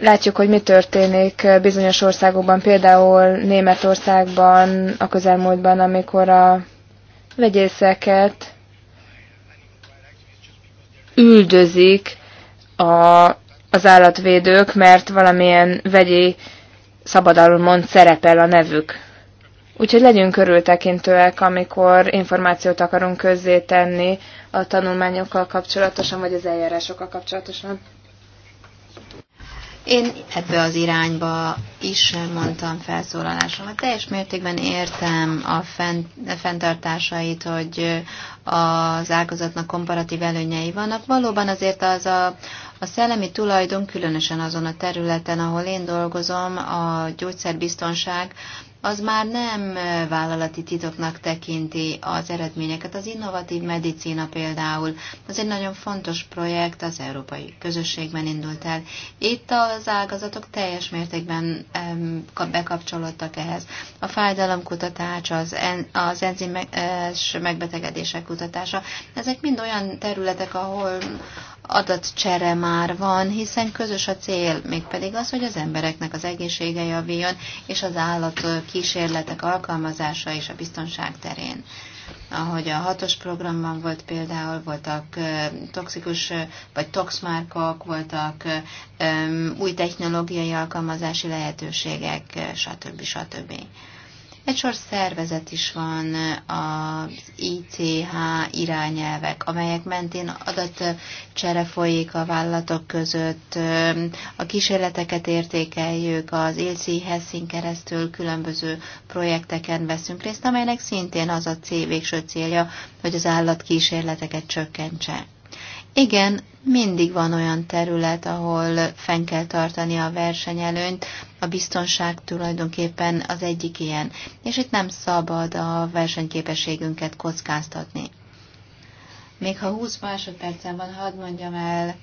Látjuk, hogy mi történik bizonyos országokban, például Németországban a közelmúltban, amikor a vegyészeket üldözik a az állatvédők, mert valamilyen vegyi szabadalmon szerepel a nevük. Úgyhogy legyünk körültekintőek, amikor információt akarunk közzétenni a tanulmányokkal kapcsolatosan, vagy az eljárásokkal kapcsolatosan. Én ebbe az irányba is mondtam felszólalásomat. Teljes mértékben értem a fent, fenntartásait, hogy az ágazatnak komparatív előnyei vannak. Valóban azért az a, a szellemi tulajdon, különösen azon a területen, ahol én dolgozom, a gyógyszerbiztonság, az már nem vállalati titoknak tekinti az eredményeket. Az innovatív medicína például, az egy nagyon fontos projekt, az európai közösségben indult el. Itt az ágazatok teljes mértékben bekapcsolódtak ehhez. A fájdalomkutatás, az, en, az enzimes megbetegedések kutatása, ezek mind olyan területek, ahol adatcsere már van, hiszen közös a cél, mégpedig az, hogy az embereknek az egészsége javuljon, és az állat kísérletek alkalmazása és a biztonság terén. Ahogy a hatos programban volt például, voltak toxikus vagy toxmárkok, voltak új technológiai alkalmazási lehetőségek, stb. stb. stb. Egy sor szervezet is van, az ICH irányelvek, amelyek mentén csere folyik a vállalatok között, a kísérleteket értékeljük, az ICH-szín keresztül különböző projekteken veszünk részt, amelynek szintén az a cél, végső célja, hogy az állatkísérleteket csökkentse. Igen, mindig van olyan terület, ahol fenn kell tartani a versenyelőnyt, a biztonság tulajdonképpen az egyik ilyen, és itt nem szabad a versenyképességünket kockáztatni. Még ha 20 másodpercen van, hadd mondjam el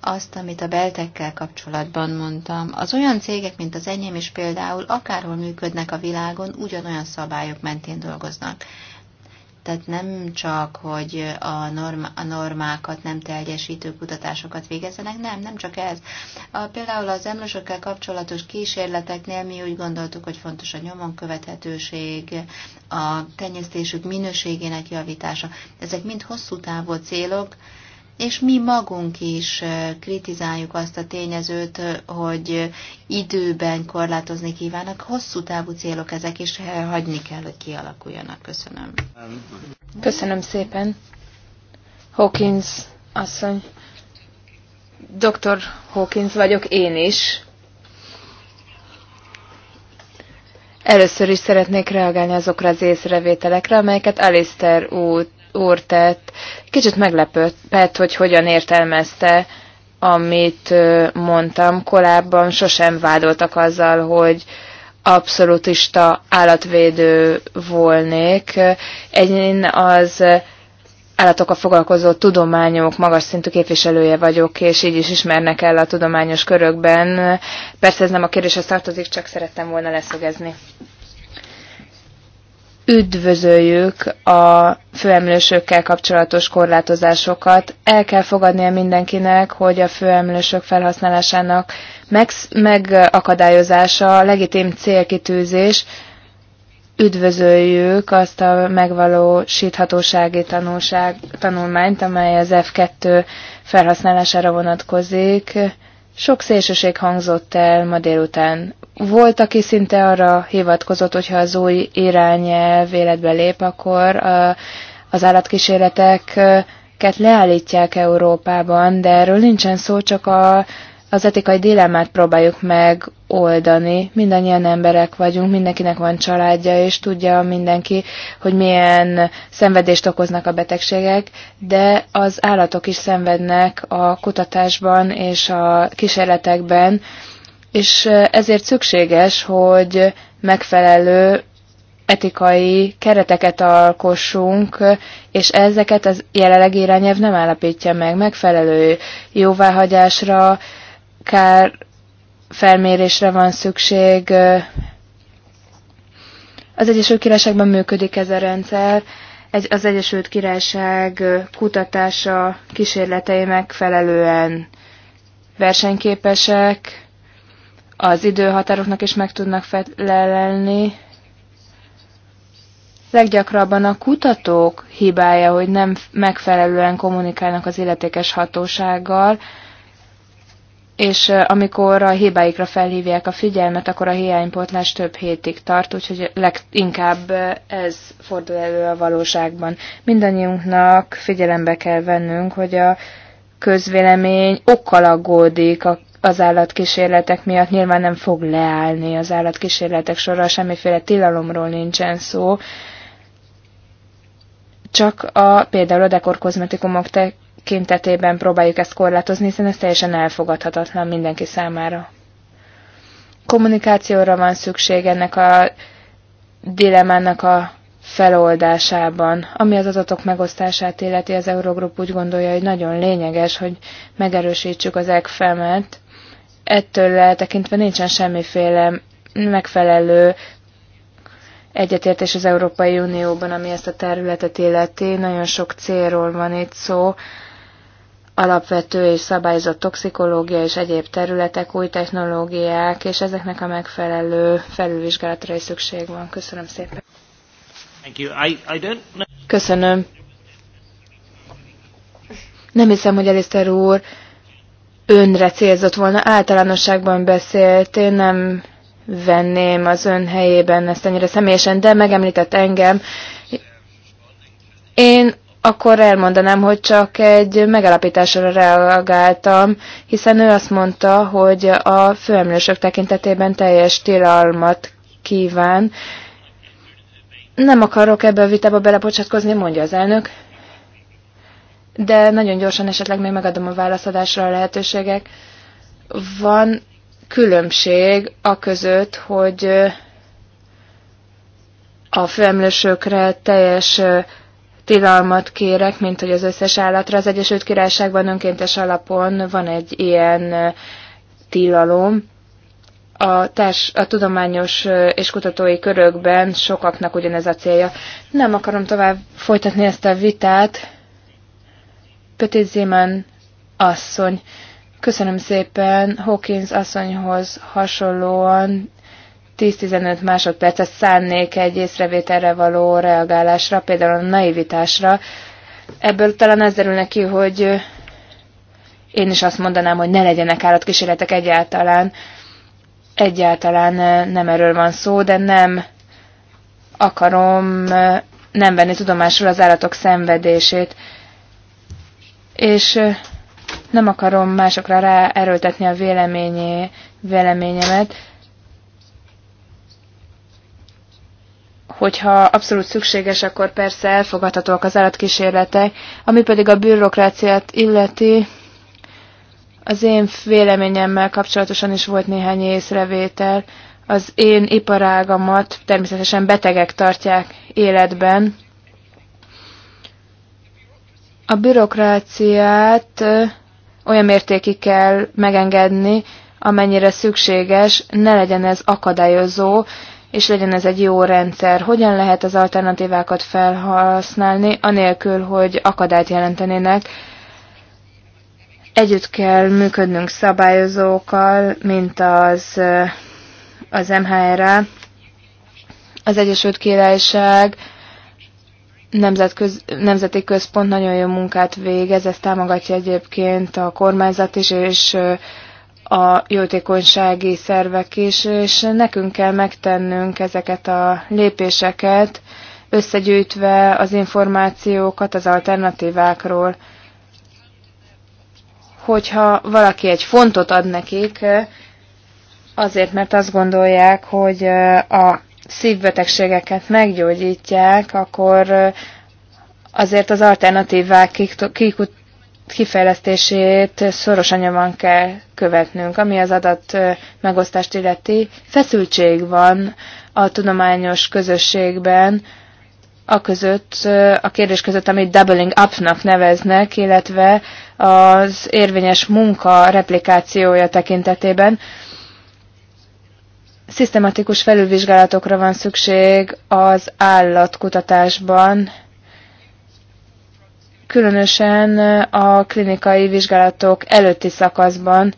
azt, amit a beltekkel kapcsolatban mondtam. Az olyan cégek, mint az enyém is például, akárhol működnek a világon, ugyanolyan szabályok mentén dolgoznak. Tehát nem csak, hogy a, norm, a normákat nem teljesítő kutatásokat végezzenek, nem, nem csak ez. A, például az emlősökkel kapcsolatos kísérleteknél mi úgy gondoltuk, hogy fontos a nyomon követhetőség, a tenyésztésük minőségének javítása. Ezek mind hosszú távú célok, és mi magunk is kritizáljuk azt a tényezőt, hogy időben korlátozni kívánnak. Hosszú távú célok ezek, és hagyni kell, hogy kialakuljanak. Köszönöm. Köszönöm szépen. Hawkins asszony. Dr. Hawkins vagyok én is. Először is szeretnék reagálni azokra az észrevételekre, amelyeket Alistair út úr tett. Kicsit meglepett, hogy hogyan értelmezte, amit mondtam. Korábban sosem vádoltak azzal, hogy abszolútista állatvédő volnék. Egyén az állatokkal foglalkozó tudományok magas szintű képviselője vagyok, és így is ismernek el a tudományos körökben. Persze ez nem a kérdéshez tartozik, csak szerettem volna leszögezni üdvözöljük a főemlősökkel kapcsolatos korlátozásokat. El kell fogadnia mindenkinek, hogy a főemlősök felhasználásának megakadályozása, legitim célkitűzés, üdvözöljük azt a megvalósíthatósági tanulság, tanulmányt, amely az F2 felhasználására vonatkozik. Sok szélsőség hangzott el ma délután. Volt, aki szinte arra hivatkozott, hogyha az új irányelv életbe lép, akkor a, az állatkísérleteket leállítják Európában, de erről nincsen szó, csak a az etikai dilemmát próbáljuk megoldani. Mindannyian emberek vagyunk, mindenkinek van családja, és tudja mindenki, hogy milyen szenvedést okoznak a betegségek, de az állatok is szenvednek a kutatásban és a kísérletekben, és ezért szükséges, hogy megfelelő etikai kereteket alkossunk, és ezeket az jelenlegi irányelv nem állapítja meg megfelelő jóváhagyásra, kár felmérésre van szükség. Az Egyesült Királyságban működik ez a rendszer. Az Egyesült Királyság kutatása kísérletei megfelelően versenyképesek, az időhatároknak is meg tudnak felelni. Leggyakrabban a kutatók hibája, hogy nem megfelelően kommunikálnak az illetékes hatósággal, és amikor a hibáikra felhívják a figyelmet, akkor a hiánypótlás több hétig tart, úgyhogy leginkább ez fordul elő a valóságban. Mindannyiunknak figyelembe kell vennünk, hogy a közvélemény okkal aggódik a az állatkísérletek miatt nyilván nem fog leállni az állatkísérletek sorra, semmiféle tilalomról nincsen szó, csak a például a dekorkozmetikumok tekintetében próbáljuk ezt korlátozni, hiszen ez teljesen elfogadhatatlan mindenki számára. Kommunikációra van szükség ennek a dilemának a feloldásában. Ami az adatok megosztását illeti, az Eurogrup úgy gondolja, hogy nagyon lényeges, hogy megerősítsük az ECFEM-et. Ettől eltekintve nincsen semmiféle megfelelő egyetértés az Európai Unióban, ami ezt a területet illeti. Nagyon sok célról van itt szó, alapvető és szabályozott toxikológia és egyéb területek, új technológiák, és ezeknek a megfelelő felülvizsgálatra is szükség van. Köszönöm szépen. Köszönöm. Nem hiszem, hogy Eliszter úr önre célzott volna. Általánosságban beszélt, én nem venném az ön helyében ezt ennyire személyesen, de megemlített engem. Én akkor elmondanám, hogy csak egy megállapításra reagáltam, hiszen ő azt mondta, hogy a főemlősök tekintetében teljes tilalmat kíván. Nem akarok ebbe a vitába belepocsatkozni, mondja az elnök, de nagyon gyorsan esetleg még megadom a válaszadásra a lehetőségek. Van különbség a között, hogy a főemlősökre teljes tilalmat kérek, mint hogy az összes állatra. Az Egyesült Királyságban önkéntes alapon van egy ilyen tilalom. A, társ, a tudományos és kutatói körökben sokaknak ugyanez a célja. Nem akarom tovább folytatni ezt a vitát. Petit Zeman asszony. Köszönöm szépen. Hawkins asszonyhoz hasonlóan 10-15 másodpercet szánnék egy észrevételre való reagálásra, például a naivitásra. Ebből talán ez derül neki, hogy én is azt mondanám, hogy ne legyenek állatkísérletek egyáltalán. Egyáltalán eh, nem erről van szó, de nem akarom eh, nem venni tudomásul az állatok szenvedését. És eh, nem akarom másokra ráerőltetni a véleményé, véleményemet, hogyha abszolút szükséges, akkor persze elfogadhatóak az állatkísérletek, ami pedig a bürokráciát illeti, az én véleményemmel kapcsolatosan is volt néhány észrevétel. Az én iparágamat természetesen betegek tartják életben. A bürokráciát olyan mértékig kell megengedni, amennyire szükséges, ne legyen ez akadályozó, és legyen ez egy jó rendszer. Hogyan lehet az alternatívákat felhasználni, anélkül, hogy akadályt jelentenének, együtt kell működnünk szabályozókkal, mint az, az MHRA, az Egyesült Királyság nemzetköz, Nemzeti Központ nagyon jó munkát végez, ezt támogatja egyébként a kormányzat is, és a jótékonysági szervek is, és nekünk kell megtennünk ezeket a lépéseket, összegyűjtve az információkat az alternatívákról. Hogyha valaki egy fontot ad nekik, azért, mert azt gondolják, hogy a szívbetegségeket meggyógyítják, akkor azért az alternatívák kifejlesztését szoros anyagban kell követnünk. Ami az adat megosztást illeti, feszültség van a tudományos közösségben, a között, a kérdés között, amit doubling up-nak neveznek, illetve az érvényes munka replikációja tekintetében. Szisztematikus felülvizsgálatokra van szükség az állatkutatásban, különösen a klinikai vizsgálatok előtti szakaszban,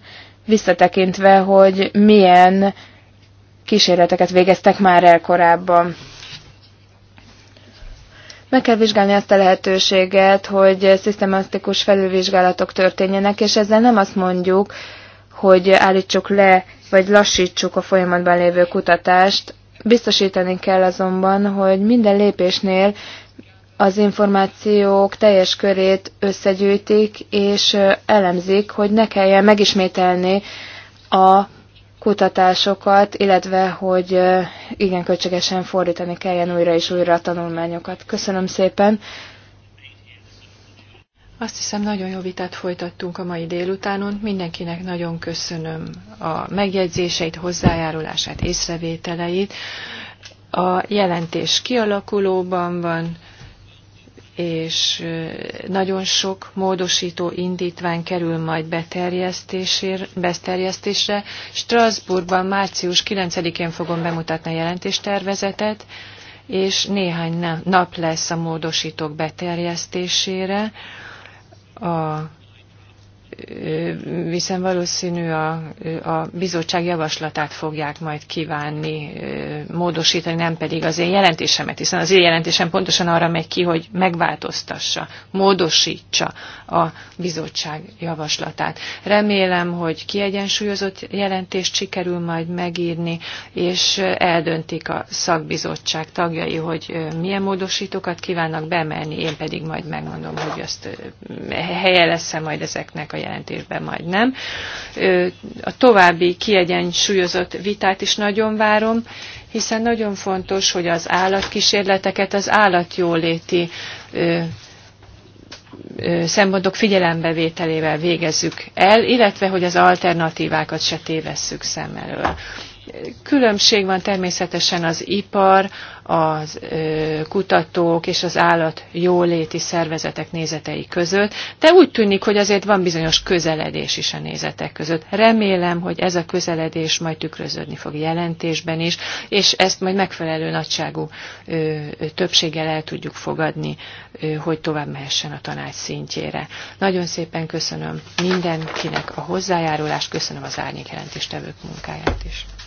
visszatekintve, hogy milyen kísérleteket végeztek már el korábban. Meg kell vizsgálni azt a lehetőséget, hogy szisztematikus felülvizsgálatok történjenek, és ezzel nem azt mondjuk, hogy állítsuk le, vagy lassítsuk a folyamatban lévő kutatást. Biztosítani kell azonban, hogy minden lépésnél az információk teljes körét összegyűjtik és elemzik, hogy ne kelljen megismételni a kutatásokat, illetve hogy igen költségesen fordítani kelljen újra és újra a tanulmányokat. Köszönöm szépen! Azt hiszem, nagyon jó vitát folytattunk a mai délutánon. Mindenkinek nagyon köszönöm a megjegyzéseit, hozzájárulását, észrevételeit. A jelentés kialakulóban van, és nagyon sok módosító indítvány kerül majd beterjesztésre. Strasbourgban március 9-én fogom bemutatni a jelentéstervezetet, és néhány nap lesz a módosítók beterjesztésére. A hiszen valószínű a, a bizottság javaslatát fogják majd kívánni módosítani, nem pedig az én jelentésemet, hiszen az én jelentésem pontosan arra megy ki, hogy megváltoztassa, módosítsa a bizottság javaslatát. Remélem, hogy kiegyensúlyozott jelentést sikerül majd megírni, és eldöntik a szakbizottság tagjai, hogy milyen módosítókat kívánnak bemenni, én pedig majd megmondom, hogy azt helye lesz -e majd ezeknek a jelentésben majd nem. A további kiegyensúlyozott vitát is nagyon várom, hiszen nagyon fontos, hogy az állatkísérleteket az állatjóléti szempontok figyelembevételével végezzük el, illetve hogy az alternatívákat se tévesszük szem elől. Különbség van természetesen az ipar, az kutatók és az állat jóléti szervezetek nézetei között, de úgy tűnik, hogy azért van bizonyos közeledés is a nézetek között. Remélem, hogy ez a közeledés majd tükröződni fog jelentésben is, és ezt majd megfelelő nagyságú többséggel el tudjuk fogadni, hogy tovább mehessen a tanács szintjére. Nagyon szépen köszönöm mindenkinek a hozzájárulást, köszönöm az árnyék jelentéstevők munkáját is.